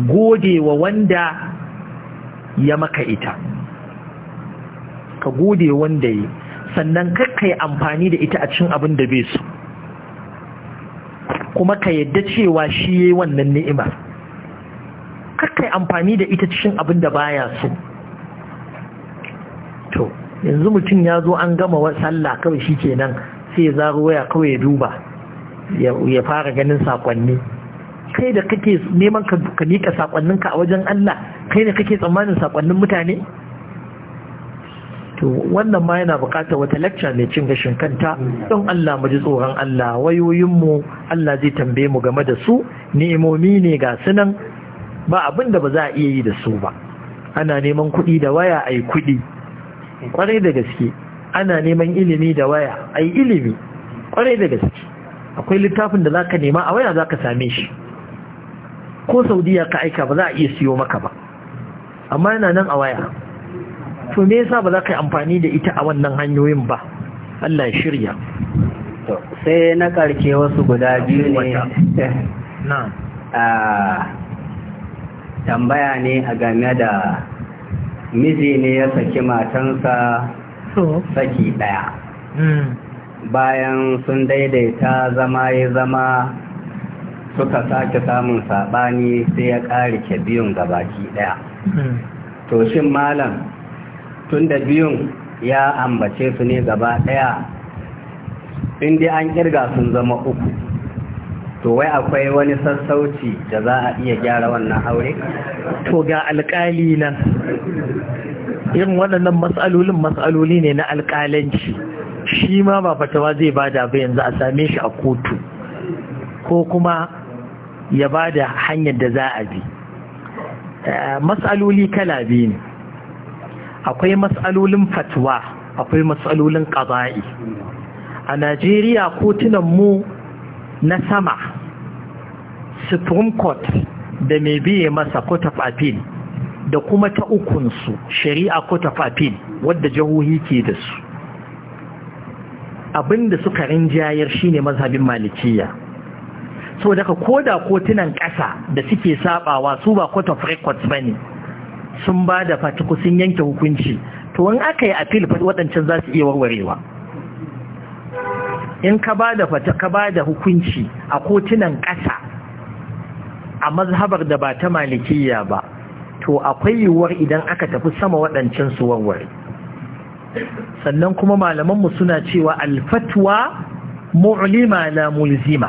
gode wa wanda ya maka ita ka gode wanda ya sannan kakka yi amfani da ita a cin abin da bai so kuma ka yadda cewa shi ya yi wannan ni'imar kakka yi amfani da ita cikin abin da baya so to yanzu mutum ya zo an gama sallah kawai shi ke nan, sai ya zaro waya kawai ya duba ya fara ganin sakonni kai da kake neman ka nika sakonninka a wajen Allah kai da kake tsammanin sakonnin mutane to wannan ma yana bukatar wata lacca mai cin gashin kanta don Allah mu ji tsoron Allah wayoyinmu Allah zai tambaye mu game da su ni'imomi ne ga sunan ba abin da ba za a iya yi da su ba ana neman kuɗi da waya ai kuɗi kwarai da gaske ana neman ilimi da waya ai ilimi kwarai da gaske akwai littafin da zaka nema a waya zaka same shi ko saudiya ka aika ba za a iya siyo maka ba amma yana nan a waya to me yasa ba za ka yi amfani da ita a wannan hanyoyin ba Allah ya shirya sai na karke wasu guda biyu ne tambaya ne a game da miji ne ya saki matansa saki daya mm. bayan sun daidaita zama ya zama suka sake samun sabani sai ya karike biyun gabaki daya mm. to shin malam tun da biyun ya ambace su ne gaba ɗaya inda an kirga sun zama uku to wai akwai wani sassauci da za a iya gyara wannan aure? to ga alƙali nan irin waɗannan matsalolin matsaloli ne na alkalanci shi ma ba fatawa zai bada ba yanzu a same shi a kotu ko kuma ya ba da hanyar da za a bi eh, matsaloli kala biyu ne akwai matsalolin fatwa akwai matsalolin ƙaba'i a najeriya kotunan mu na sama supreme court da mai biye masa court of appeal da kuma ta ukunsu shari'a court of appeal wadda jihohi ke da su abinda suka rinjayar shine mazhabin malikiya so daga koda kotunan ƙasa da suke sabawa su ba court of records bane sun ba da fatiku sun yanke hukunci to in aka yi appeal waɗancan za su iya warwarewa in ka ba da ka ba da hukunci a kotunan ƙasa a mazhabar da ba ta malikiya ba to akwai yiwuwar idan aka tafi sama waɗancan su warware sannan kuma malamanmu suna cewa alfatwa mu'lima la mulzima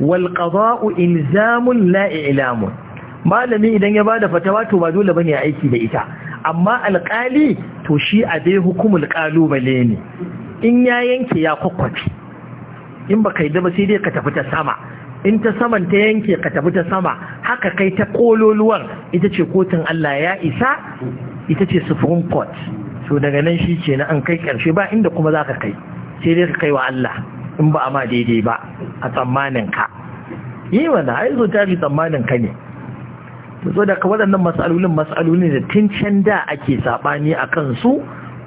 wal qada'u ilzamun la i'lamun malami idan ya bada fatawa to ba dole bane ya aiki da ita amma alƙali to shi a dai hukumul ƙalubale ne in ya yanke ya kwakwafi in ba kai ba sai dai ka tafi ta sama in ta saman ta yanke ka tafi ta sama haka kai ta kololuwan ita ce kotun Allah ya isa ita ce supreme court so daga nan shi ce na an kai karshe ba inda kuma za ka kai sai dai ka kai wa Allah in ba a ma daidai ba a tsammanin ka yi wanda aizo ta fi tsammanin ka ne da daga waɗannan matsalolin matsaloli da can da ake saɓani a kansu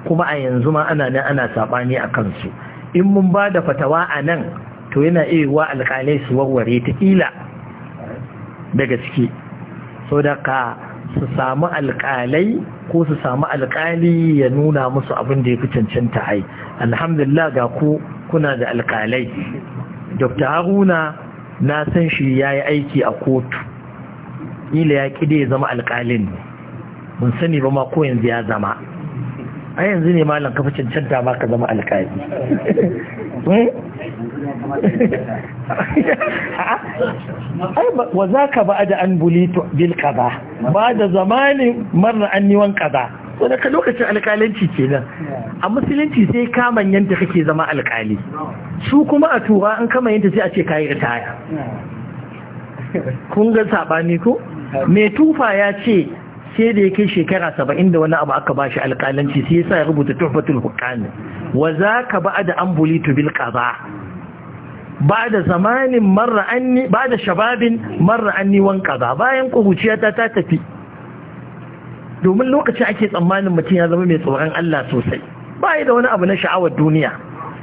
kuma a yanzu ma ana nan ana saɓani a kansu in mun ba da fatawa a nan to yana iya wa alƙalai su warware ta ƙila daga gaske so daga su samu alƙalai ko su samu alƙali ya nuna musu abin da ya fi cancanta ai alhamdulillah ga ku kuna da alƙalai dr haruna na san shi ya yi aiki a kotu kila ya ƙi ya zama alƙalin mun sani ba ma ko yanzu ya zama a yanzu ne malam kafa cancanta ma ka zama alƙali eh? wa za ka ba da an buli bil kaza ba da zamanin marar anniwan kaza wanda ka lokacin alƙalanci kenan a musulunci sai kaman yanta kake zama alƙali su kuma a tura an kama yanta sai a ce kayi ritaya kun ga sabani ko mai tufa ya ce sai da ya kai shekara saba'in da wani abu aka ba shi alƙalanci sai yasa ya rubuta tuhfatul hukami wa za ka ba da an bulitu ba da zamanin marra anni ba da shababin marra anni wan bayan kuruciyata ta tafi domin lokacin ake tsammanin mutum ya zama mai tsoron Allah sosai ba da wani abu na sha'awar duniya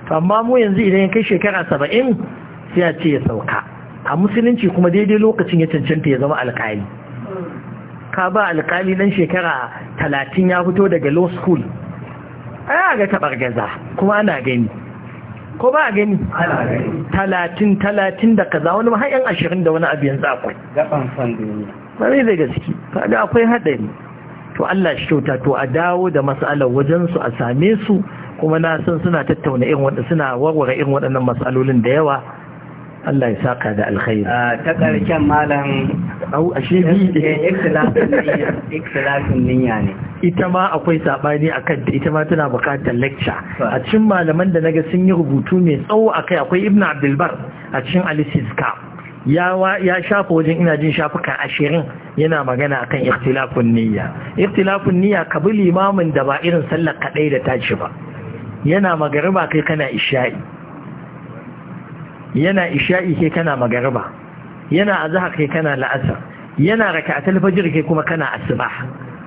amma mu yanzu idan ya kai shekara saba'in sai ya ce ya sauka a musulunci kuma daidai lokacin ya cancanta ya zama alkali ka ba alkali nan shekara talatin ya fito daga law school aya ga tabargaza kuma ana gani ko ba a gani talatin talatin da kaza wani har ashirin da wani abu yanzu akwai gaban san duniya ba zai gaske kaga akwai haɗari to Allah shi kyauta to a dawo da mas'alar wajensu a same su kuma na san suna tattauna irin wanda suna warware irin waɗannan mas'alolin da yawa Allah ya saka da alkhairi ah, ta ƙarshen malam au ashe bi eh, eh, niyya ne ita ma akwai sabani akan da ita ma tana bukatar lecture a cikin malaman da naga sun yi rubutu mai tsawo akai akwai Ibn Abdul Bar a cikin alisis ka ya ya shafa wajen ina jin shafuka ashirin yana magana akan ikhtilafun niyya ikhtilafun niyya bi imamin da ba irin sallar kadai da tashi ba yana magariba kai kana isha'i yana isha'i kai kana magariba yana azhar kai kana la'asar yana raka'atul fajr ke kuma kana asuba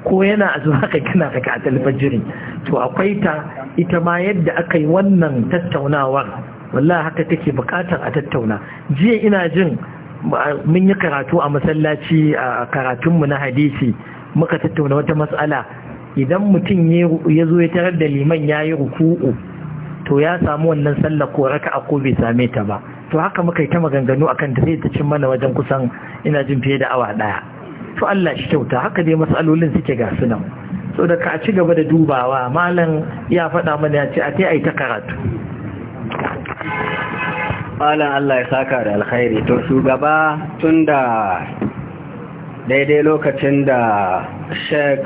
ko yana azhar kai kana raka'atul fajr to akwai ta ita ma yadda aka wannan tattaunawar wallahi haka take bukatar a tattauna jiya ina jin mun yi karatu a masallaci a karatunmu na hadisi muka tattauna wata matsala idan mutum ya zo ya tarar da liman yayi ruku'u to ya samu wannan sallah ko raka'a ko bai same ta ba to haka muka yi ta maganganu a kan zai ta cin mana wajen kusan ina jin fiye da awa ɗaya. to Allah shi kyauta haka dai matsalolin suke ga su nan so da ka ci gaba da dubawa malam ya faɗa mana ya ce a ta yi ta karatu malam Allah ya saka da alkhairi to shugaba tun da daidai lokacin da sheik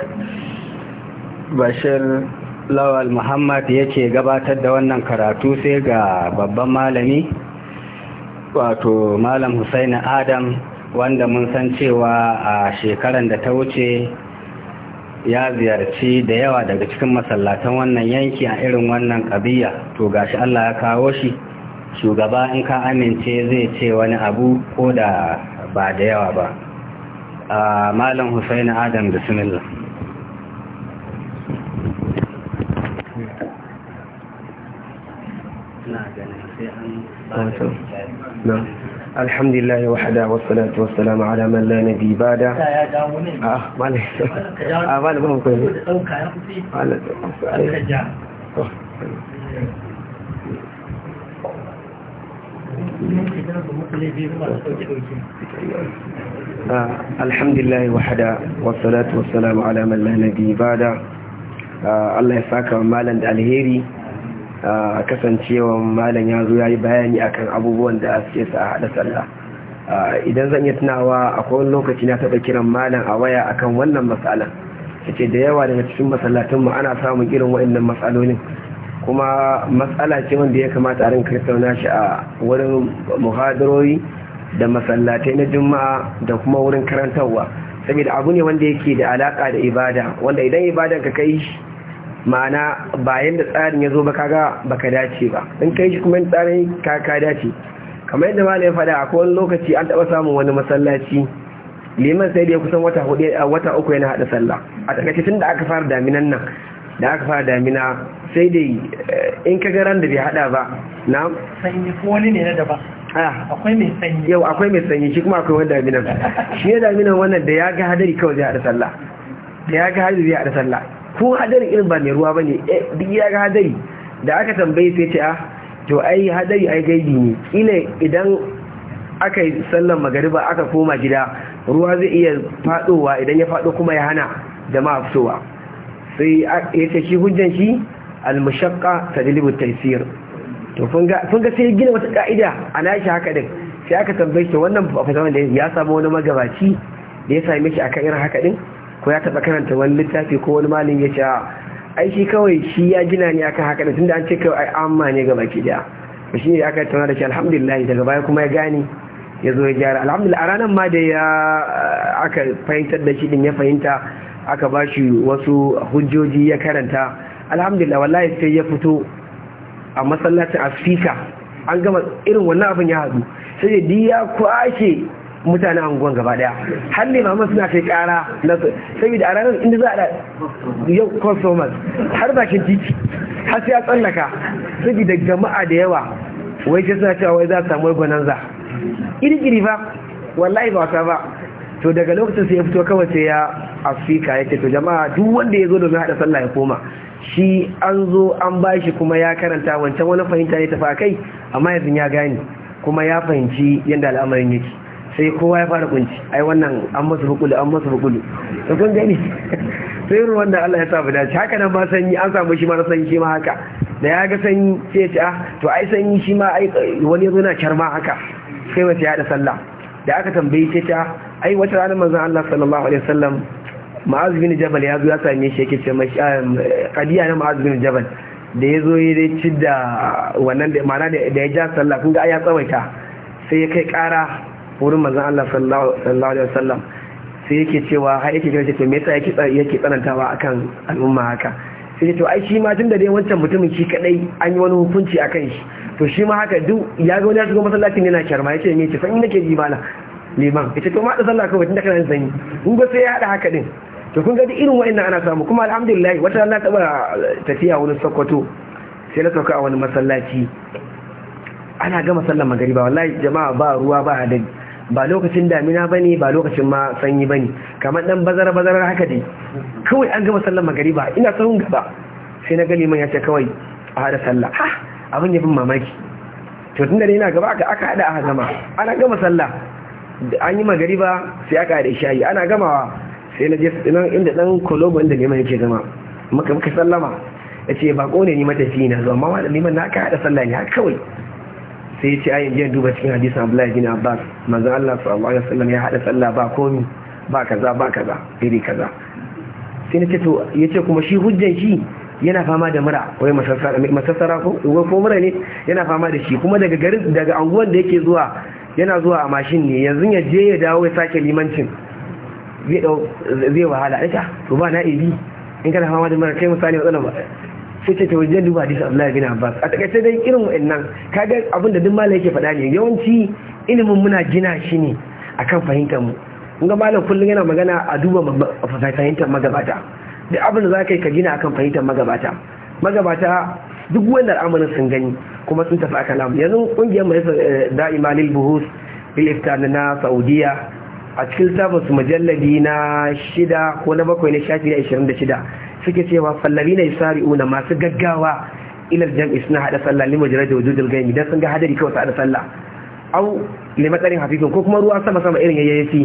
bashir lawal muhammad yake gabatar da wannan karatu sai ga babban malami wato malam Husaini adam wanda mun san cewa a shekaran da ta wuce ya ziyarci da yawa daga cikin masallatan wannan yanki a irin wannan kabiya to gashi Allah ya kawo shi shugaba in ka amince zai ce wani abu ko da ba da yawa ba a malam Hussaini adam bismillah na ganin sai نعم الحمد لله وحده والصلاة والسلام على من لا نبي بعده اه معلش اه ما لهم كل الحمد لله وحده والصلاة والسلام على من لا نبي بعده الله يسعدك مالا الهيري kasancewa malam ya zo ya yi bayani akan abubuwan da suke sa haɗa sallah idan zan yi tunawa akwai wani lokaci na taɓa kiran malam a waya akan wannan matsalan ce da yawa daga cikin masallatunmu ana samun irin waɗannan matsalolin kuma matsala ce wanda ya kamata a rin kristauna shi a wurin muhadarori da masallatai na juma'a da kuma wurin karantarwa saboda abu ne wanda yake da alaƙa da ibada wanda idan ibadan ka kai ma'ana bayan da tsarin ya zo ba kaga ka dace ba in kai shi kuma tsarin ka ka dace kamar yadda ma ya fada akwai wani lokaci an taɓa samun wani masallaci liman sai da ya kusan wata hudu a wata uku yana hada sallah a takaice tun da aka fara daminan nan da aka fara damina sai dai eh, in ka garan da bai hada ba na sanyi ko wani ne na daban ah. akwai mai sanyi yau akwai mai sanyi shi kuma akwai wani daminan shi ne daminan wannan da ya ga hadari kawai zai hada sallah da ya ga hadari zai hada sallah ko hadari irin ba mai ruwa ba ne eh, duk ya ga hadari da aka tambaye sai ce ah to ai hadari ai gaibi ne kila idan aka yi sallan magariba aka koma gida ruwa zai iya fadowa idan ya fado kuma ya hana jama'a fitowa sai ya ce shi hujjan shi al-mushaqqa tadlibu taysir to kun ga sai gina wata ka'ida a nashi haka din sai aka tambaye shi wannan zaman da ya samu wani magabaci da ya same shi akan irin haka din ko ya taɓa karanta wani littafi ko wani malin ya ce ah, aiki kawai shi ya gina ne aka haka da tunda an ce kawai amma ne ga baki da shi ne aka tana da shi alhamdulillah daga baya kuma ya gane ya zo ya gyara alhamdulillah a ranar ma da ya eh, aka fahimtar da shi din ya fahimta aka ba shi wasu hujjoji ya karanta alhamdulillah wallahi sai ya fito a masallacin asfika an gama irin wannan abin ya haɗu sai ya kwashe mutanen anguwan gaba daya har limaman suna kai kara na saboda a ranar inda za a da yau customers har bakin titi har sai ya tsallaka saboda jama'a da yawa wai sai suna cewa wai za a samu bonanza iri-iri ba wallahi ba wata ba to daga lokacin sai ya fito kawai sai ya ya ce to jama'a duk wanda ya zo domin haɗa sallah ya koma shi an zo an bashi kuma ya karanta wancan wani fahimta ne tafi a kai amma yanzu ya gane kuma ya fahimci yadda al'amarin yake sai kowa ya fara kunci ai wannan an masu hukuli an masu hukuli to kun gani sai ruwan da Allah ya sa bada shi haka nan ba sanyi an samu shi na sanyi shi ma haka da ya ga sanyi sai ce ah to ai sanyi shi ma ai wani yazo na kyarma haka sai wata ya da sallah da aka tambayi ce ta ai wata ranar manzon Allah sallallahu alaihi wasallam Ma'az bin Jabal ya zo ya same shi yake ce mashi kadiya ah, na Ma'az bin Jabal da ya zo ya ci da wannan da ma'ana da ya ja sallah kun ga ai ya tsawaita sai ya kai kara wurin mazan Allah sallallahu alaihi wasallam sai yake cewa har yake gaje to me yasa yake yake tsanantawa akan al'umma haka sai to ai shi ma tun da dai wancan mutumin shi kadai an yi wani hukunci akan shi to shi ma haka duk ya ga wani ya shigo masallacin yana kyarma yace me ce san nake ji bala liman ita to ma da sallah kawai tun da kana sanyi in ba sai ya hada haka din to kun ga irin wa'annan ana samu kuma alhamdulillah wata rana taba tafiya wani Sokoto sai na sauka a wani masallaci ana gama sallar magariba wallahi jama'a ba ruwa ba hadari ba lokacin damina ne ba lokacin ma sanyi ne kamar ɗan bazara bazara haka dai kawai an gama sallar ba ina sahun gaba sai na gani man ya ce kawai a hada sallah ha abin ya bin mamaki to tun da ne yana gaba aka aka hada aka gama ana gama sallah an yi ba sai aka hada shayi ana gamawa sai na je inda ɗan kolobo inda neman yake zama muka muka sallama ya ce bako ne ni matafi na zuwa amma neman na aka hada sallah ne haka kawai sai ya ce ayin biyan duba cikin hadisin abdullahi bin abbas manzo allah sallallahu alaihi wasallam ya hada sallah ba komi ba kaza ba kaza iri kaza sai na ce to yace kuma shi hujjan shi yana fama da mura wai masassara ko ko mura ne yana fama da shi kuma daga garin daga anguwan da yake zuwa yana zuwa a mashin ne yanzu ya je ya dawo ya sake limancin zai wahala ita ah, to ba na ibi in kana fama da mura kai misali matsalar sai ce tawajen duba hadisi Abdullahi bin Abbas a takaice dai irin wa'annan kaga abin da duk malai yake faɗa ne yawanci ilimin muna gina shi ne akan fahimtar mu kun ga malam kullum yana magana a duba fahimtar magabata da abin da za ka yi ka gina akan fahimtar magabata magabata duk wanda al'amarin sun gani kuma sun tafi akan lamu yanzu kungiyar majalisar eh, da'ima lil buhus bil iftar na saudiya a cikin sabon su majalladi na shida ko na bakwai na shafi na shida. suke cewa fallari na una masu gaggawa Ilar jam'i suna hada sallah lima jirar da wujudul gaimi dan sun ga hadari kawai haɗa sallah au limatsarin hafifin ko kuma ruwa sama sama irin fi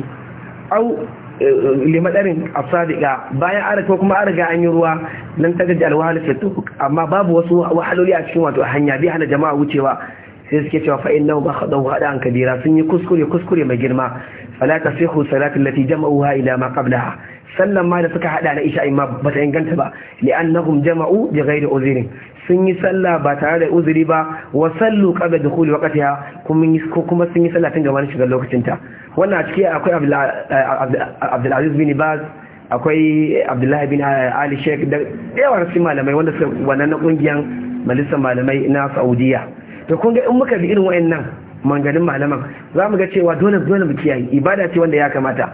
au eh, limatsarin asadiqa bayan ara ko kuma an ga an yi ruwa nan ta gaji alwahal fi amma babu wasu wahaloli a cikin wato hanya bi hana jama'a wucewa sai suke cewa fa innahu ma khadahu an kabira sun yi kuskure kuskure mai girma fala tasihu salatu allati jama'uha ila ma qablaha sallan ma da suka hada na isha'i ma ba ta inganta ba li'annahum jama'u bi ghairi uzrin sun yi sallah ba tare da uzuri ba wa sallu qabla dukhuli waqtiha kuma sun yi sallah tun gaban shigar lokacin ta wannan a ciki akwai Abdul Aziz bin Baz akwai Abdullahi bin eh, Ali Sheikh da yawan su malamai wanda su wannan kungiyan malisa malamai na Saudiya to kun ga in muka bi irin wayannan manganin malaman za mu ga cewa dole dole mu kiyaye ibada ce wanda ya kamata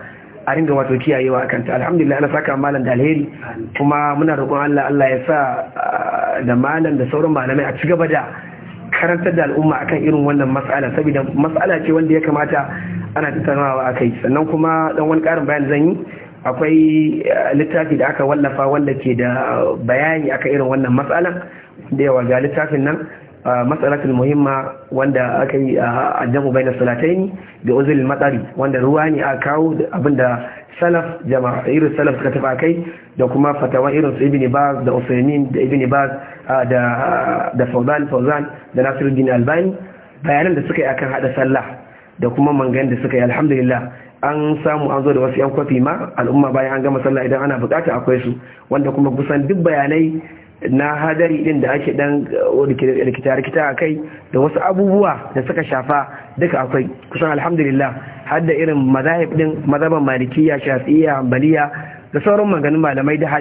a ringa wato kiyayewa a kanta alhamdulillah ana saka malam da alheri kuma muna roƙon Allah Allah ya sa ah, da malam da sauran malamai a ci gaba da karantar da al'umma akan irin wannan matsala saboda matsala ce wanda ya kamata ana tattaunawa kai sannan kuma dan wani ƙarin bayani zan yi akwai ah, littafi da aka wallafa wanda ke da bayani akan irin wannan matsala da yawa ga littafin nan matsalatul muhimma wanda aka yi a jamu bai na salataini da uzul matsari wanda ruwa ne a kawo abinda salaf jama'a irin salaf suka tafi kai da kuma fatawa irin su ibn baz da usaimin da ibn baz da da fawzan fawzan da nasiruddin albani bayanan da suka yi akan hada sallah da kuma mangan da suka yi alhamdulillah an samu an zo da wasu yan kwafi ma al'umma bayan an gama sallah idan ana bukata akwai su wanda kuma kusan duk bayanai na hadari din da ake dan rikita-rikita uh, a kai da wasu abubuwa da suka shafa duka akwai kusan alhamdulillah har da irin mazahib din mazaban malikiya shafi'iyya hanbaliya da sauran maganin malamai da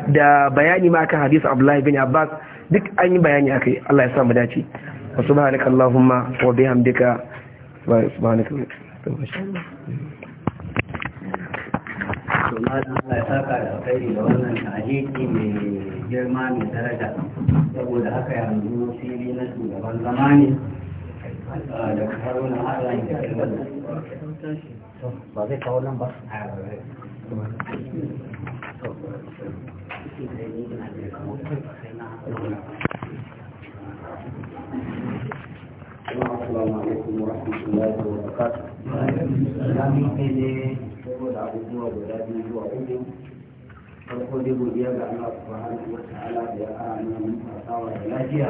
bayani ma akan hadisi abdullahi bin abbas duk an yi bayani akai Allah ya sa mu dace allahumma wa bihamdika subhanakallahumma to malam ya saka da alkhairi da wannan ta'aliki mai girma mai daraja saboda haka yanzu fili na shugaban zama ne da haruna Allah ya kalmar ba zai kawo nan ba abubuwa guda biyu zuwa uku farko dai godiya ga Allah subhanahu wa ta'ala da ya ara mana mun fasawa da lafiya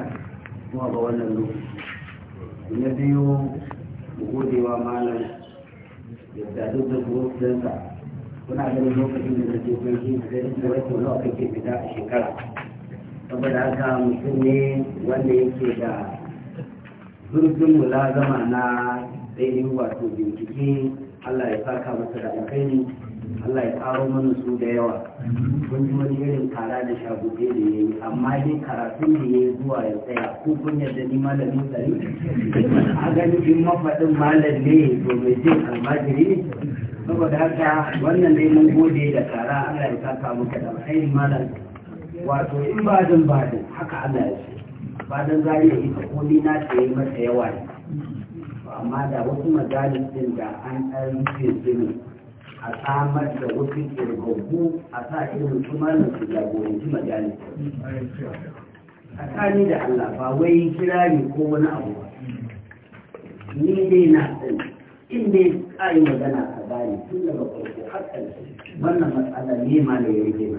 kuma ga wannan lokaci na biyu mu godewa malam da duk da zuwa kuna ganin lokacin da zai kai shi da zai wai ko nawa kake fita a shekara saboda haka mutum ne wanda yake da zurfin mulazama na daidai wato bincike Allah ya saka masa da alkhairi Allah ya karo mana su da yawa kun ji wani irin kara da shagube da ya yi amma dai karatun da ya yi zuwa ya tsaya ko kun yadda ni malamin tsari a gani in mafaɗin malam ne to me jin almajiri saboda haka wannan dai mun gode da kara Allah ya saka maka da alkhairi malam wato in ba badin haka Allah ya ce badan zai yi ko ni na ta yi masa yawa ne amma da wasu majalisin da an ɗan zini a samar da wasu ƙirgaggu a sa irin kuma na su jagoranci majalisin tsakani da Allah ba wai kirari ko wani abu ba ni dai na sani in dai ƙari magana a gani tun daga farko har ƙarshe wannan matsala ne ma da ya rike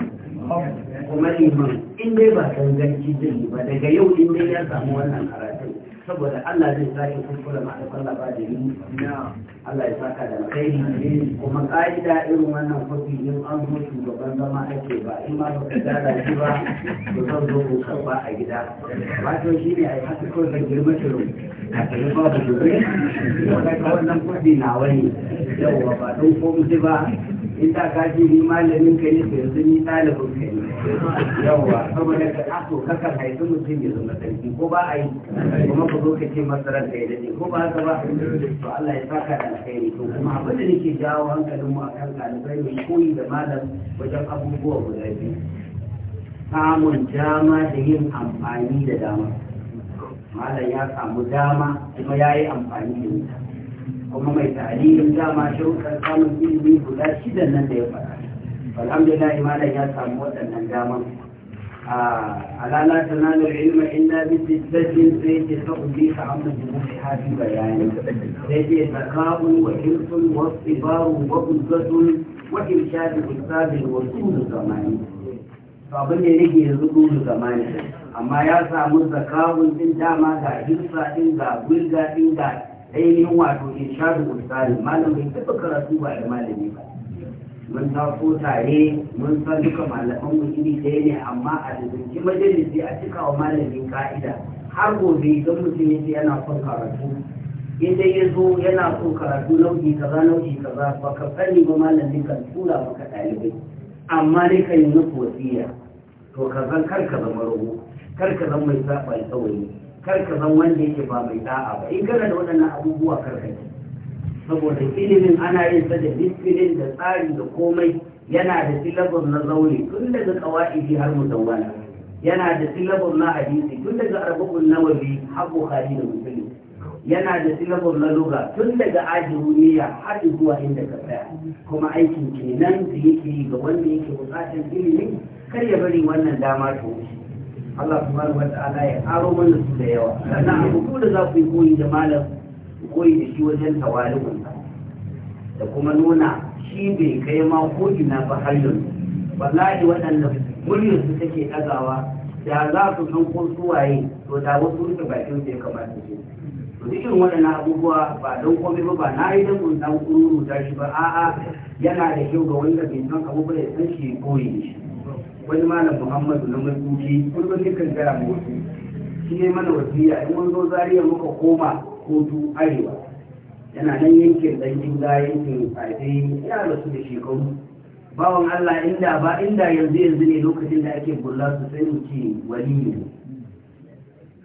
kuma liman in dai ba san ganci zai ba daga yau in dai ya samu wannan karatun saboda Allah zai sake kuskure ma'aikar labarin Allah ya saka da alkhairi kuma ƙa'ida irin wannan kwafi in an zo shugaban zama ake ba in ma baka gyara shi ba to zan zo ko karba a gida wato shi ne a yi haka kawai kan girma shirin a kalli ba ku shugaban wannan kwafi na wani yau ba don komai ba ita ka ji ni malamin ka ne ka yanzu ni ɗalibin ka ne yawa saboda ka aso ah, kakan haifi mutum ya zama sarki ko ba a yi kuma ka zo ka ce masarar ka ya ko ba haka ba to Allah ya saka da alkhairi to kuma abin da nake jawo hankalin mu akan ɗalibai mai koyi da malam wajen abubuwa guda biyu samun dama da yin amfani da dama malam ya samu dama kuma ya yi amfani da ita kuma mai ta'alilin dama shaukar samun ilimi guda shidan nan da ya faɗa alhamdulillah malam ya samu waɗannan daman a lalata na nanar ilimin illa bi sittatin sai ce ta ubi ka amma jimushi hafi bayani sai ce zaka'un wa hirsun wa tsibarun wa uzzatun wa irshadi usabin wa sunu zamani abin da ya rage yanzu sunu zamani amma ya samu zaka'un din dama ga hirsa din ga gulga din ga ainihin wato in sha da ulsari malam bai taɓa karatu ba da malami ba mun taso tare mun san duka malaman mu iri ɗaya ne amma a dubbinci majalisi a cika wa malamin ka'ida har gobe idan mutum yake yana son karatu in ya zo yana son karatu nau'i kaza nau'i kaza ba ka sani ba malamin kan tura maka ɗalibai amma dai ka yi musu wasiya to ka zan kar ka zama rubu kar ka zama mai saɓa alƙawari kar ka zan wanda yake ba mai da'a ba in kana da waɗannan abubuwa kar ka yi saboda ilimin ana yin sa da da tsari da komai yana da syllabus na zaune tun daga qawaidi har mudawwana yana da syllabus na hadisi tun daga arba'un nawawi har bukhari da muslim yana da syllabus na lugha tun daga ajuriyya har zuwa inda ka tsaya kuma aikin kenan da yake ga wanda yake bukatar ilimi kar ya bari wannan dama ta wuce Allah subhanahu wa ta'ala ya aro mana su da yawa sannan abubu da za ku yi koyi da malam koyi da shi wajen tawali'un da kuma nuna shi bai kai ma ko ina ba har yanzu wallahi waɗanda muryar su take ɗagawa da za su san ko su waye to da wasu rufe bakin su ya kamata su to dukkan waɗannan abubuwa ba don komai ba ba na yi don mun san kururu ta shi ba a'a yana da kyau ga wanda bai san abubuwa ya san shi koyi da shi wani malam muhammadu na mulkuci kullum dukkan gara mu wasu shi ne mana wasiya in mun zo zariya muka koma kotu arewa yana nan yankin dan jinga yankin ƙarfi ya rasu da shekaru bawan allah inda ba inda yanzu yanzu ne lokacin da ake bulla su sai mu ce wani ne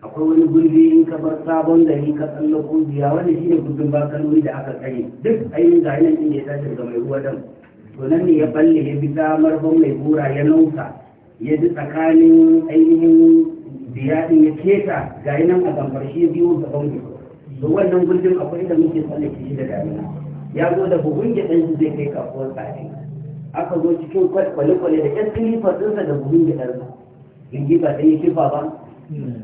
akwai wani gurbi in ka bar sabon ni ka tsallako kungiya wanda shi ne gurbin bakalori da aka tsare duk ainihin ga yanayin ya tashi daga mai ruwa dan sunan ne ya balle ya bi damar mai bura ya nausa ya ji tsakanin ainihin biyaɗin ya keta ga yi nan a gambar shi biyu da bambu to wannan gudun akwai da muke tsallake shi da damina ya zo da buhun ya ɗan zai kai kafuwar tsari aka zo cikin kwale-kwale da ƴan kilifar ɗinsa da buhun ya ɗarsa in ji ba ta yi kifa ba hmm.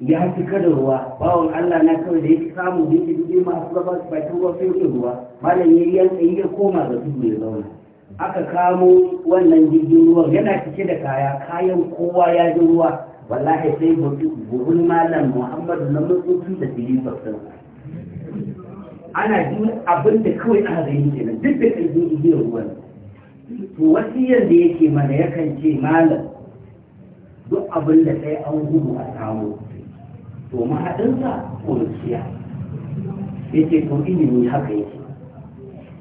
ya fi da ruwa bawon Allah na kawai da ya samu da yake dubi masu gaba su bakin ruwa sai yake ruwa malam ya yanka ya koma ga tudu ya zauna aka kamo wannan jirgin ruwan yana cike da kaya kayan kowa ya ji ruwa wallahi sai buhun malam muhammadu na matsoci da filifar sun ana ji abin da kawai aka gani kenan duk da ƙarfin igiyar ruwan to wasiyar da yake mana yakan ce malam duk abin da kai an gudu a samu to mahaɗinsa ya ce to ilimi haka yake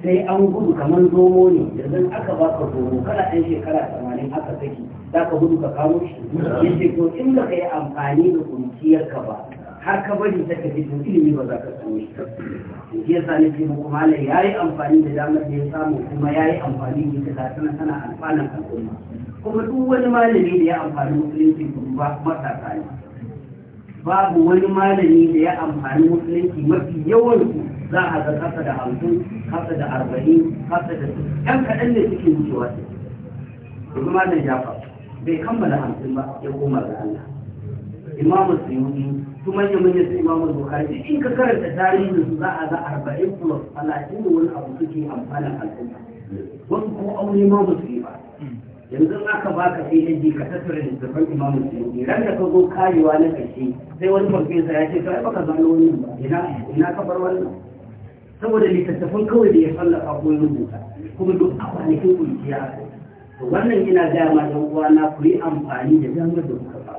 sai an gudu kamar zomo ne da zan aka ka zomo kana ɗan shekara tamanin aka saki za ka gudu ka kamo shi yace to in ba ka yi amfani da kurciyar ka ba har ka bari ta tafi to ilimi ba za ka samu shi shi yasa ce muku malai yi amfani da damar da ya samu kuma ya yi amfani da ta tana tana alfanan al'umma kuma duk wani malami da ya amfani musulunci ba matasa ne babu wani malami da ya amfani musulunci mafi yawan za a ga kasa da hamsin kasa da arba'in kasa da ɗan kaɗan ne suke wucewa su kuma malam jafa bai kammala hamsin ba ya koma ga Allah imamu suyuti su manya manya su imamu bukari in ka karanta tarihin su za a ga arba'in plus talatin da wani abu suke amfanin al'umma wasu kuma aure ma ba su yi ba yanzu aka baka AAD ka tattara littattafan Imam Suyuti ran da ka zo karewa na ƙarshe sai wani farfesa ya ce to ai baka zama wannan ba ina ka bar wannan saboda littattafan kawai da ya fallafa ko ya rubuta kuma duk a kwanakin kunciya to wannan ina gaya ma ɗan uwana ku yi amfani da damar da kuka ba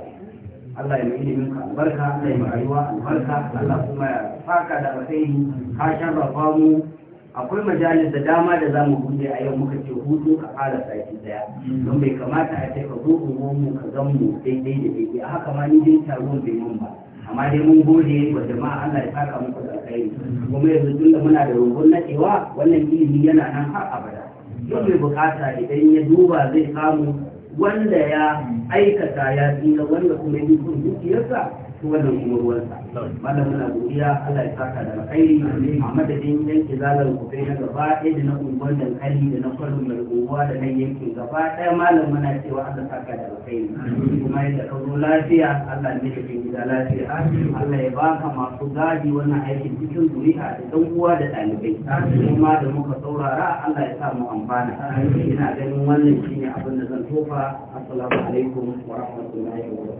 Allah ya mai ilimin ka albarka Allah ya mai rayuwa albarka Allah kuma ya faka da alkhairi ka sharrafa mu akwai majalis da dama da za mu buɗe a yau muka ce hutu ka fara sati daya mm. don bai kamata a ce ka zo mu ka zan mu daidai da daidai a haka ma ni dai taron bai mun ba amma dai mun gode wa jama'a Allah ya saka muku da alkhairi mm. kuma yanzu tunda muna da rumbun na cewa wannan ilimi yana nan har abada Yau mai bukata idan ya duba zai samu wanda ya mm. aikata ya tsira wanda kuma ya yi kun dukiyarsa wannan kuma ruwansa malam muna godiya Allah ya saka da alkhairi a madadin yanke zalar kufai na gaba ɗaya da na unguwar dankali da na kwarin mai da nan yankin gaba ɗaya malam muna cewa Allah saka da alkhairi kuma yadda ka zo lafiya Allah ne da gida lafiya Allah ya baka masu gadi wannan aikin cikin zuri'a da dan uwa da ɗalibai kuma da muka saurara Allah ya sa mu amfana ina ganin wannan shine abin da zan tofa assalamu alaikum wa rahmatullahi wa barakatuh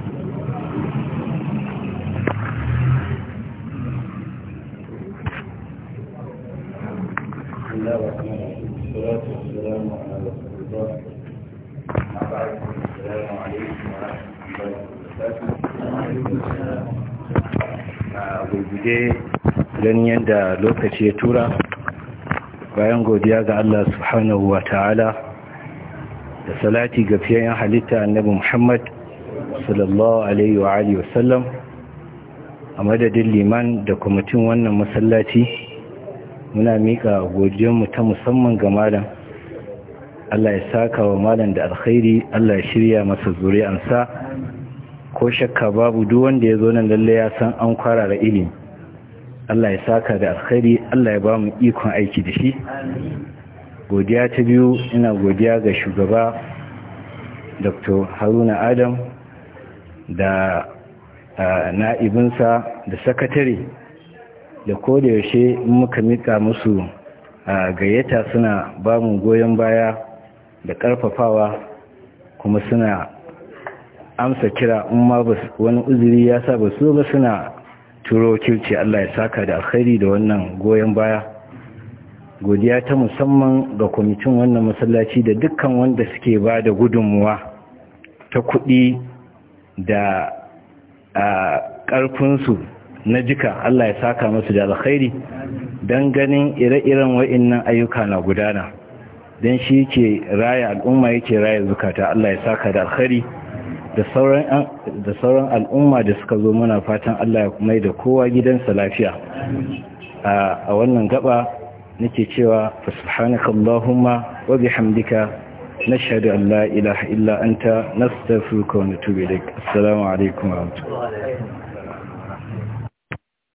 don yadda lokaci ya tura bayan godiya ga Allah subhanahu wa ta'ala da salati ga fiyayen halitta annabi Muhammad sallallahu alaihi wa alihi wasallam a madadin liman da kwamitin wannan masallaci muna mika mu ta musamman ga malam Allah ya saka wa malam da alkhairi Allah ya shirya masa zuri'ansa ko shakka babu duk wanda ya zo nan lalle ya san an kwara da ilimi Allah ya saka da alkhairi Allah ya ba mu ikon aiki da shi godiya ta biyu ina godiya ga shugaba Dr. Haruna Adam da na'ibinsa da sakatare da kodayaushe muka mika musu a gayyata suna ba mu goyon baya da ƙarfafawa kuma suna amsa kira in ma wani uzuri ya sa ba su ba suna turo kirci Allah ya saka da alkhairi da wannan goyon baya godiya ta musamman ga kwamitin wannan masallaci da dukkan wanda suke ba da gudunmuwa ta kuɗi da ƙarfinsu na jika Allah ya saka masu da alkhairi don ganin ire-iren wa'innan ayyuka na gudana don shi ke raya al'umma yake raya zukata Allah ya saka da alkhairi da sauran al'umma da suka zo mana fatan Allah ya mai da kowa gidansa lafiya a wannan gaba nake cewa subhanakallahumma wa bihamdika نشهد أن لا إله إلا أنت نستفرك ونتوب إليك السلام عليكم ورحمة الله